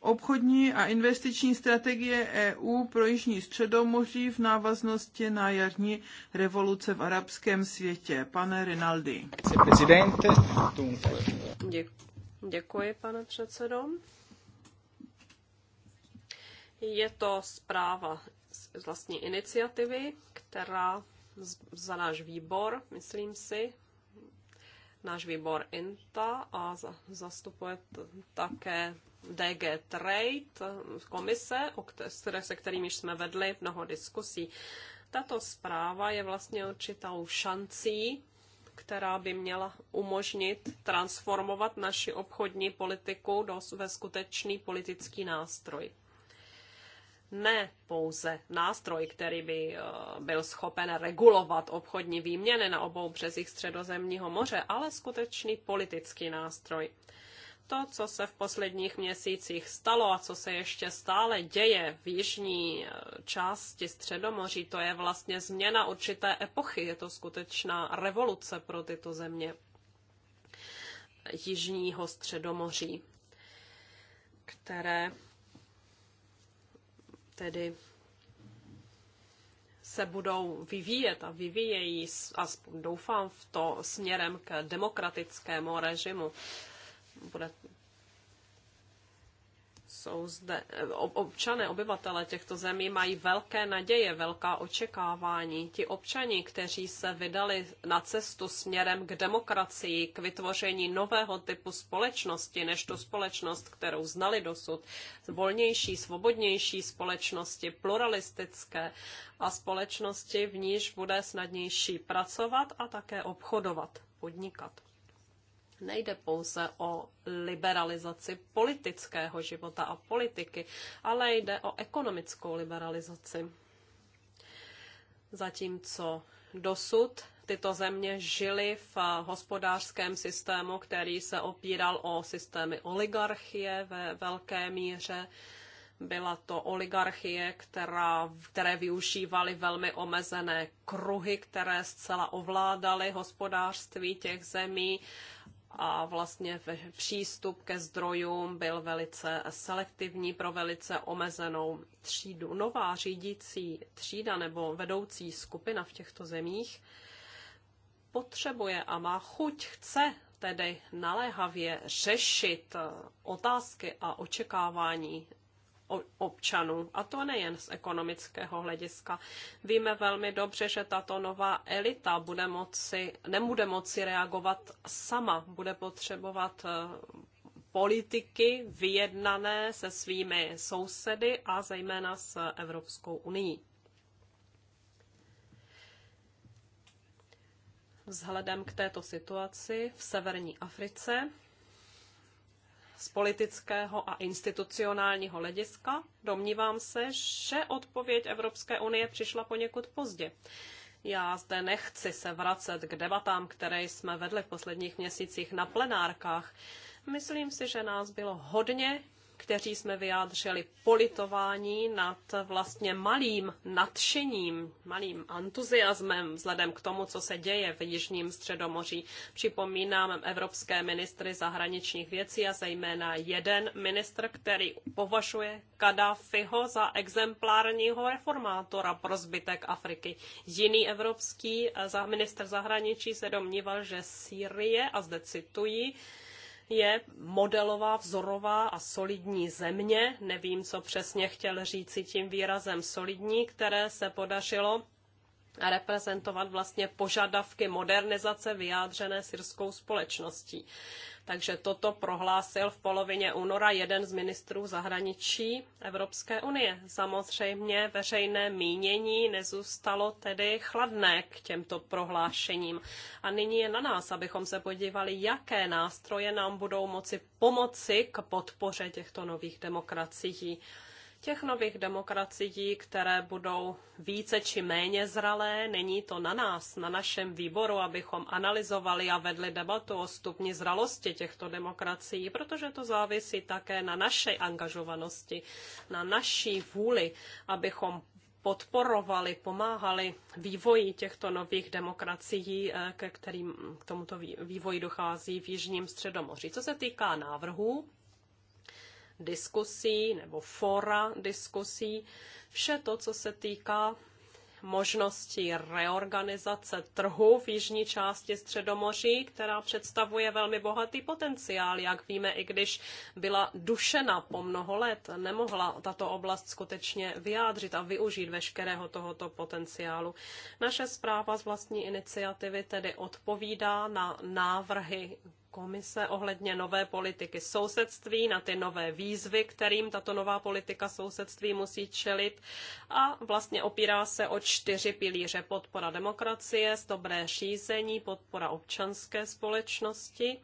Obchodní a investiční strategie EU pro Jižní středomoří v návaznosti na jarní revoluce v arabském světě. Pane Rinaldi. Děkuji, pane předsedo. Je to zpráva z vlastní iniciativy, která za náš výbor, myslím si, náš výbor INTA a zastupuje také DG Trade komise, se kterými jsme vedli mnoho diskusí. Tato zpráva je vlastně určitou šancí, která by měla umožnit transformovat naši obchodní politiku do, ve skutečný politický nástroj ne pouze nástroj, který by eh, byl schopen regulovat obchodní výměny na obou březích Středozemního moře, ale skutečný politický nástroj. To, co se v posledních měsících stalo a co se ještě stále děje v jižní eh, části Středomoří, to je vlastně změna určité epochy. Je to skutečná revoluce pro tyto země jižního Středomoří, které tedy se budou vyvíjet a vyvíjejí, aspoň doufám v to, směrem k demokratickému režimu. Bude jsou zde, občané, obyvatele těchto zemí mají velké naděje, velká očekávání. Ti občani, kteří se vydali na cestu směrem k demokracii, k vytvoření nového typu společnosti, než tu společnost, kterou znali dosud, volnější, svobodnější společnosti, pluralistické a společnosti, v níž bude snadnější pracovat a také obchodovat, podnikat nejde pouze o liberalizaci politického života a politiky, ale jde o ekonomickou liberalizaci. Zatímco dosud tyto země žily v hospodářském systému, který se opíral o systémy oligarchie ve velké míře, byla to oligarchie, která, které využívaly velmi omezené kruhy, které zcela ovládaly hospodářství těch zemí a vlastně přístup ke zdrojům byl velice selektivní pro velice omezenou třídu. Nová řídící třída nebo vedoucí skupina v těchto zemích potřebuje a má chuť, chce tedy naléhavě řešit otázky a očekávání občanů. A to nejen z ekonomického hlediska. Víme velmi dobře, že tato nová elita bude moci, nebude moci reagovat sama, bude potřebovat eh, politiky vyjednané se svými sousedy a zejména s Evropskou unii. Vzhledem k této situaci v severní Africe z politického a institucionálního hlediska, domnívám se, že odpověď Evropské unie přišla poněkud pozdě. Já zde nechci se vracet k debatám, které jsme vedli v posledních měsících na plenárkách. Myslím si, že nás bylo hodně, kteří jsme vyjádřili politování nad vlastně malým nadšením, malým entuziasmem vzhledem k tomu, co se děje v Jižním středomoří. Připomínám evropské ministry zahraničních věcí a zejména jeden ministr, který považuje Kadáfiho za exemplárního reformátora pro zbytek Afriky. Jiný evropský eh, za minister zahraničí se domníval, že Sýrie, a zde cituji, je modelová, vzorová a solidní země. Nevím, co přesně chtěl říci tím výrazem solidní, které se podařilo reprezentovat vlastně požadavky modernizace vyjádřené syrskou společností. Takže toto prohlásil v polovině února jeden z ministrů zahraničí Evropské unie. Samozřejmě veřejné mínění nezůstalo tedy chladné k těmto prohlášením. A nyní je na nás, abychom se podívali, jaké nástroje nám budou moci pomoci k podpoře těchto nových demokracií těch nových demokracií, které budou více či méně zralé, není to na nás, na našem výboru, abychom analyzovali a vedli debatu o stupni zralosti těchto demokracií, protože to závisí také na naší angažovanosti, na naší vůli, abychom podporovali, pomáhali vývoji těchto nových demokracií, eh, ke kterým k tomuto vývoji dochází v Jižním Středomoří. Co se týká návrhů, diskusí nebo fora diskusí, vše to, co se týká možnosti reorganizace trhu v jižní části Středomoří, která představuje velmi bohatý potenciál. Jak víme, i když byla dušena po mnoho let, nemohla tato oblast skutečně vyjádřit a využít veškerého tohoto potenciálu. Naše zpráva z vlastní iniciativy tedy odpovídá na návrhy komise ohledně nové politiky sousedství, na ty nové výzvy, kterým tato nová politika sousedství musí čelit a vlastně opírá se o čtyři pilíře podpora demokracie, dobré řízení, podpora občanské společnosti.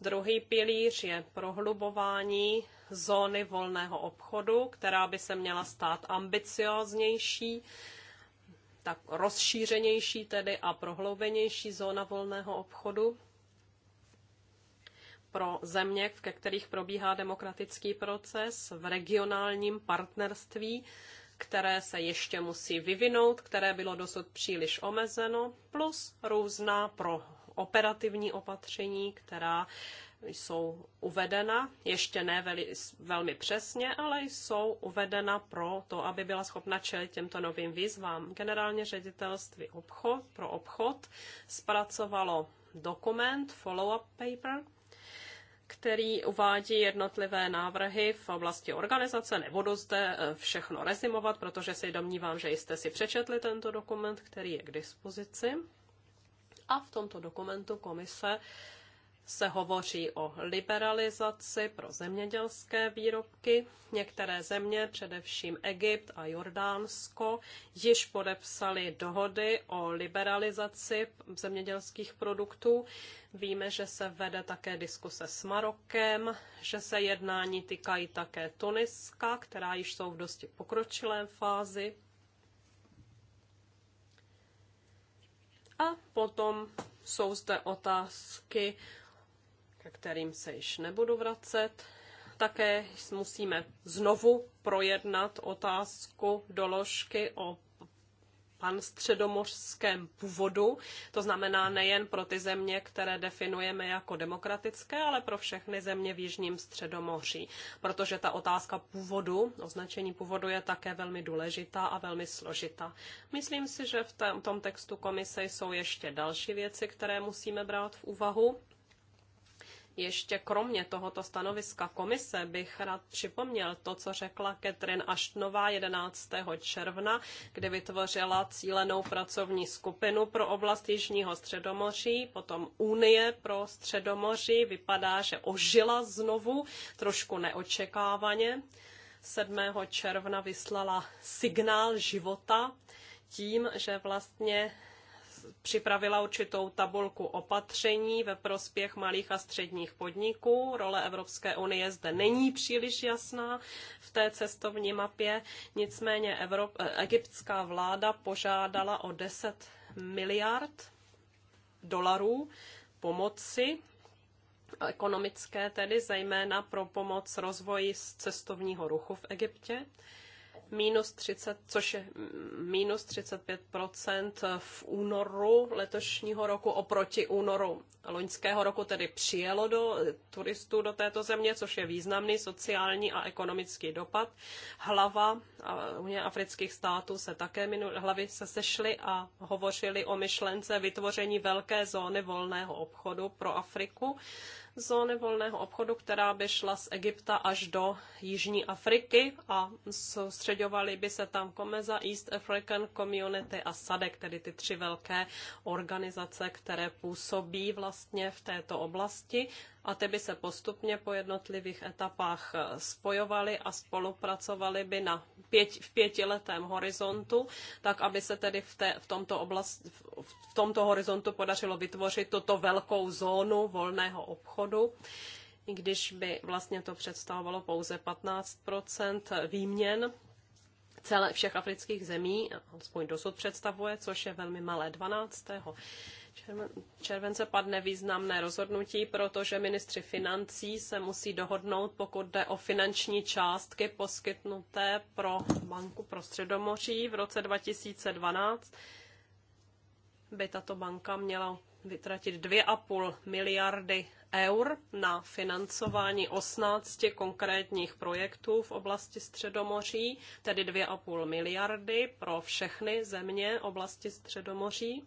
Druhý pilíř je prohlubování zóny volného obchodu, která by se měla stát ambicioznější tak rozšířenější tedy a prohloubenější zóna volného obchodu pro země, ve kterých probíhá demokratický proces, v regionálním partnerství, které se ještě musí vyvinout, které bylo dosud příliš omezeno, plus různá pro operativní opatření, která jsou uvedena, ještě ne veli, velmi přesně, ale jsou uvedena pro to, aby byla schopna čelit těmto novým výzvám. Generálně ředitelství obchod, pro obchod zpracovalo dokument, follow-up paper, který uvádí jednotlivé návrhy v oblasti organizace. Nebudu zde eh, všechno rezimovat, protože si domnívám, že jste si přečetli tento dokument, který je k dispozici. A v tomto dokumentu komise se hovoří o liberalizaci pro zemědělské výrobky. Některé země, především Egypt a Jordánsko, již podepsali dohody o liberalizaci zemědělských produktů. Víme, že se vede také diskuse s Marokem, že se jednání týkají také Tuniska, která již jsou v dosti pokročilé fázi. A potom jsou zde otázky ke kterým se již nebudu vracet. Také musíme znovu projednat otázku doložky o pan středomořském původu, to znamená nejen pro ty země, které definujeme jako demokratické, ale pro všechny země v Jižním středomoří, protože ta otázka původu, označení původu je také velmi důležitá a velmi složitá. Myslím si, že v tom textu komise jsou ještě další věci, které musíme brát v úvahu. Ještě kromě tohoto stanoviska komise bych rád připomněl to, co řekla Catherine Aštnová 11. června, kdy vytvořila cílenou pracovní skupinu pro oblast Jižního středomoří, potom Unie pro středomoří, vypadá, že ožila znovu, trošku neočekávaně. 7. června vyslala signál života tím, že vlastně připravila určitou tabulku opatření ve prospěch malých a středních podniků. Role Evropské unie zde není příliš jasná v té cestovní mapě, nicméně Evrop, eh, egyptská vláda požádala o 10 miliard dolarů pomoci ekonomické tedy, zejména pro pomoc rozvoji cestovního ruchu v Egyptě minus 30, což je minus 35 v únoru letošního roku oproti únoru loňského roku, tedy přijelo do turistů do této země, což je významný sociální a ekonomický dopad. Hlava Unie afrických států se také minul, hlavy se sešly a hovořili o myšlence vytvoření velké zóny volného obchodu pro Afriku zóny volného obchodu, která by šla z Egypta až do Jižní Afriky a soustředovaly by se tam Komeza, East African Community a SADEC, tedy ty tři velké organizace, které působí vlastně v této oblasti a ty by se postupně po jednotlivých etapách eh, spojovaly a spolupracovaly by na pět, v pětiletém horizontu, tak aby se tedy v, té, v, tomto oblast, v tomto horizontu podařilo vytvořit tuto velkou zónu volného obchodu i když by vlastně to představovalo pouze 15 výměn celé všech afrických zemí, alespoň dosud představuje, což je velmi malé 12 července padne významné rozhodnutí, protože ministři financí se musí dohodnout, pokud jde o finanční částky poskytnuté pro banku pro Středomoří v roce 2012 by tato banka měla vytratit 2,5 miliardy eur na financování 18 konkrétních projektů v oblasti Středomoří, tedy 2,5 miliardy pro všechny země oblasti Středomoří.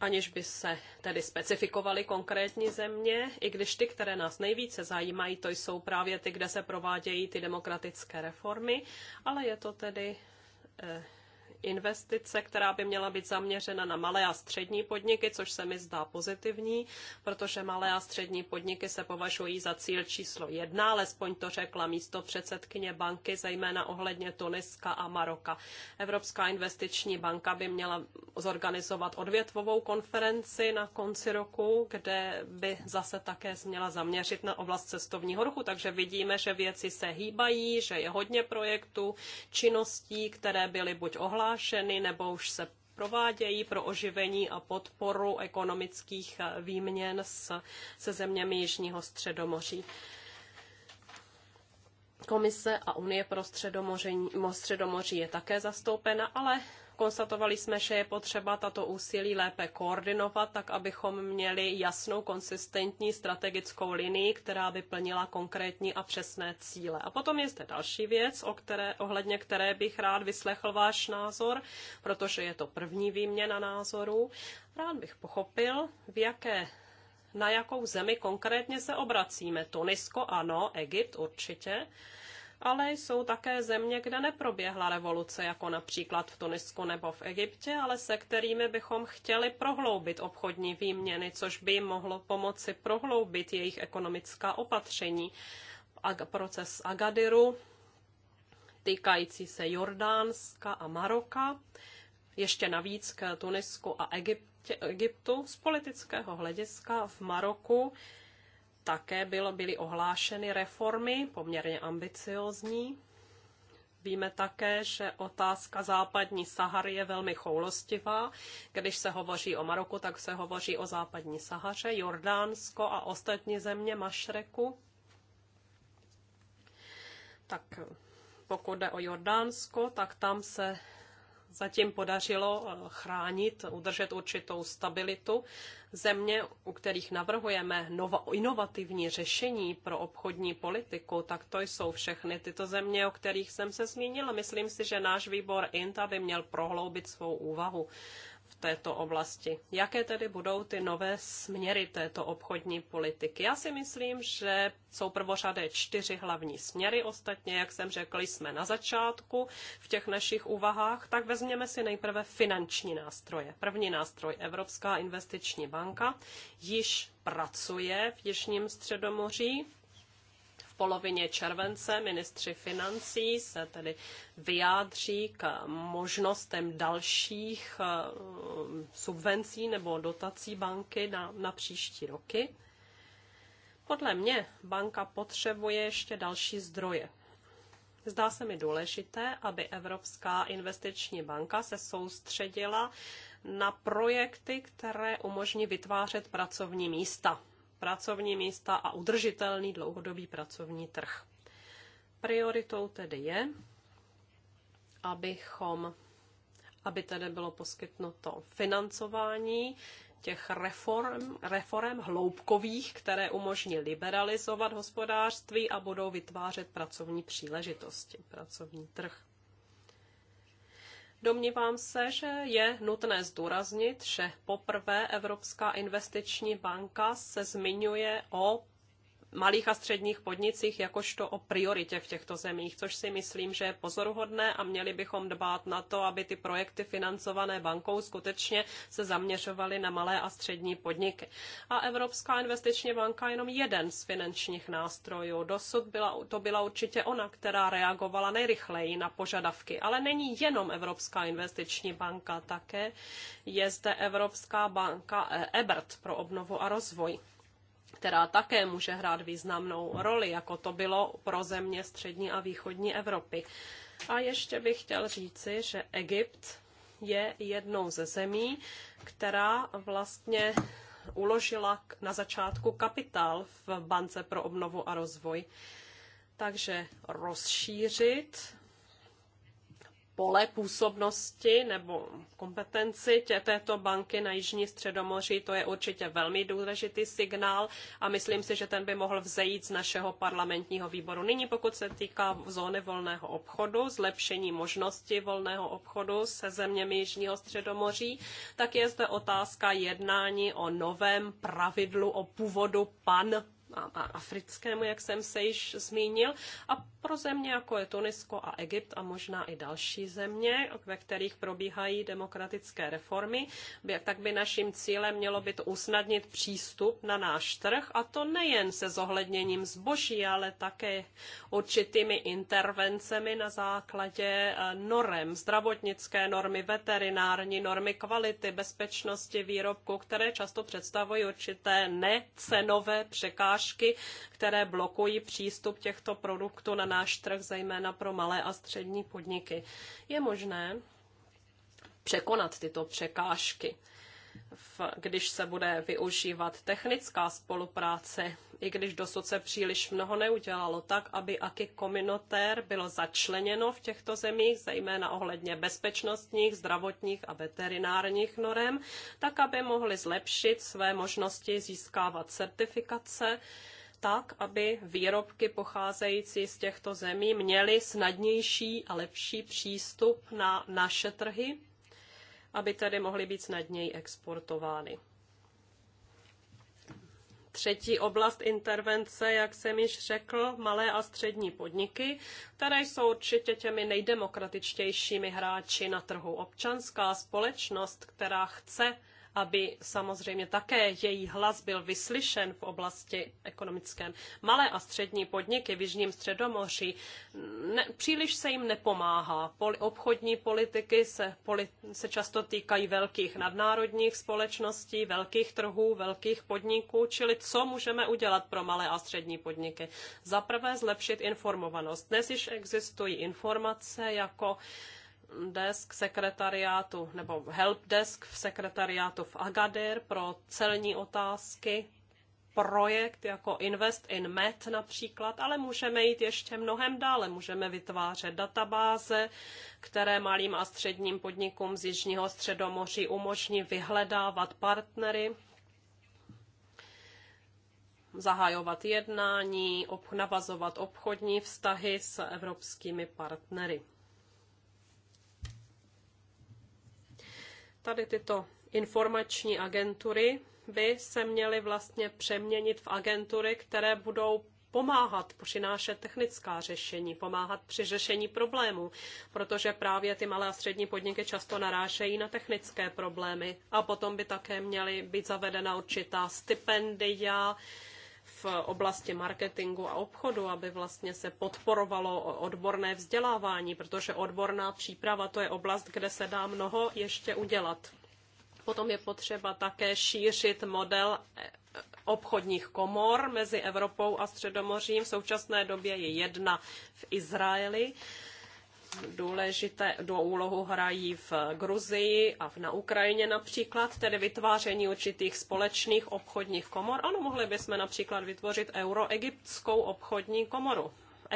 aniž by se tedy specifikovaly konkrétní země, i když ty, které nás nejvíce zajímají, to jsou právě ty, kde se provádějí ty demokratické reformy, ale je to tedy eh, investice, která by měla být zaměřena na malé a střední podniky, což se mi zdá pozitivní, protože malé a střední podniky se považují za cíl číslo jedna, alespoň to řekla místo předsedkyně banky, zejména ohledně Tuniska a Maroka. Evropská investiční banka by měla zorganizovat odvětvovou konferenci na konci roku, kde by zase také měla zaměřit na oblast cestovního ruchu, takže vidíme, že věci se hýbají, že je hodně projektů, činností, které byly buď ohledně prohlášeny nebo už se provádějí pro oživení a podporu ekonomických výměn s, se zeměmi Jižního středomoří. Komise a Unie pro středomoří, středomoří je také zastoupena, ale Konstatovali jsme, že je potřeba tato úsilí lépe koordinovat, tak abychom měli jasnou, konsistentní strategickou linii, která by plnila konkrétní a přesné cíle. A potom je zde další věc, o které, ohledně které bych rád vyslechl váš názor, protože je to první výměna názorů. Rád bych pochopil, v jaké na jakou zemi konkrétně se obracíme. Tunisko ano, Egypt určitě ale jsou také země, kde neproběhla revoluce, jako například v Tunisku nebo v Egyptě, ale se kterými bychom chtěli prohloubit obchodní výměny, což by jim mohlo pomoci prohloubit jejich ekonomická opatření. Proces Agadiru týkající se Jordánska a Maroka, ještě navíc k Tunisku a Egyptě, Egyptu z politického hlediska v Maroku také bylo, byly ohlášeny reformy, poměrně ambiciozní. Víme také, že otázka západní Sahary je velmi choulostivá. Když se hovoří o Maroku, tak se hovoří o západní Sahaře, Jordánsko a ostatní země Mašreku. Tak pokud jde o Jordánsko, tak tam se zatím podařilo eh, chránit, udržet určitou stabilitu. Země, u kterých navrhujeme nova, inovativní řešení pro obchodní politiku, tak to jsou všechny tyto země, o kterých jsem se zmínila. Myslím si, že náš výbor INTA by měl prohloubit svou úvahu této oblasti. Jaké tedy budou ty nové směry této obchodní politiky? Já si myslím, že jsou prvořadé čtyři hlavní směry. Ostatně, jak jsem řekl, jsme na začátku v těch našich úvahách, tak vezměme si nejprve finanční nástroje. První nástroj Evropská investiční banka již pracuje v Jižním středomoří polovině července ministři financí se tedy vyjádří k možnostem dalších eh, subvencí nebo dotací banky na, na příští roky. Podle mě banka potřebuje ještě další zdroje. Zdá se mi důležité, aby Evropská investiční banka se soustředila na projekty, které umožní vytvářet pracovní místa pracovní místa a udržitelný dlouhodobý pracovní trh. Prioritou tedy je, abychom, aby tedy bylo poskytnuto financování těch reform, reform hloubkových, které umožní liberalizovat hospodářství a budou vytvářet pracovní příležitosti, pracovní trh. Domnívám se, že je nutné zdůraznit, že poprvé Evropská investiční banka se zmiňuje o malých a středních podnicích jakožto o prioritě v těchto zemích, což si myslím, že je pozoruhodné a měli bychom dbát na to, aby ty projekty financované bankou skutečně se zaměřovaly na malé a střední podniky. A Evropská investiční banka je jenom jeden z finančních nástrojů. Dosud byla, to byla určitě ona, která reagovala nejrychleji na požadavky, ale není jenom Evropská investiční banka také, je zde Evropská banka eh, EBRD pro obnovu a rozvoj která také může hrát významnou roli, jako to bylo pro země střední a východní Evropy. A ještě bych chtěl říci, že Egypt je jednou ze zemí, která vlastně uložila na začátku kapitál v Bance pro obnovu a rozvoj. Takže rozšířit pole působnosti nebo kompetenci tě, této banky na Jižní středomoří, to je určitě velmi důležitý signál a myslím si, že ten by mohl vzejít z našeho parlamentního výboru. Nyní pokud se týká zóny volného obchodu, zlepšení možnosti volného obchodu se zeměmi Jižního středomoří, tak je zde otázka jednání o novém pravidlu o původu pan africkému, jak jsem se již zmínil, a pro země, jako je Tunisko a Egypt a možná i další země, ve kterých probíhají demokratické reformy, tak by naším cílem mělo být usnadnit přístup na náš trh, a to nejen se zohledněním zboží, ale také určitými intervencemi na základě eh, norem, zdravotnické normy, veterinární normy, kvality, bezpečnosti výrobku, které často představují určité necenové překážky překážky, které blokují přístup těchto produktů na náš trh, zejména pro malé a střední podniky. Je možné překonat tyto překážky v, když se bude využívat technická spolupráce, i když dosud se příliš mnoho neudělalo, tak aby aky kominotér bylo začleněno v těchto zemích, zejména ohledně bezpečnostních, zdravotních a veterinárních norem, tak aby mohli zlepšit své možnosti získávat certifikace, tak, aby výrobky pocházející z těchto zemí měly snadnější a lepší přístup na naše trhy aby tedy mohly být snadněji exportovány. Třetí oblast intervence, jak jsem již řekl, malé a střední podniky, které jsou určitě těmi nejdemokratičtějšími hráči na trhu. Občanská společnost, která chce aby samozřejmě také její hlas byl vyslyšen v oblasti ekonomickém. Malé a střední podniky v Jižním Středomoří ne, příliš se jim nepomáhá. Pol, obchodní politiky se, poli, se často týkají velkých nadnárodních společností, velkých trhů, velkých podniků, čili co můžeme udělat pro malé a střední podniky. Za prvé zlepšit informovanost. Dnes již existují informace jako desk sekretariátu, nebo help desk v sekretariátu v Agadir pro celní otázky, projekt jako Invest in Med například, ale můžeme jít ještě mnohem dále. Můžeme vytvářet databáze, které malým a středním podnikům z Jižního středomoří umožní vyhledávat partnery, zahajovat jednání, ob, navazovat obchodní vztahy s evropskými partnery. Tady tyto informační agentury by se měly vlastně přeměnit v agentury, které budou pomáhat, přinášet technická řešení, pomáhat při řešení problémů, protože právě ty malé a střední podniky často narážejí na technické problémy. A potom by také měly být zavedena určitá stipendia, v oblasti marketingu a obchodu, aby vlastně se podporovalo odborné vzdělávání, protože odborná příprava to je oblast, kde se dá mnoho ještě udělat. Potom je potřeba také šířit model obchodních komor mezi Evropou a Středomořím. V současné době je jedna v Izraeli důležité do úlohu hrají v Gruzii a na Ukrajině například, tedy vytváření určitých společných obchodních komor. Ano, mohli bychom například vytvořit euroegyptskou obchodní komoru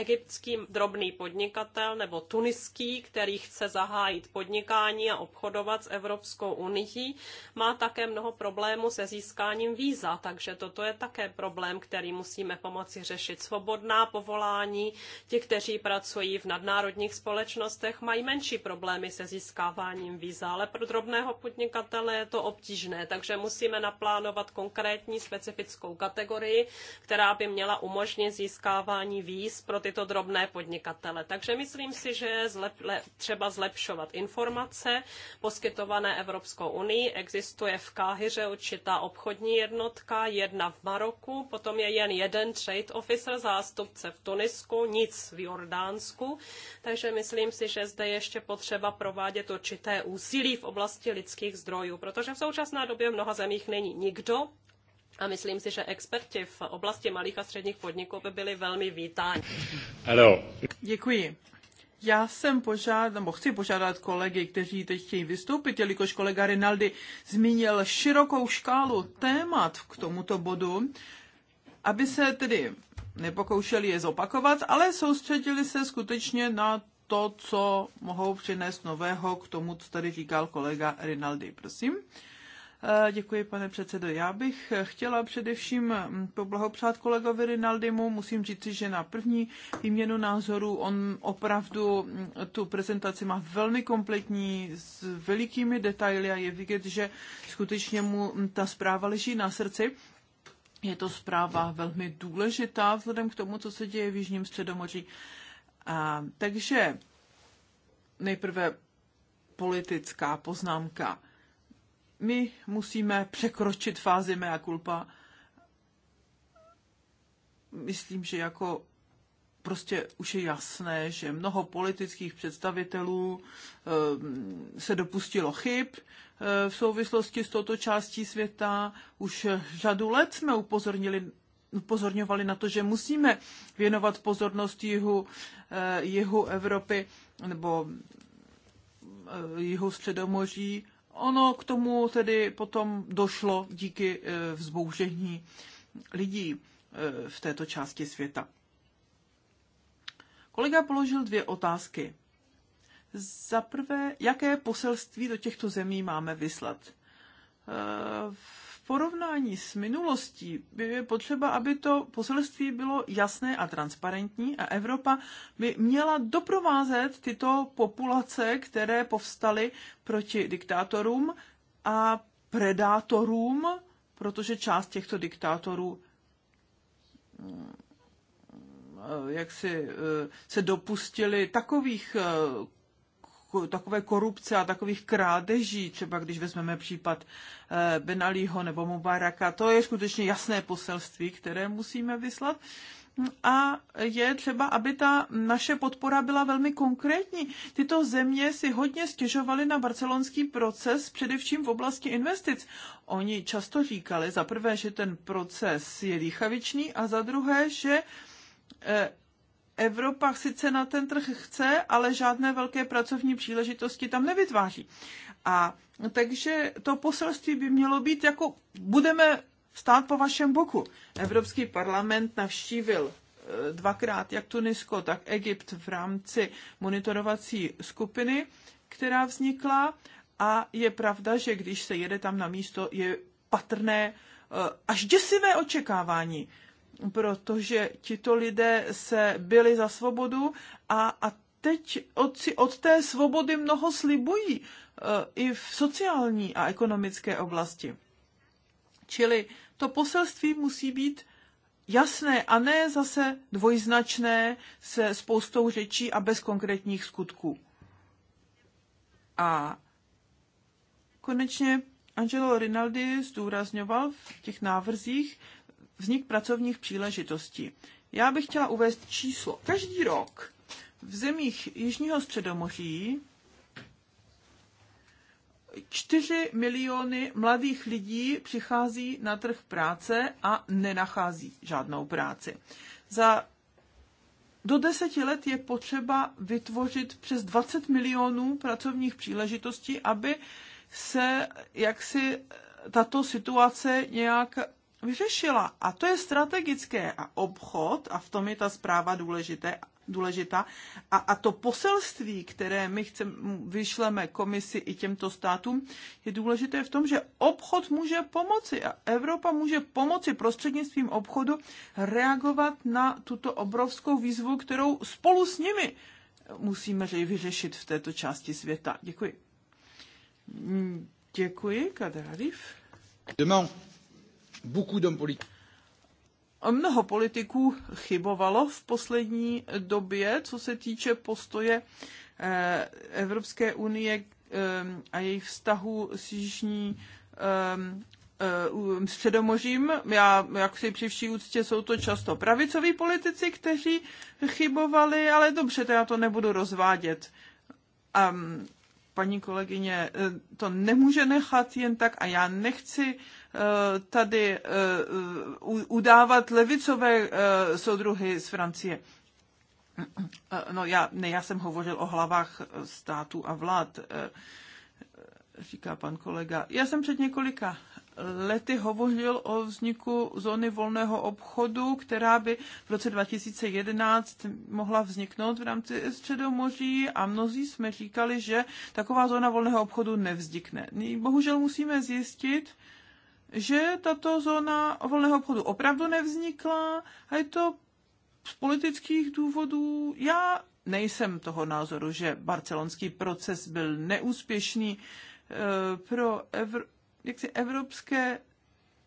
egyptský drobný podnikatel nebo tuniský, který chce zahájit podnikání a obchodovat s Evropskou unii, má také mnoho problémů se získáním víza, takže toto je také problém, který musíme pomoci řešit. Svobodná povolání, ti, kteří pracují v nadnárodních společnostech, mají menší problémy se získáváním víza, ale pro drobného podnikatele je to obtížné, takže musíme naplánovat konkrétní specifickou kategorii, která by měla umožnit získávání víz pro ty tyto drobné podnikatele. Takže myslím si, že je zlep, le, třeba zlepšovat informace poskytované Evropskou unii. Existuje v Káhyře určitá obchodní jednotka, jedna v Maroku, potom je jen jeden trade officer, zástupce v Tunisku, nic v Jordánsku. Takže myslím si, že zde ještě potřeba provádět určité úsilí v oblasti lidských zdrojů, protože v současné době v mnoha zemích není nikdo, a myslím si, že experti v oblasti malých a středních podniků by byli velmi vítáni. Hello. Děkuji. Já jsem požádal, nebo chci požádat kolegy, kteří teď chtějí vystoupit, jelikož kolega Rinaldi zmínil širokou škálu témat k tomuto bodu, aby se tedy nepokoušeli je zopakovat, ale soustředili se skutečně na to, co mohou přinést nového k tomu, co tady říkal kolega Rinaldi. Prosím. Eh, děkuji, pane předsedo. Já bych eh, chtěla především mm, poblahopřát kolegovi Rinaldimu. Musím říci, že na první výměnu názorů on opravdu mm, tu prezentaci má velmi kompletní, s velikými detaily a je vidět, že skutečně mu mm, ta zpráva leží na srdci. Je to zpráva velmi důležitá vzhledem k tomu, co se děje v Jižním středomoří. A, takže nejprve politická poznámka my musíme překročit fázi mea culpa. Myslím, že jako prostě už je jasné, že mnoho politických představitelů eh, se dopustilo chyb eh, v souvislosti s touto částí světa. Už řadu let jsme upozornili upozorňovali na to, že musíme věnovat pozornost jihu, eh, jihu Evropy nebo jihu Středomoří ono k tomu tedy potom došlo díky eh, vzbouření lidí eh, v této části světa. Kolega položil dvě otázky. Za prvé, jaké poselství do těchto zemí máme vyslat? Eh, porovnání s minulostí je potřeba, aby to poselství bylo jasné a transparentní a Evropa by měla doprovázet tyto populace, které povstaly proti diktátorům a predátorům, protože část těchto diktátorů mm, eh, jak si eh, se dopustili takových eh, takové korupce a takových krádeží, třeba když vezmeme případ eh, Benalího nebo Mubaraka, to je skutečně jasné poselství, které musíme vyslat. A je třeba, aby ta naše podpora byla velmi konkrétní. Tyto země si hodně stěžovaly na barcelonský proces, především v oblasti investic. Oni často říkali, za prvé, že ten proces je rýchavičný a za druhé, že eh, Evropa sice na ten trh chce, ale žádné velké pracovní příležitosti tam nevytváří. A takže to poselství by mělo být jako budeme stát po vašem boku. Evropský parlament navštívil eh, dvakrát jak Tunisko, tak Egypt v rámci monitorovací skupiny, která vznikla a je pravda, že když se jede tam na místo, je patrné eh, až děsivé očekávání protože tito lidé se byli za svobodu a, a teď od, od té svobody mnoho slibují e, i v sociální a ekonomické oblasti. Čili to poselství musí být jasné a ne zase dvojznačné se spoustou řečí a bez konkrétních skutků. A konečně Angelo Rinaldi zdůrazňoval v těch návrzích, vznik pracovních příležitostí. Já bych chtěla uvést číslo. Každý rok v zemích Jižního středomoří 4 miliony mladých lidí přichází na trh práce a nenachází žádnou práci. Za do deseti let je potřeba vytvořit přes 20 milionů pracovních příležitostí, aby se jaksi tato situace nějak vyřešila. A to je strategické. A obchod, a v tom je ta zpráva důležité, důležitá, a, a to poselství, které my chcem, vyšleme komisi i těmto státům, je důležité v tom, že obchod může pomoci a Evropa může pomoci prostřednictvím obchodu reagovat na tuto obrovskou výzvu, kterou spolu s nimi musíme vyřešit v této části světa. Děkuji. Děkuji, Kadarif. Demain, Mnoho politiků chybovalo v poslední době, co se týče postoje eh, Evropské unie eh, a jejich vztahu s Jižní ehm, eh, středomořím. Já, jak si při vší úctě, jsou to často pravicoví politici, kteří chybovali, ale dobře, to já to nebudu rozvádět. A ehm, paní kolegyně to nemůže nechat jen tak a já nechci Eh, tady eh, udávat levicové eh, soudruhy z Francie. No já, ne, já jsem hovořil o hlavách států a vlád, říká pan kolega. Já jsem před několika lety hovořil o vzniku zóny volného obchodu, která by v roce 2011 mohla vzniknout v rámci Středomoří a mnozí jsme říkali, že taková zóna volného obchodu nevznikne. Bohužel musíme zjistit, že tato zóna volného obchodu opravdu nevznikla a je to z politických důvodů. Já nejsem toho názoru, že barcelonský proces byl neúspěšný eh, pro evr- jaksi evropské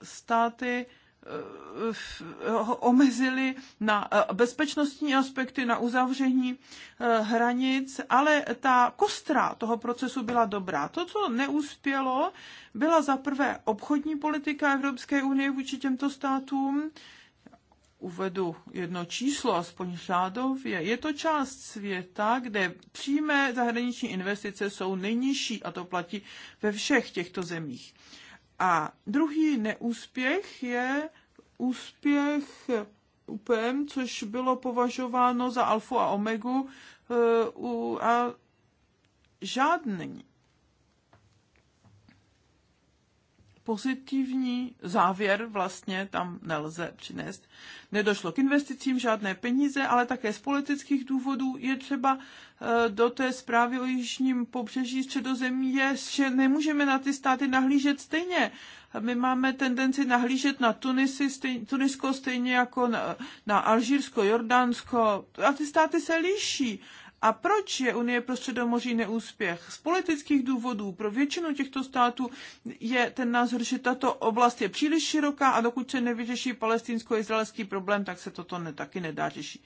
státy Eh, eh, omezili na eh, bezpečnostní aspekty, na uzavření hranic, ale ta kostra toho procesu byla dobrá. To, co neuspělo, byla zaprvé obchodní politika Evropské unie vůči těmto státům, uvedu jedno číslo, aspoň řádově. Je to část světa, kde přímé zahraniční investice jsou nejnižší a to platí ve všech těchto zemích. A druhý neúspěch je úspěch UPM, což bylo považováno za alfu a omegu eh, a žádný pozitivní závěr vlastně tam nelze přinést. Nedošlo k investicím žádné peníze, ale také z politických důvodů je třeba eh, do té zprávy o jižním pobřeží středozemí je, že nemůžeme na ty státy nahlížet stejně. My máme tendenci nahlížet na Tunisy, stejně, Tunisko stejně jako na, na Alžírsko, Jordánsko a ty státy se liší. A proč je Unie pro středomoří neúspěch? Z politických důvodů pro většinu těchto států je ten názor, že tato oblast je příliš široká a dokud se nevyřeší palestinsko-izraelský problém, tak se toto ne, taky nedá řešit.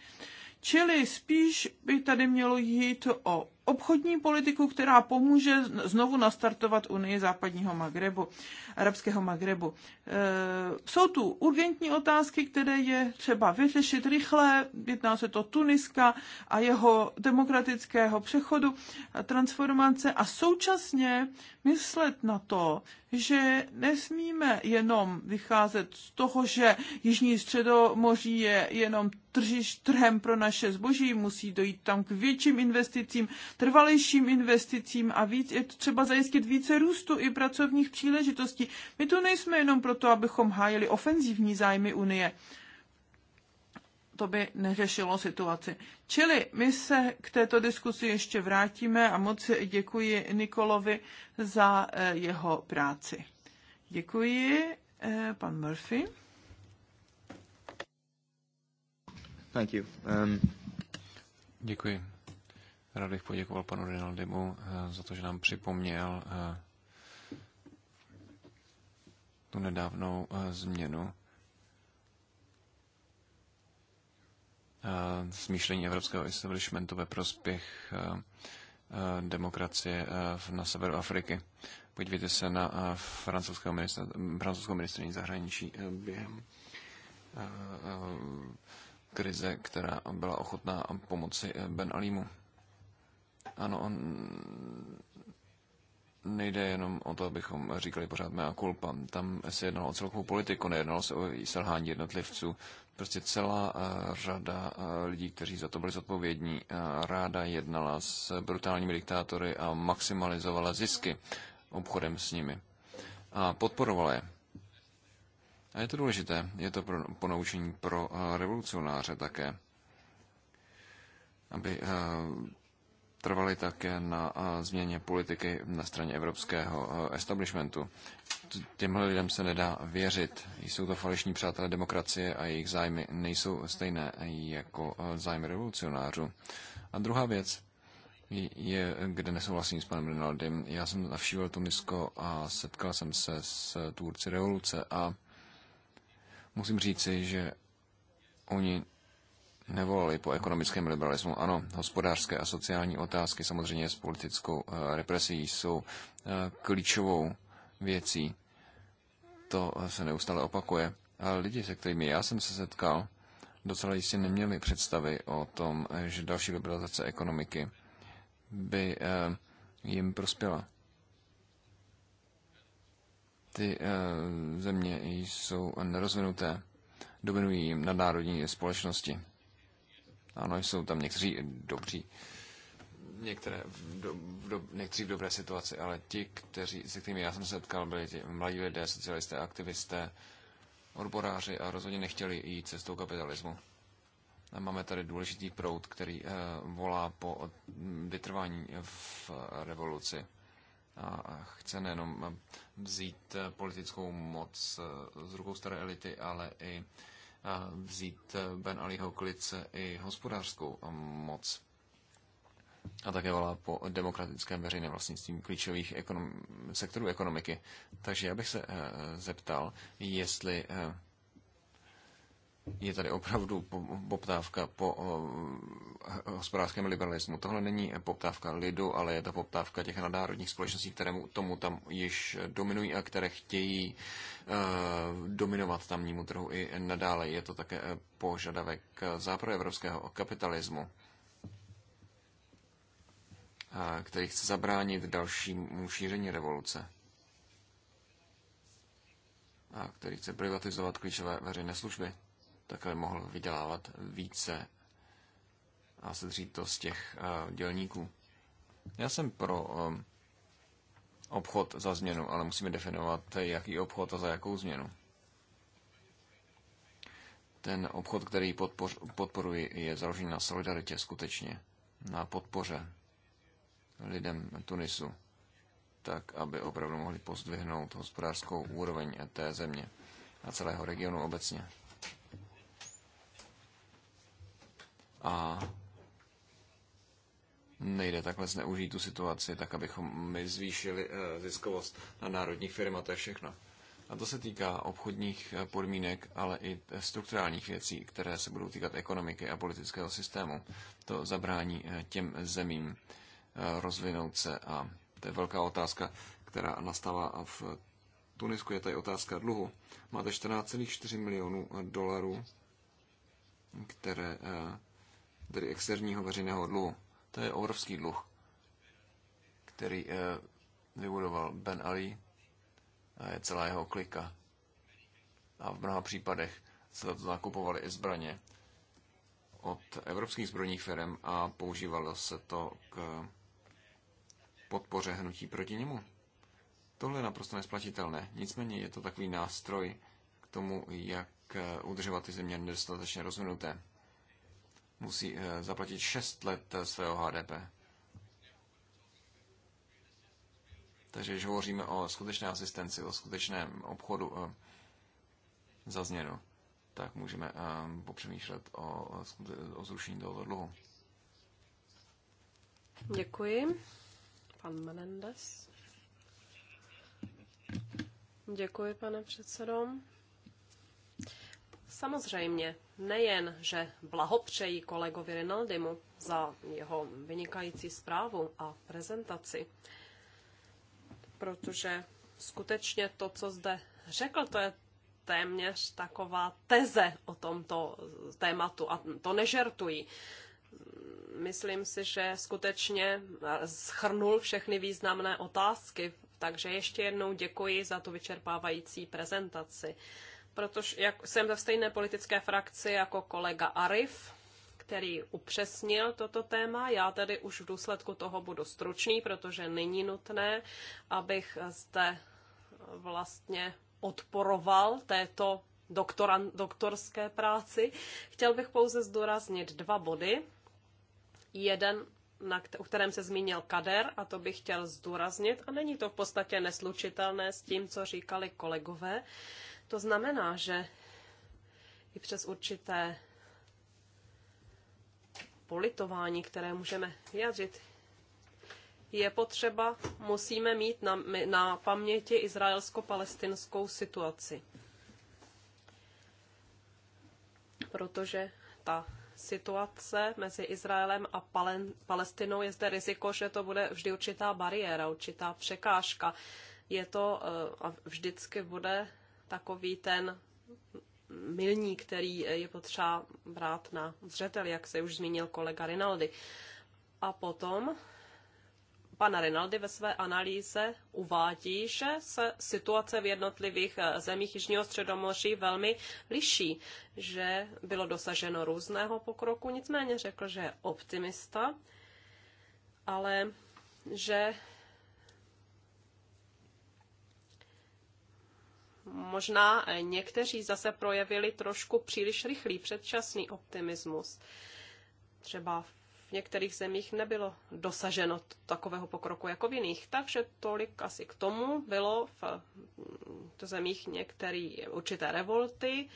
Čili spíš by tady mělo jít o obchodní politiku, která pomůže znovu nastartovat Unii západního Magrebu, arabského Magrebu. E, jsou tu urgentní otázky, které je třeba vyřešit rychle. Jedná se to Tuniska a jeho demokratického přechodu, transformace a současně myslet na to, že nesmíme jenom vycházet z toho, že Jižní středomoří je jenom tržiš, trhem pro naše zboží, musí dojít tam k větším investicím, trvalejším investicím a víc, je třeba zajistit více růstu i pracovních příležitostí. My tu nejsme jenom proto, abychom hájili ofenzivní zájmy Unie to by neřešilo situaci. Čili my se k této diskusi ještě vrátíme a moc děkuji Nikolovi za eh, jeho práci. Děkuji, eh, pan Murphy. Thank you. Um... Děkuji. Rád bych poděkoval panu Rinaldimu eh, za to, že nám připomněl eh, tu nedávnou eh, změnu smýšlení evropského establishmentu ve prospěch demokracie na severu Afriky. Podívejte se na francouzského ministra, francouzskou ministrní zahraničí během krize, která byla ochotná pomoci Ben Alimu. Ano, on nejde jenom o to, abychom říkali pořád mea culpa. Tam se jednalo o celkovou politiku, nejednalo se o selhání jednotlivců. Prostě celá eh, řada eh, lidí, kteří za to byli zodpovědní, eh, ráda jednala s brutálními diktátory a maximalizovala zisky obchodem s nimi. A podporovala je. A je to důležité, je to pro, ponaučení pro revolucionáře také, aby trvali také na eh, změně politiky na straně evropského eh, establishmentu. Těmhle lidem se nedá věřit. Jsou to falešní přátelé demokracie a jejich zájmy nejsou stejné jako eh, zájmy revolucionářů. A druhá věc je, kde nesouhlasím s panem Rinaldem. Já jsem navštívil Tunisko a setkal jsem se s tvůrci revoluce a musím říci, že oni nevolali po ekonomickém liberalismu. Ano, hospodářské a sociální otázky samozřejmě s politickou eh, represí jsou eh, klíčovou věcí. To eh, se neustále opakuje. Ale lidi, se kterými já jsem se setkal, docela jistě neměli představy o tom, že další liberalizace ekonomiky by jim prospěla. Ty země jsou nerozvinuté, dominují jim nadnárodní společnosti. Ano, jsou tam někteří dobří, některé v, do, v, do, někteří v dobré situaci, ale ti, kteří, se kterými já jsem se setkal, byli ti mladí lidé, socialisté, aktivisté, odboráři a rozhodně nechtěli jít cestou kapitalismu. A máme tady důležitý proud, který eh, volá po vytrvání v revoluci a chce nejenom eh, vzít eh, politickou moc eh, z rukou staré elity, ale i vzít eh, Ben Aliho klice i hospodářskou eh, moc. A také volá po demokratickém veřejném vlastnictví klíčových ekonom- sektorů ekonomiky. Takže já bych se eh, zeptal, jestli je tady opravdu poptávka po eh, eh, hospodářském liberalismu. Tohle není poptávka lidu, ale je to poptávka těch nadnárodních společností, které tomu tam již dominují a které chtějí eh, dominovat tamnímu trhu i nadále. Je to také požadavek evropského kapitalismu který chce zabránit dalšímu šíření revoluce a který chce privatizovat klíčové veřejné služby tak aby mohl vydělávat více a sedřít to z těch eh, dělníků. Já jsem pro eh, obchod za změnu, ale musíme definovat, jaký obchod a za jakou změnu. Ten obchod, který podpoř, podporuji, je založen na solidaritě skutečně, na podpoře lidem Tunisu, tak aby opravdu mohli pozdvihnout hospodářskou úroveň té země a celého regionu obecně. a nejde takhle zneužít tu situaci, tak abychom my zvýšili eh, ziskovost na národních firm a to je všechno. A to se týká obchodních eh, podmínek, ale i eh, strukturálních věcí, které se budou týkat ekonomiky a politického systému. To zabrání těm zemím rozvinout se a to je velká otázka, která nastává v Tunisku. Je tady otázka dluhu. Máte 14,4 milionů dolarů, které tedy externího veřejného dluhu. To je obrovský dluh, který eh, vybudoval Ben Ali a je celá jeho klika. A v mnoha případech se to nakupovali i zbraně od evropských zbrojních firm a používalo se to k podpoře hnutí proti němu. Tohle je naprosto nesplatitelné. Nicméně je to takový nástroj k tomu, jak eh, udržovat ty země nedostatečně rozvinuté musí eh, zaplatit 6 let eh, svého HDP. Takže když hovoříme o skutečné asistenci, o skutečném obchodu eh, za změnu, tak můžeme popřemýšlet o, o zrušení tohoto dluhu. Děkuji. Pan Menendez. Děkuji, pane předsedom. Samozřejmě, nejen, že blahopřeji kolegovi Rinaldimu za jeho vynikající zprávu a prezentaci, protože skutečně to, co zde řekl, to je téměř taková teze o tomto tématu a to nežertují. Myslím si, že skutečně schrnul všechny významné otázky, takže ještě jednou děkuji za tu vyčerpávající prezentaci protože jak, jsem ve stejné politické frakci jako kolega Arif, který upřesnil toto téma. Já tedy už v důsledku toho budu stručný, protože není nutné, abych zde vlastně odporoval této doktoran, doktorské práci. Chtěl bych pouze zdůraznit dva body. Jeden, na, o kterém se zmínil Kader, a to bych chtěl zdůraznit, a není to v podstatě neslučitelné s tím, co říkali kolegové. Uh, to znamená, že i přes určité politování, které můžeme vyjadřit, je potřeba, musíme mít na, na paměti izraelsko-palestinskou situaci. Protože ta situace mezi Izraelem a Palen, Palestinou je zde riziko, že to bude vždy určitá bariéra, určitá překážka. Je to eh, a vždycky bude takový ten milní, který je potřeba brát na zřetel, jak se už zmínil kolega Rinaldi. A potom Pan Rinaldi ve své analýze uvádí, že se situace v jednotlivých eh, zemích Jižního středomoří velmi liší, že bylo dosaženo různého pokroku, nicméně řekl, že je optimista, ale že Možná někteří zase projevili trošku příliš rychlý předčasný optimismus. Třeba v některých zemích nebylo dosaženo takového pokroku jako v jiných. Takže tolik asi k tomu bylo v mm, zemích některé určité revolty,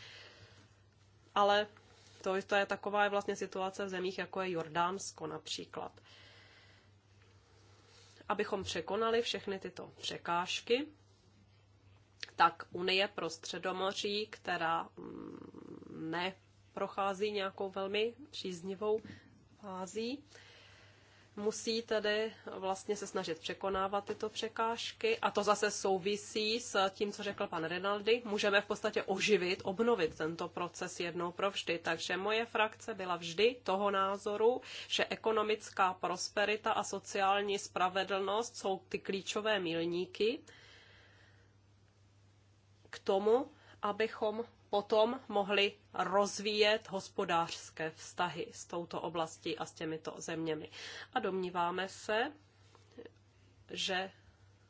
ale to, to je taková je vlastně situace v zemích, jako je Jordánsko například. Abychom překonali všechny tyto překážky, tak Unie pro Středomoří, která mm, neprochází nějakou velmi příznivou fází, musí tedy vlastně se snažit překonávat tyto překážky a to zase souvisí s tím, co řekl pan Rinaldi. Můžeme v podstatě oživit, obnovit tento proces jednou pro vždy. Takže moje frakce byla vždy toho názoru, že ekonomická prosperita a sociální spravedlnost jsou ty klíčové milníky, k tomu, abychom potom mohli rozvíjet hospodářské vztahy s touto oblastí a s těmito zeměmi. A domníváme se, že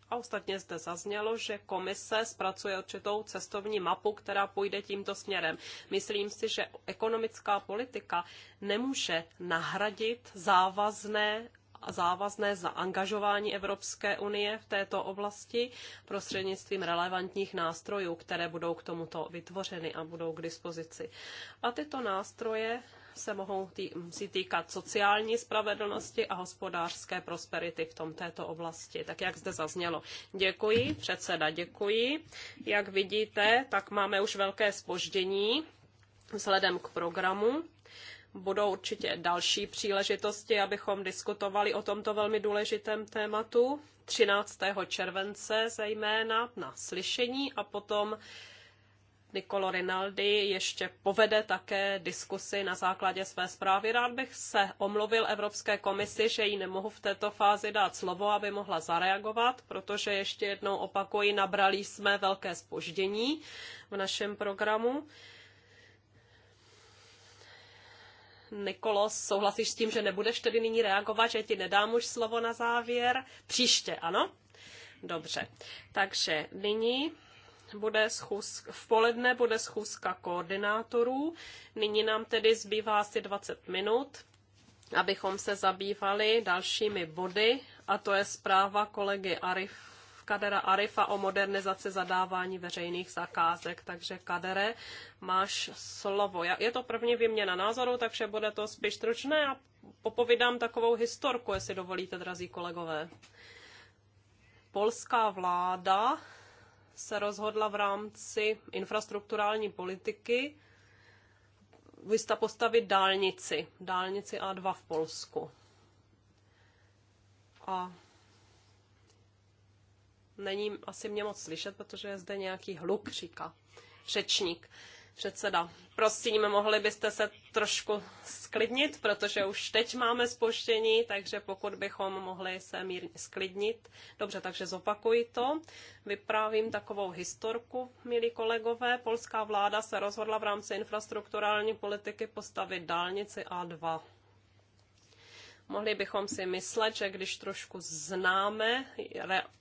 a ostatně zde zaznělo, že komise zpracuje určitou cestovní mapu, která půjde tímto směrem. Myslím si, že ekonomická politika nemůže nahradit závazné závazné zaangažování Evropské unie v této oblasti prostřednictvím relevantních nástrojů, které budou k tomuto vytvořeny a budou k dispozici. A tyto nástroje se mohou tý, si týkat sociální spravedlnosti a hospodářské prosperity v tom této oblasti, tak jak zde zaznělo. Děkuji, předseda, děkuji. Jak vidíte, tak máme už velké spoždění vzhledem k programu budou určitě další příležitosti, abychom diskutovali o tomto velmi důležitém tématu. 13. července zejména na slyšení a potom Nicolo Rinaldi ještě povede také diskusy na základě své zprávy. Rád bych se omluvil Evropské komisi, že jí nemohu v této fázi dát slovo, aby mohla zareagovat, protože ještě jednou opakuji, nabrali jsme velké spoždění v našem programu. Nikolos, souhlasíš s tím, že nebudeš tedy nyní reagovat, že ti nedám už slovo na závěr? Příště, ano? Dobře. Takže nyní bude schůz, v poledne bude schůzka koordinátorů. Nyní nám tedy zbývá asi 20 minut, abychom se zabývali dalšími body, a to je zpráva kolegy Arif Kadera Arifa o modernizaci zadávání veřejných zakázek. Takže Kadere, máš slovo. Je to první výměna názoru, takže bude to spíš stručné a popovídám takovou historku, jestli dovolíte, drazí kolegové. Polská vláda se rozhodla v rámci infrastrukturální politiky vysta postavit dálnici, dálnici A2 v Polsku. A Není asi mě moc slyšet, protože je zde nějaký hluk, říká řečník. Předseda, prosím, mohli byste se trošku sklidnit, protože už teď máme spoštění, takže pokud bychom mohli se mírně sklidnit. Dobře, takže zopakuji to. Vyprávím takovou historku, milí kolegové. Polská vláda se rozhodla v rámci infrastrukturální politiky postavit dálnici A2 Mohli bychom si myslet, že když trošku známe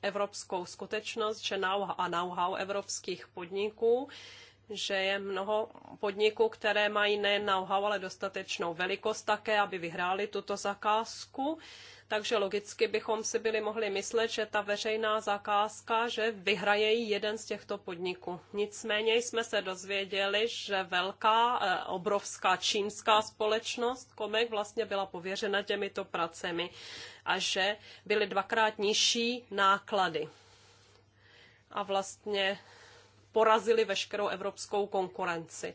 evropskou skutečnost že know a know-how evropských podniků, že je mnoho podniků, které mají nejen know-how, ale dostatečnou velikost také, aby vyhráli tuto zakázku, takže logicky bychom si byli mohli myslet, že ta veřejná zakázka, že vyhraje jeden z těchto podniků. Nicméně jsme se dozvěděli, že velká, eh, obrovská čínská společnost Komek vlastně byla pověřena těmito pracemi a že byly dvakrát nižší náklady. A vlastně porazili veškerou evropskou konkurenci.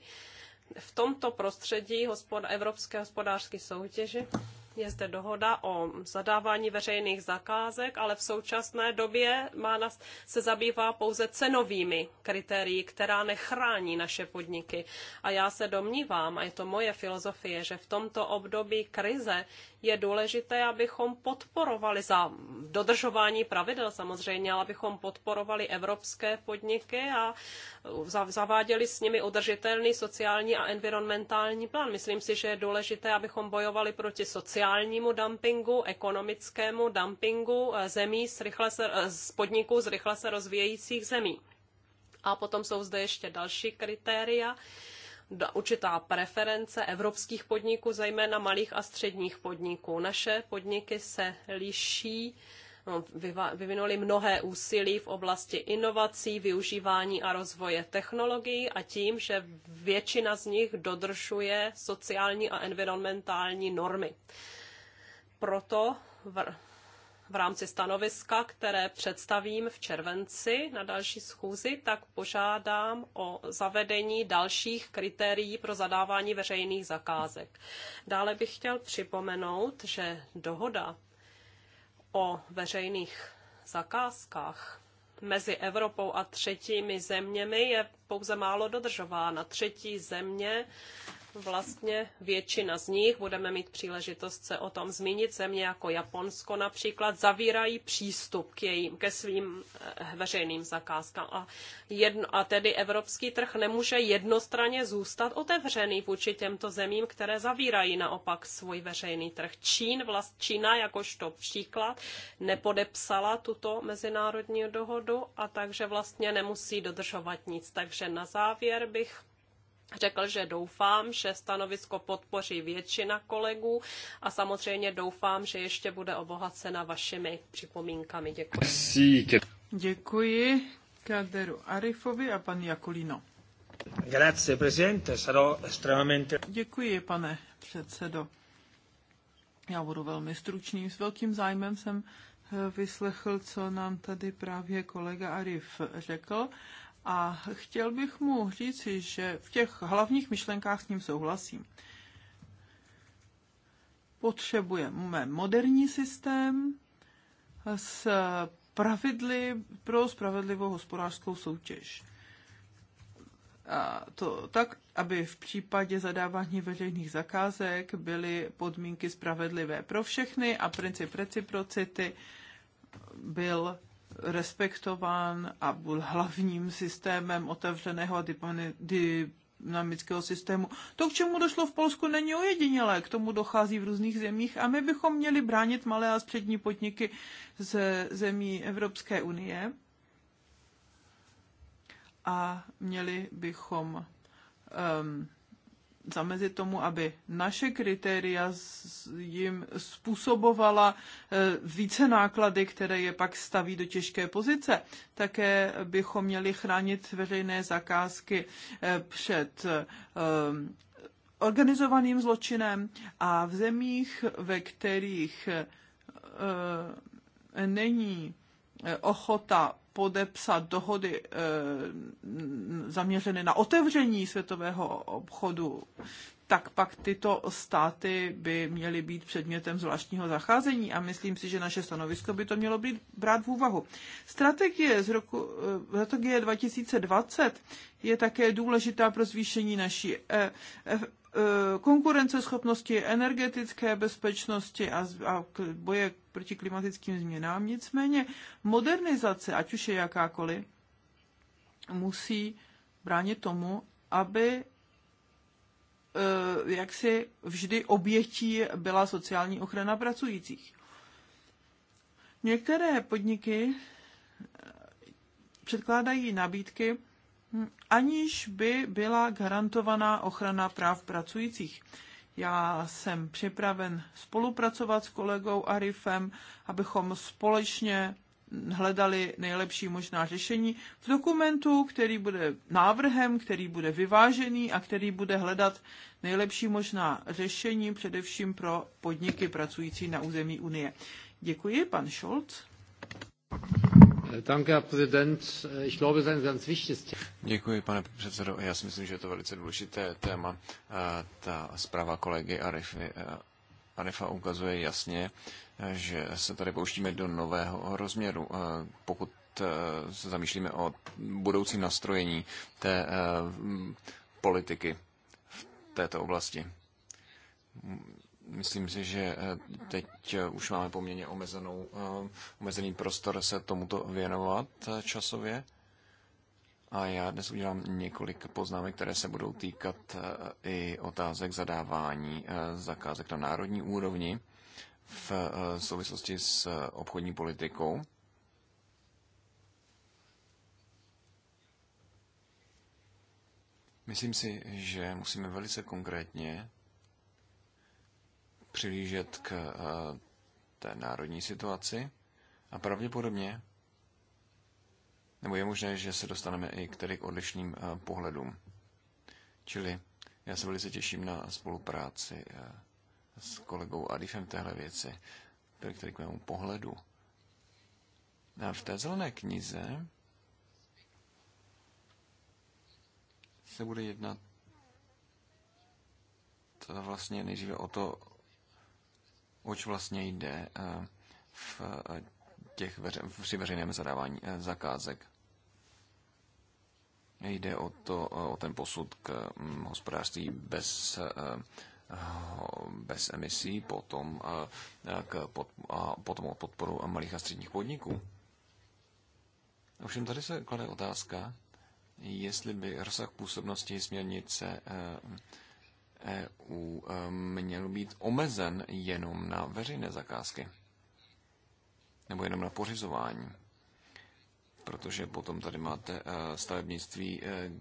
V tomto prostředí hospod, Evropské hospodářské soutěže je zde dohoda o zadávání veřejných zakázek, ale v současné době má nas, se zabývá pouze cenovými kritérii, která nechrání naše podniky. A já se domnívám, a je to moje filozofie, že v tomto období krize je důležité, abychom podporovali za dodržování pravidel samozřejmě, ale abychom podporovali evropské podniky a zaváděli s nimi udržitelný sociální a environmentální plán. Myslím si, že je důležité, abychom bojovali proti sociálnímu dumpingu, ekonomickému dumpingu eh, zemí z, rychle se, eh, z podniků z rychle se rozvíjejících zemí. A potom jsou zde ještě další kritéria, určitá preference evropských podniků, zejména malých a středních podniků. Naše podniky se liší no, vyvinuli mnohé úsilí v oblasti inovací, využívání a rozvoje technologií a tím, že většina z nich dodržuje sociální a environmentální normy. Proto v rámci stanoviska, které představím v červenci na další schůzi, tak požádám o zavedení dalších kritérií pro zadávání veřejných zakázek. Dále bych chtěl připomenout, že dohoda o veřejných zakázkách mezi Evropou a třetími zeměmi je pouze málo dodržována. Třetí země vlastně většina z nich, budeme mít příležitost se o tom zmínit, země jako Japonsko například, zavírají přístup k jejím, ke svým eh, veřejným zakázkám. A, jedno, a tedy evropský trh nemůže jednostranně zůstat otevřený vůči těmto zemím, které zavírají naopak svůj veřejný trh. Čín, vlast, Čína jakožto příklad nepodepsala tuto mezinárodní dohodu a takže vlastně nemusí dodržovat nic. Takže na závěr bych řekl, že doufám, že stanovisko podpoří většina kolegů a samozřejmě doufám, že ještě bude obohacena vašimi připomínkami. Děkuji. Děkuji Kaderu Arifovi a paní Jakolino. Grazie, presidente. Sarò estremamente... Děkuji, pane předsedo. Já budu velmi stručný. S velkým zájmem jsem eh, vyslechl, co nám tady právě kolega Arif řekl. A chtěl bych mu říci, že v těch hlavních myšlenkách s ním souhlasím. Potřebujeme moderní systém s pravidly pro spravedlivou hospodářskou soutěž. A to tak, aby v případě zadávání veřejných zakázek byly podmínky spravedlivé pro všechny a princip reciprocity byl respektován a byl hlavním systémem otevřeného dynamického systému. To, k čemu došlo v Polsku, není ojedinělé, k tomu dochází v různých zemích a my bychom měli bránit malé a střední podniky ze zemí Evropské unie a měli bychom um, zamezit tomu, aby naše kritéria jim způsobovala eh, více náklady, které je pak staví do těžké pozice. Také bychom měli chránit veřejné zakázky eh, před eh, organizovaným zločinem a v zemích, ve kterých není ochota podepsat dohody eh, zaměřeny na otevření světového obchodu, tak pak tyto státy by měly být předmětem zvláštního zacházení a myslím si, že naše stanovisko by to mělo být brát v úvahu. Strategie z roku eh, strategie 2020 je také důležitá pro zvýšení naší eh, Eh, konkurenceschopnosti, energetické bezpečnosti a, a boje proti klimatickým změnám. Nicméně modernizace, ať už je jakákoliv, musí bránit tomu, aby eh, jaksi vždy obětí byla sociální ochrana pracujících. Některé podniky eh, předkládají nabídky Hm, aniž by byla garantovaná ochrana práv pracujících. Já jsem připraven spolupracovat s kolegou Arifem, abychom společně hledali nejlepší možná řešení v dokumentu, který bude návrhem, který bude vyvážený a který bude hledat nejlepší možná řešení především pro podniky pracující na území Unie. Děkuji, pan Scholz. Eh, eh, Děkuji, pane předsedo. Já si myslím, že je to velice důležité téma. Eh, ta zpráva kolegy Arifa ukazuje jasně, že se tady pouštíme do nového rozměru. Pokud se zamýšlíme o budoucím nastrojení té politiky v této oblasti Myslím si, že eh, teď eh, už máme poměrně omezenou, eh, omezený prostor se tomuto věnovat časově. A já dnes udělám několik poznámek, které se budou týkat i otázek zadávání zakázek na národní úrovni v souvislosti s obchodní politikou. Myslím si, že musíme velice konkrétně přihlížet k eh, té národní situaci a pravděpodobně, nebo je možné, že se dostaneme i k tedy k odlišným eh, pohledům. Čili já se velice těším na spolupráci eh, s kolegou Adifem téhle věci, tedy k, mému pohledu. A v té zelené knize se bude jednat To vlastně nejdříve o to, oč vlastně jde eh, v eh, těch veře- při veřejném zadávání eh, zakázek. Jde o, to, o ten posud k mm, hospodářství bez, bez emisí, potom, k pod, a potom o podporu malých a středních podniků. Ovšem tady se klade otázka, jestli by rozsah působnosti směrnice EU e, měl být omezen jenom na veřejné zakázky nebo jenom na pořizování. Protože potom tady máte e, stavebnictví, e,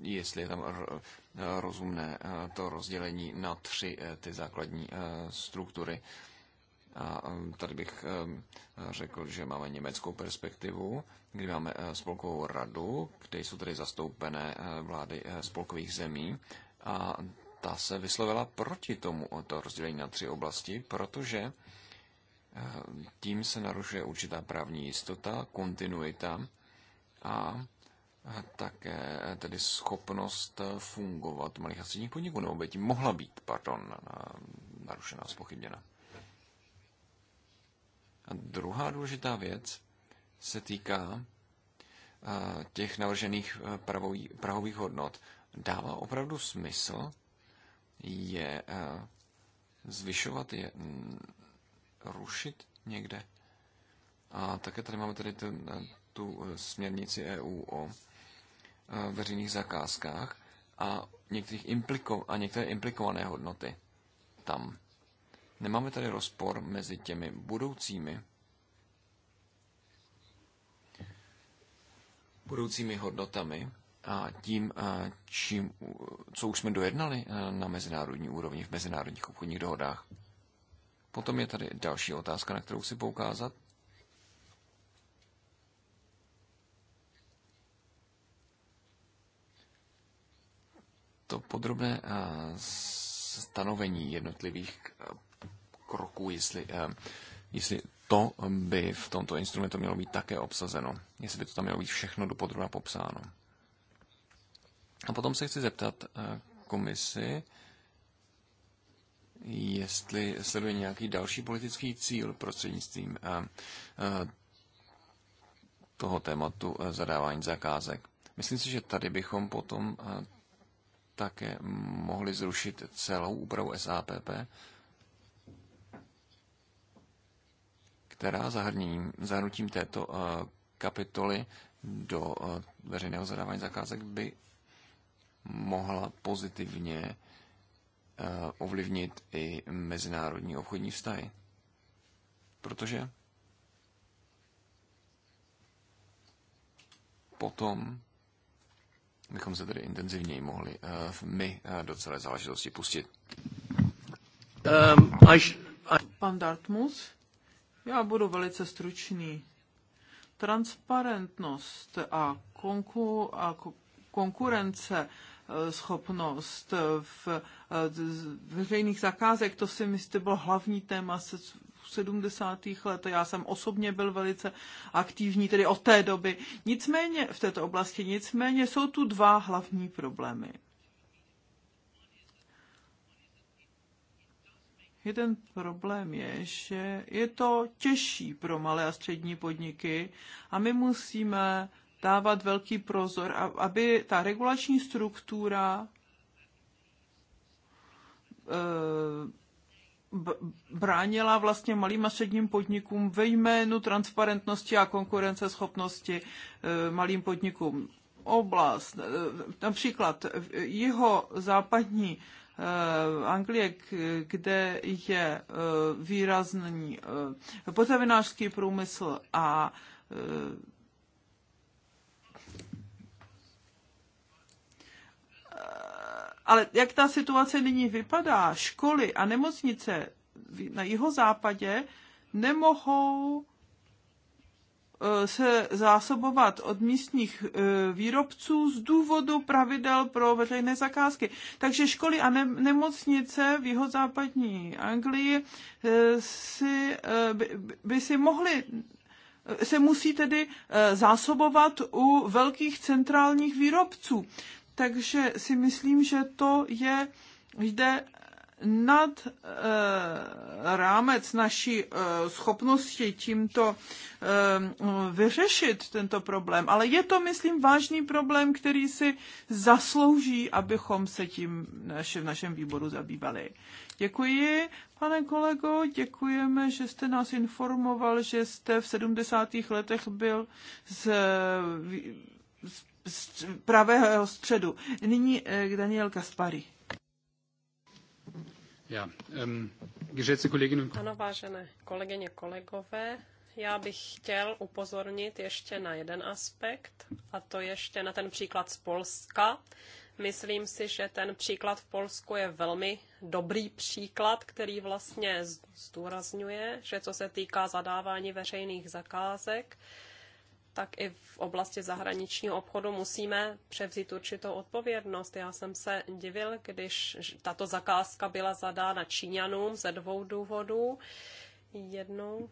jestli je tam rozumné to rozdělení na tři ty základní struktury. A tady bych řekl, že máme německou perspektivu, kdy máme spolkovou radu, kde jsou tady zastoupené vlády spolkových zemí a ta se vyslovila proti tomu o to rozdělení na tři oblasti, protože eh, tím se narušuje určitá právní jistota, kontinuita a eh, také eh, tedy schopnost fungovat malých a středních podniků, nebo by tím mohla být, pardon, narušená, spochybněna. A druhá důležitá věc se týká těch navržených pravových hodnot. Dává opravdu smysl je eh, zvyšovat, je mm, rušit někde. A také tady máme tady ten, eh, tu eh, směrnici EU o veřejných zakázkách a, některých impliko- a některé implikované hodnoty tam. Nemáme tady rozpor mezi těmi budoucími budoucími hodnotami a tím, čím, co už jsme dojednali e, na mezinárodní úrovni v mezinárodních obchodních dohodách. Potom je tady další otázka, na kterou si poukázat. To podrobné e, stanovení jednotlivých e, kroků, jestli, jestli to by v tomto instrumentu mělo být také obsazeno, jestli by to tam mělo být všechno dopodrobně popsáno. A potom se chci zeptat eh, komisi, jestli sleduje nějaký další politický cíl prostřednictvím eh, eh, toho tématu zadávání zakázek. Myslím si, že tady bychom potom také mohli zrušit celou úpravu SAPP, která zahrním, zahrnutím této kapitoly do veřejného zadávání zakázek by mohla pozitivně eh, ovlivnit i mezinárodní obchodní vztahy. Protože potom bychom se tedy intenzivněji mohli uh, my uh, do celé záležitosti pustit. Um, až, až... Pan Dartmus, já budu velice stručný. Transparentnost a, konku, a konkurence schopnost v veřejných zakázek, to si myslím bylo hlavní téma se 70. let. Já jsem osobně byl velice aktivní, tedy od té doby. Nicméně v této oblasti, nicméně jsou tu dva hlavní problémy. Jeden problém je, že je to těžší pro malé a střední podniky a my musíme dávat velký prozor, aby ta regulační struktura eh, bránila vlastně malým a středním podnikům ve jménu transparentnosti a konkurenceschopnosti eh, malým podnikům. Oblast, eh, například jeho západní Anglie, kde je výrazný potravinářský průmysl a Ale jak ta situace nyní vypadá, školy a nemocnice na západě nemohou eh, se zásobovat od místních eh, výrobců z důvodu pravidel pro veřejné zakázky. Takže školy a nemocnice v jihozápadní Anglii eh, si, by, by si mohly se musí tedy zásobovat u velkých centrálních výrobců takže si myslím, že to je, jde nad e, rámec naší e, schopnosti tímto e, vyřešit tento problém. Ale je to, myslím, vážný problém, který si zaslouží, abychom se tím naši, v našem výboru zabývali. Děkuji, pane kolego, děkujeme, že jste nás informoval, že jste v 70. letech byl z, z pravého středu. Nyní eh, Daniel Kaspari. Já, um, kolegyně... Ano, vážené kolegyně, kolegové, já bych chtěl upozornit ještě na jeden aspekt, a to ještě na ten příklad z Polska. Myslím si, že ten příklad v Polsku je velmi dobrý příklad, který vlastně zdůrazňuje, že co se týká zadávání veřejných zakázek, tak i v oblasti zahraničního obchodu musíme převzít určitou odpovědnost. Já jsem se divil, když tato zakázka byla zadána Číňanům ze dvou důvodů. Jednou,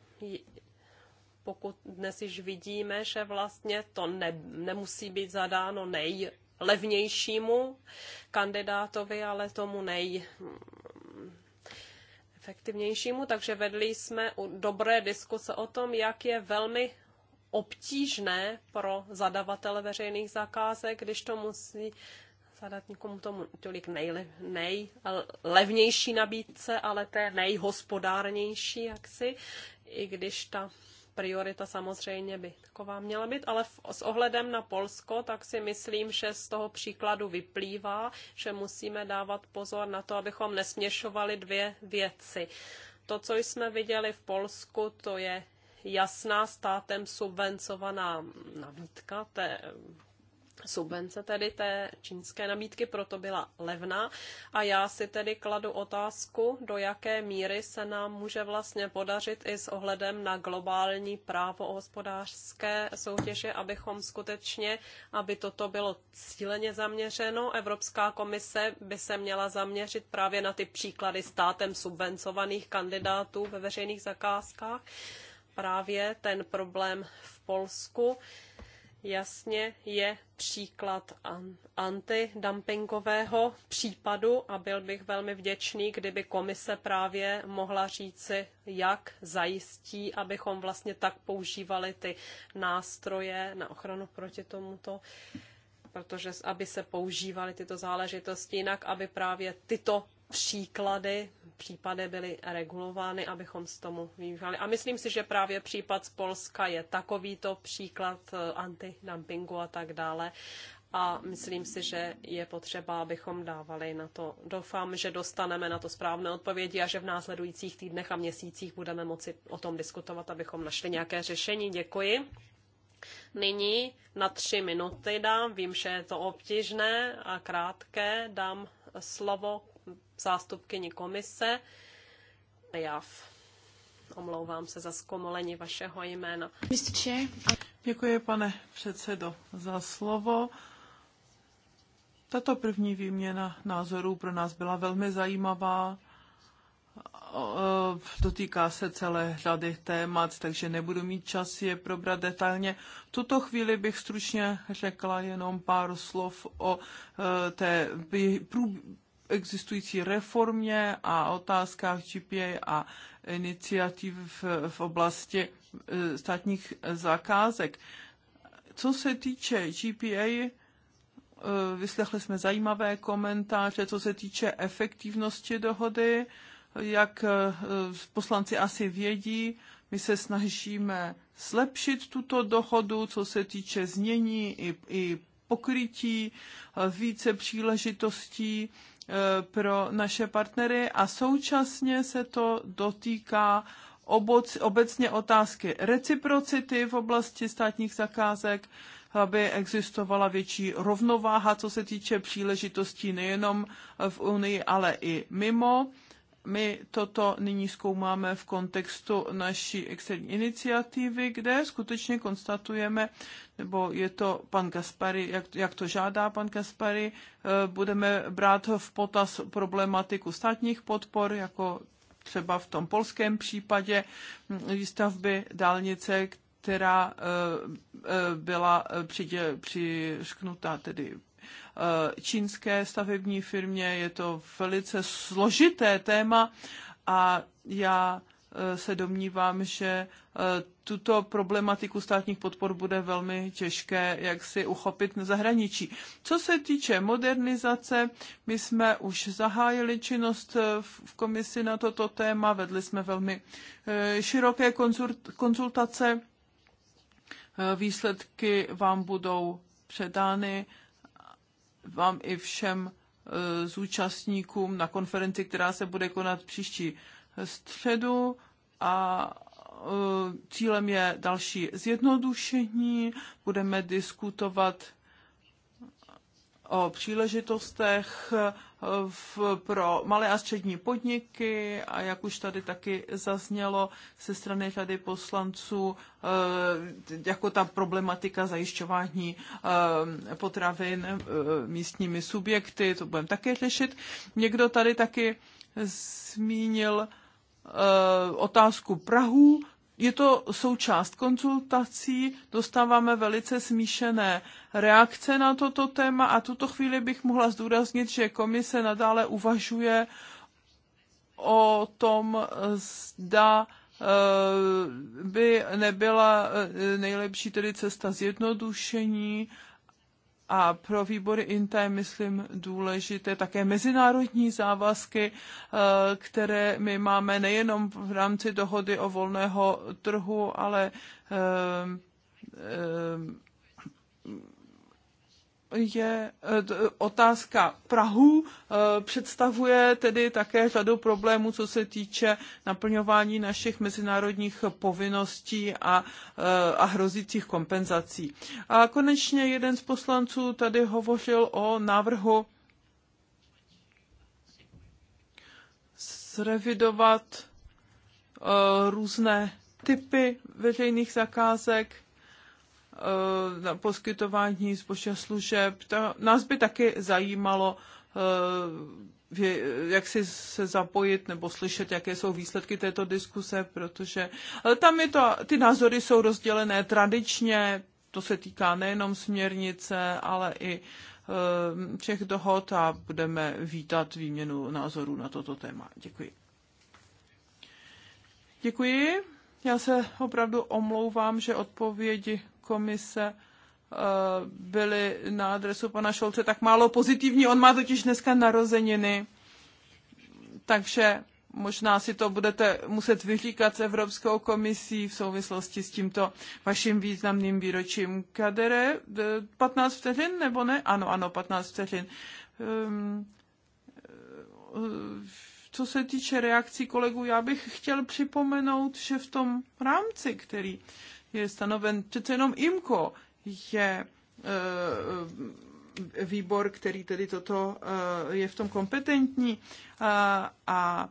pokud dnes již vidíme, že vlastně to ne, nemusí být zadáno nejlevnějšímu kandidátovi, ale tomu nej, efektivnějšímu, takže vedli jsme dobré diskuse o tom, jak je velmi obtížné pro zadavatele veřejných zakázek, když to musí zadat nikomu tomu tolik nejlevnější nej, nabídce, ale té nejhospodárnější, jaksi, i když ta priorita samozřejmě by taková měla být, ale v, s ohledem na Polsko, tak si myslím, že z toho příkladu vyplývá, že musíme dávat pozor na to, abychom nesměšovali dvě věci. To, co jsme viděli v Polsku, to je jasná státem subvencovaná nabídka té subvence tedy té čínské nabídky proto byla levná a já si tedy kladu otázku, do jaké míry se nám může vlastně podařit i s ohledem na globální právo o hospodářské soutěže, abychom skutečně, aby toto bylo cíleně zaměřeno. Evropská komise by se měla zaměřit právě na ty příklady státem subvencovaných kandidátů ve veřejných zakázkách právě ten problém v Polsku jasně je příklad antidumpingového případu a byl bych velmi vděčný, kdyby komise právě mohla říci, jak zajistí, abychom vlastně tak používali ty nástroje na ochranu proti tomuto protože aby se používaly tyto záležitosti jinak, aby právě tyto příklady případy byly regulovány, abychom z tomu využívali. A myslím si, že právě případ z Polska je takovýto příklad eh, antidumpingu a tak dále. A myslím si, že je potřeba, abychom dávali na to. Doufám, že dostaneme na to správné odpovědi a že v následujících týdnech a měsících budeme moci o tom diskutovat, abychom našli nějaké řešení. Děkuji. Nyní na tři minuty dám, vím, že je to obtížné a krátké, dám slovo zástupkyni komise. Já omlouvám se za zkomolení vašeho jména. Děkuji, pane předsedo, za slovo. Tato první výměna názorů pro nás byla velmi zajímavá. E, dotýká se celé řady témat, takže nebudu mít čas je probrat detailně. V tuto chvíli bych stručně řekla jenom pár slov o e, té existující reformě a otázkách GPA a iniciativ v, v oblasti e, státních zakázek. Co se týče GPA, e, vyslechli jsme zajímavé komentáře, co se týče efektivnosti dohody. Jak e, poslanci asi vědí, my se snažíme zlepšit tuto dohodu, co se týče znění i, i pokrytí, více příležitostí Eh, pro naše partnery a současně se to dotýká oboc, obecně otázky reciprocity v oblasti státních zakázek, aby existovala větší rovnováha, co se týče příležitostí nejenom v Unii, ale i mimo. My toto nyní zkoumáme v kontextu naší externí iniciativy, kde skutečně konstatujeme nebo je to pan Gaspari, jak, jak to žádá pan Gaspari, eh, budeme brát v potaz problematiku státních podpor, jako třeba v tom polském případě hm, výstavby dálnice, která eh, eh, byla přišknuta tedy čínské stavební firmě. Je to velice složité téma a já Eh, se domnívám, že eh, tuto problematiku státních podpor bude velmi těžké, jak si uchopit na zahraničí. Co se týče modernizace, my jsme už zahájili činnost eh, v komisi na toto téma, vedli jsme velmi široké konzultace. Výsledky vám budou předány, vám i všem zúčastníkům na konferenci, která se bude konat příští středu a e, cílem je další zjednodušení. Budeme diskutovat o příležitostech e, v, pro malé a střední podniky a jak už tady taky zaznělo ze strany tady poslanců, e, jako ta problematika zajišťování potravin místními subjekty, to budeme také řešit. Někdo tady taky zmínil Eh, otázku Prahu. Je to součást konzultací, dostáváme velice smíšené reakce na toto téma a tuto chvíli bych mohla zdůraznit, že komise nadále uvažuje o tom, zda eh, by nebyla eh, nejlepší tedy cesta zjednodušení a pro výbory INTA je, myslím, důležité také mezinárodní závazky, eh, které my máme nejenom v rámci dohody o volného trhu, ale eh, eh, je eh, otázka Prahu, eh, představuje tedy také řadu problémů, co se týče naplňování našich mezinárodních povinností a, eh, a hrozících kompenzací. A konečně jeden z poslanců tady hovořil o návrhu zrevidovat různé typy veřejných zakázek Eh, na poskytování zboží služeb. Ta, nás by taky zajímalo, eh, jak si se zapojit nebo slyšet, jaké jsou výsledky této diskuse, protože tam je to, ty názory jsou rozdělené tradičně, to se týká nejenom směrnice, ale i eh, všech dohod a budeme vítat výměnu názorů na toto téma. Děkuji. Děkuji. Já se opravdu omlouvám, že odpovědi komise eh, byly na adresu pana Šolce tak málo pozitivní. On má totiž dneska narozeniny, takže možná si to budete muset vyříkat s Evropskou komisí v souvislosti s tímto vaším významným výročím. Kadere, 15 eh, vteřin nebo ne? Ano, ano, 15 vteřin. Ehm, eh, co se týče reakcí kolegů, já bych chtěl připomenout, že v tom rámci, který je stanoven přece jenom IMCO, je eh, eh, výbor, který tedy toto eh, je v tom kompetentní a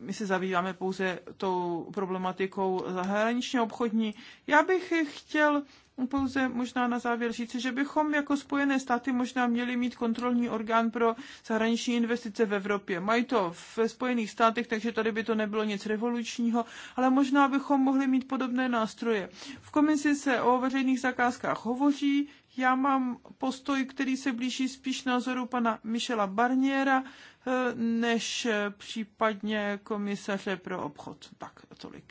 my se zabýváme pouze tou problematikou zahraničně obchodní. Já bych chtěl pouze možná na závěr říci, že bychom jako Spojené státy možná měli mít kontrolní orgán pro zahraniční investice v Evropě. Mají to ve Spojených státech, takže tady by to nebylo nic revolučního, ale možná bychom mohli mít podobné nástroje. V komisi se o veřejných zakázkách hovoří, já mám postoj, který se blíží spíš názoru pana Michela Barniera, eh, než případně komisaře pro obchod. Tak, tolik.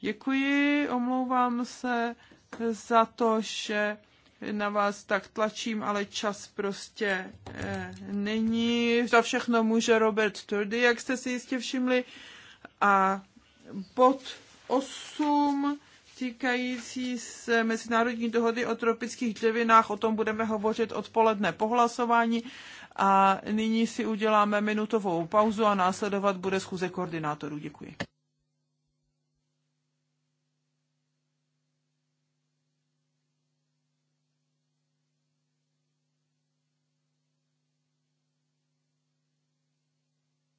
Děkuji, omlouvám se za to, že na vás tak tlačím, ale čas prostě eh, není. Za všechno může Robert Turdy, jak jste si jistě všimli. A bod 8 týkající se Mezinárodní dohody o tropických dřevinách, o tom budeme hovořit odpoledne po hlasování. A nyní si uděláme minutovou pauzu a následovat bude schůze koordinátorů. Děkuji.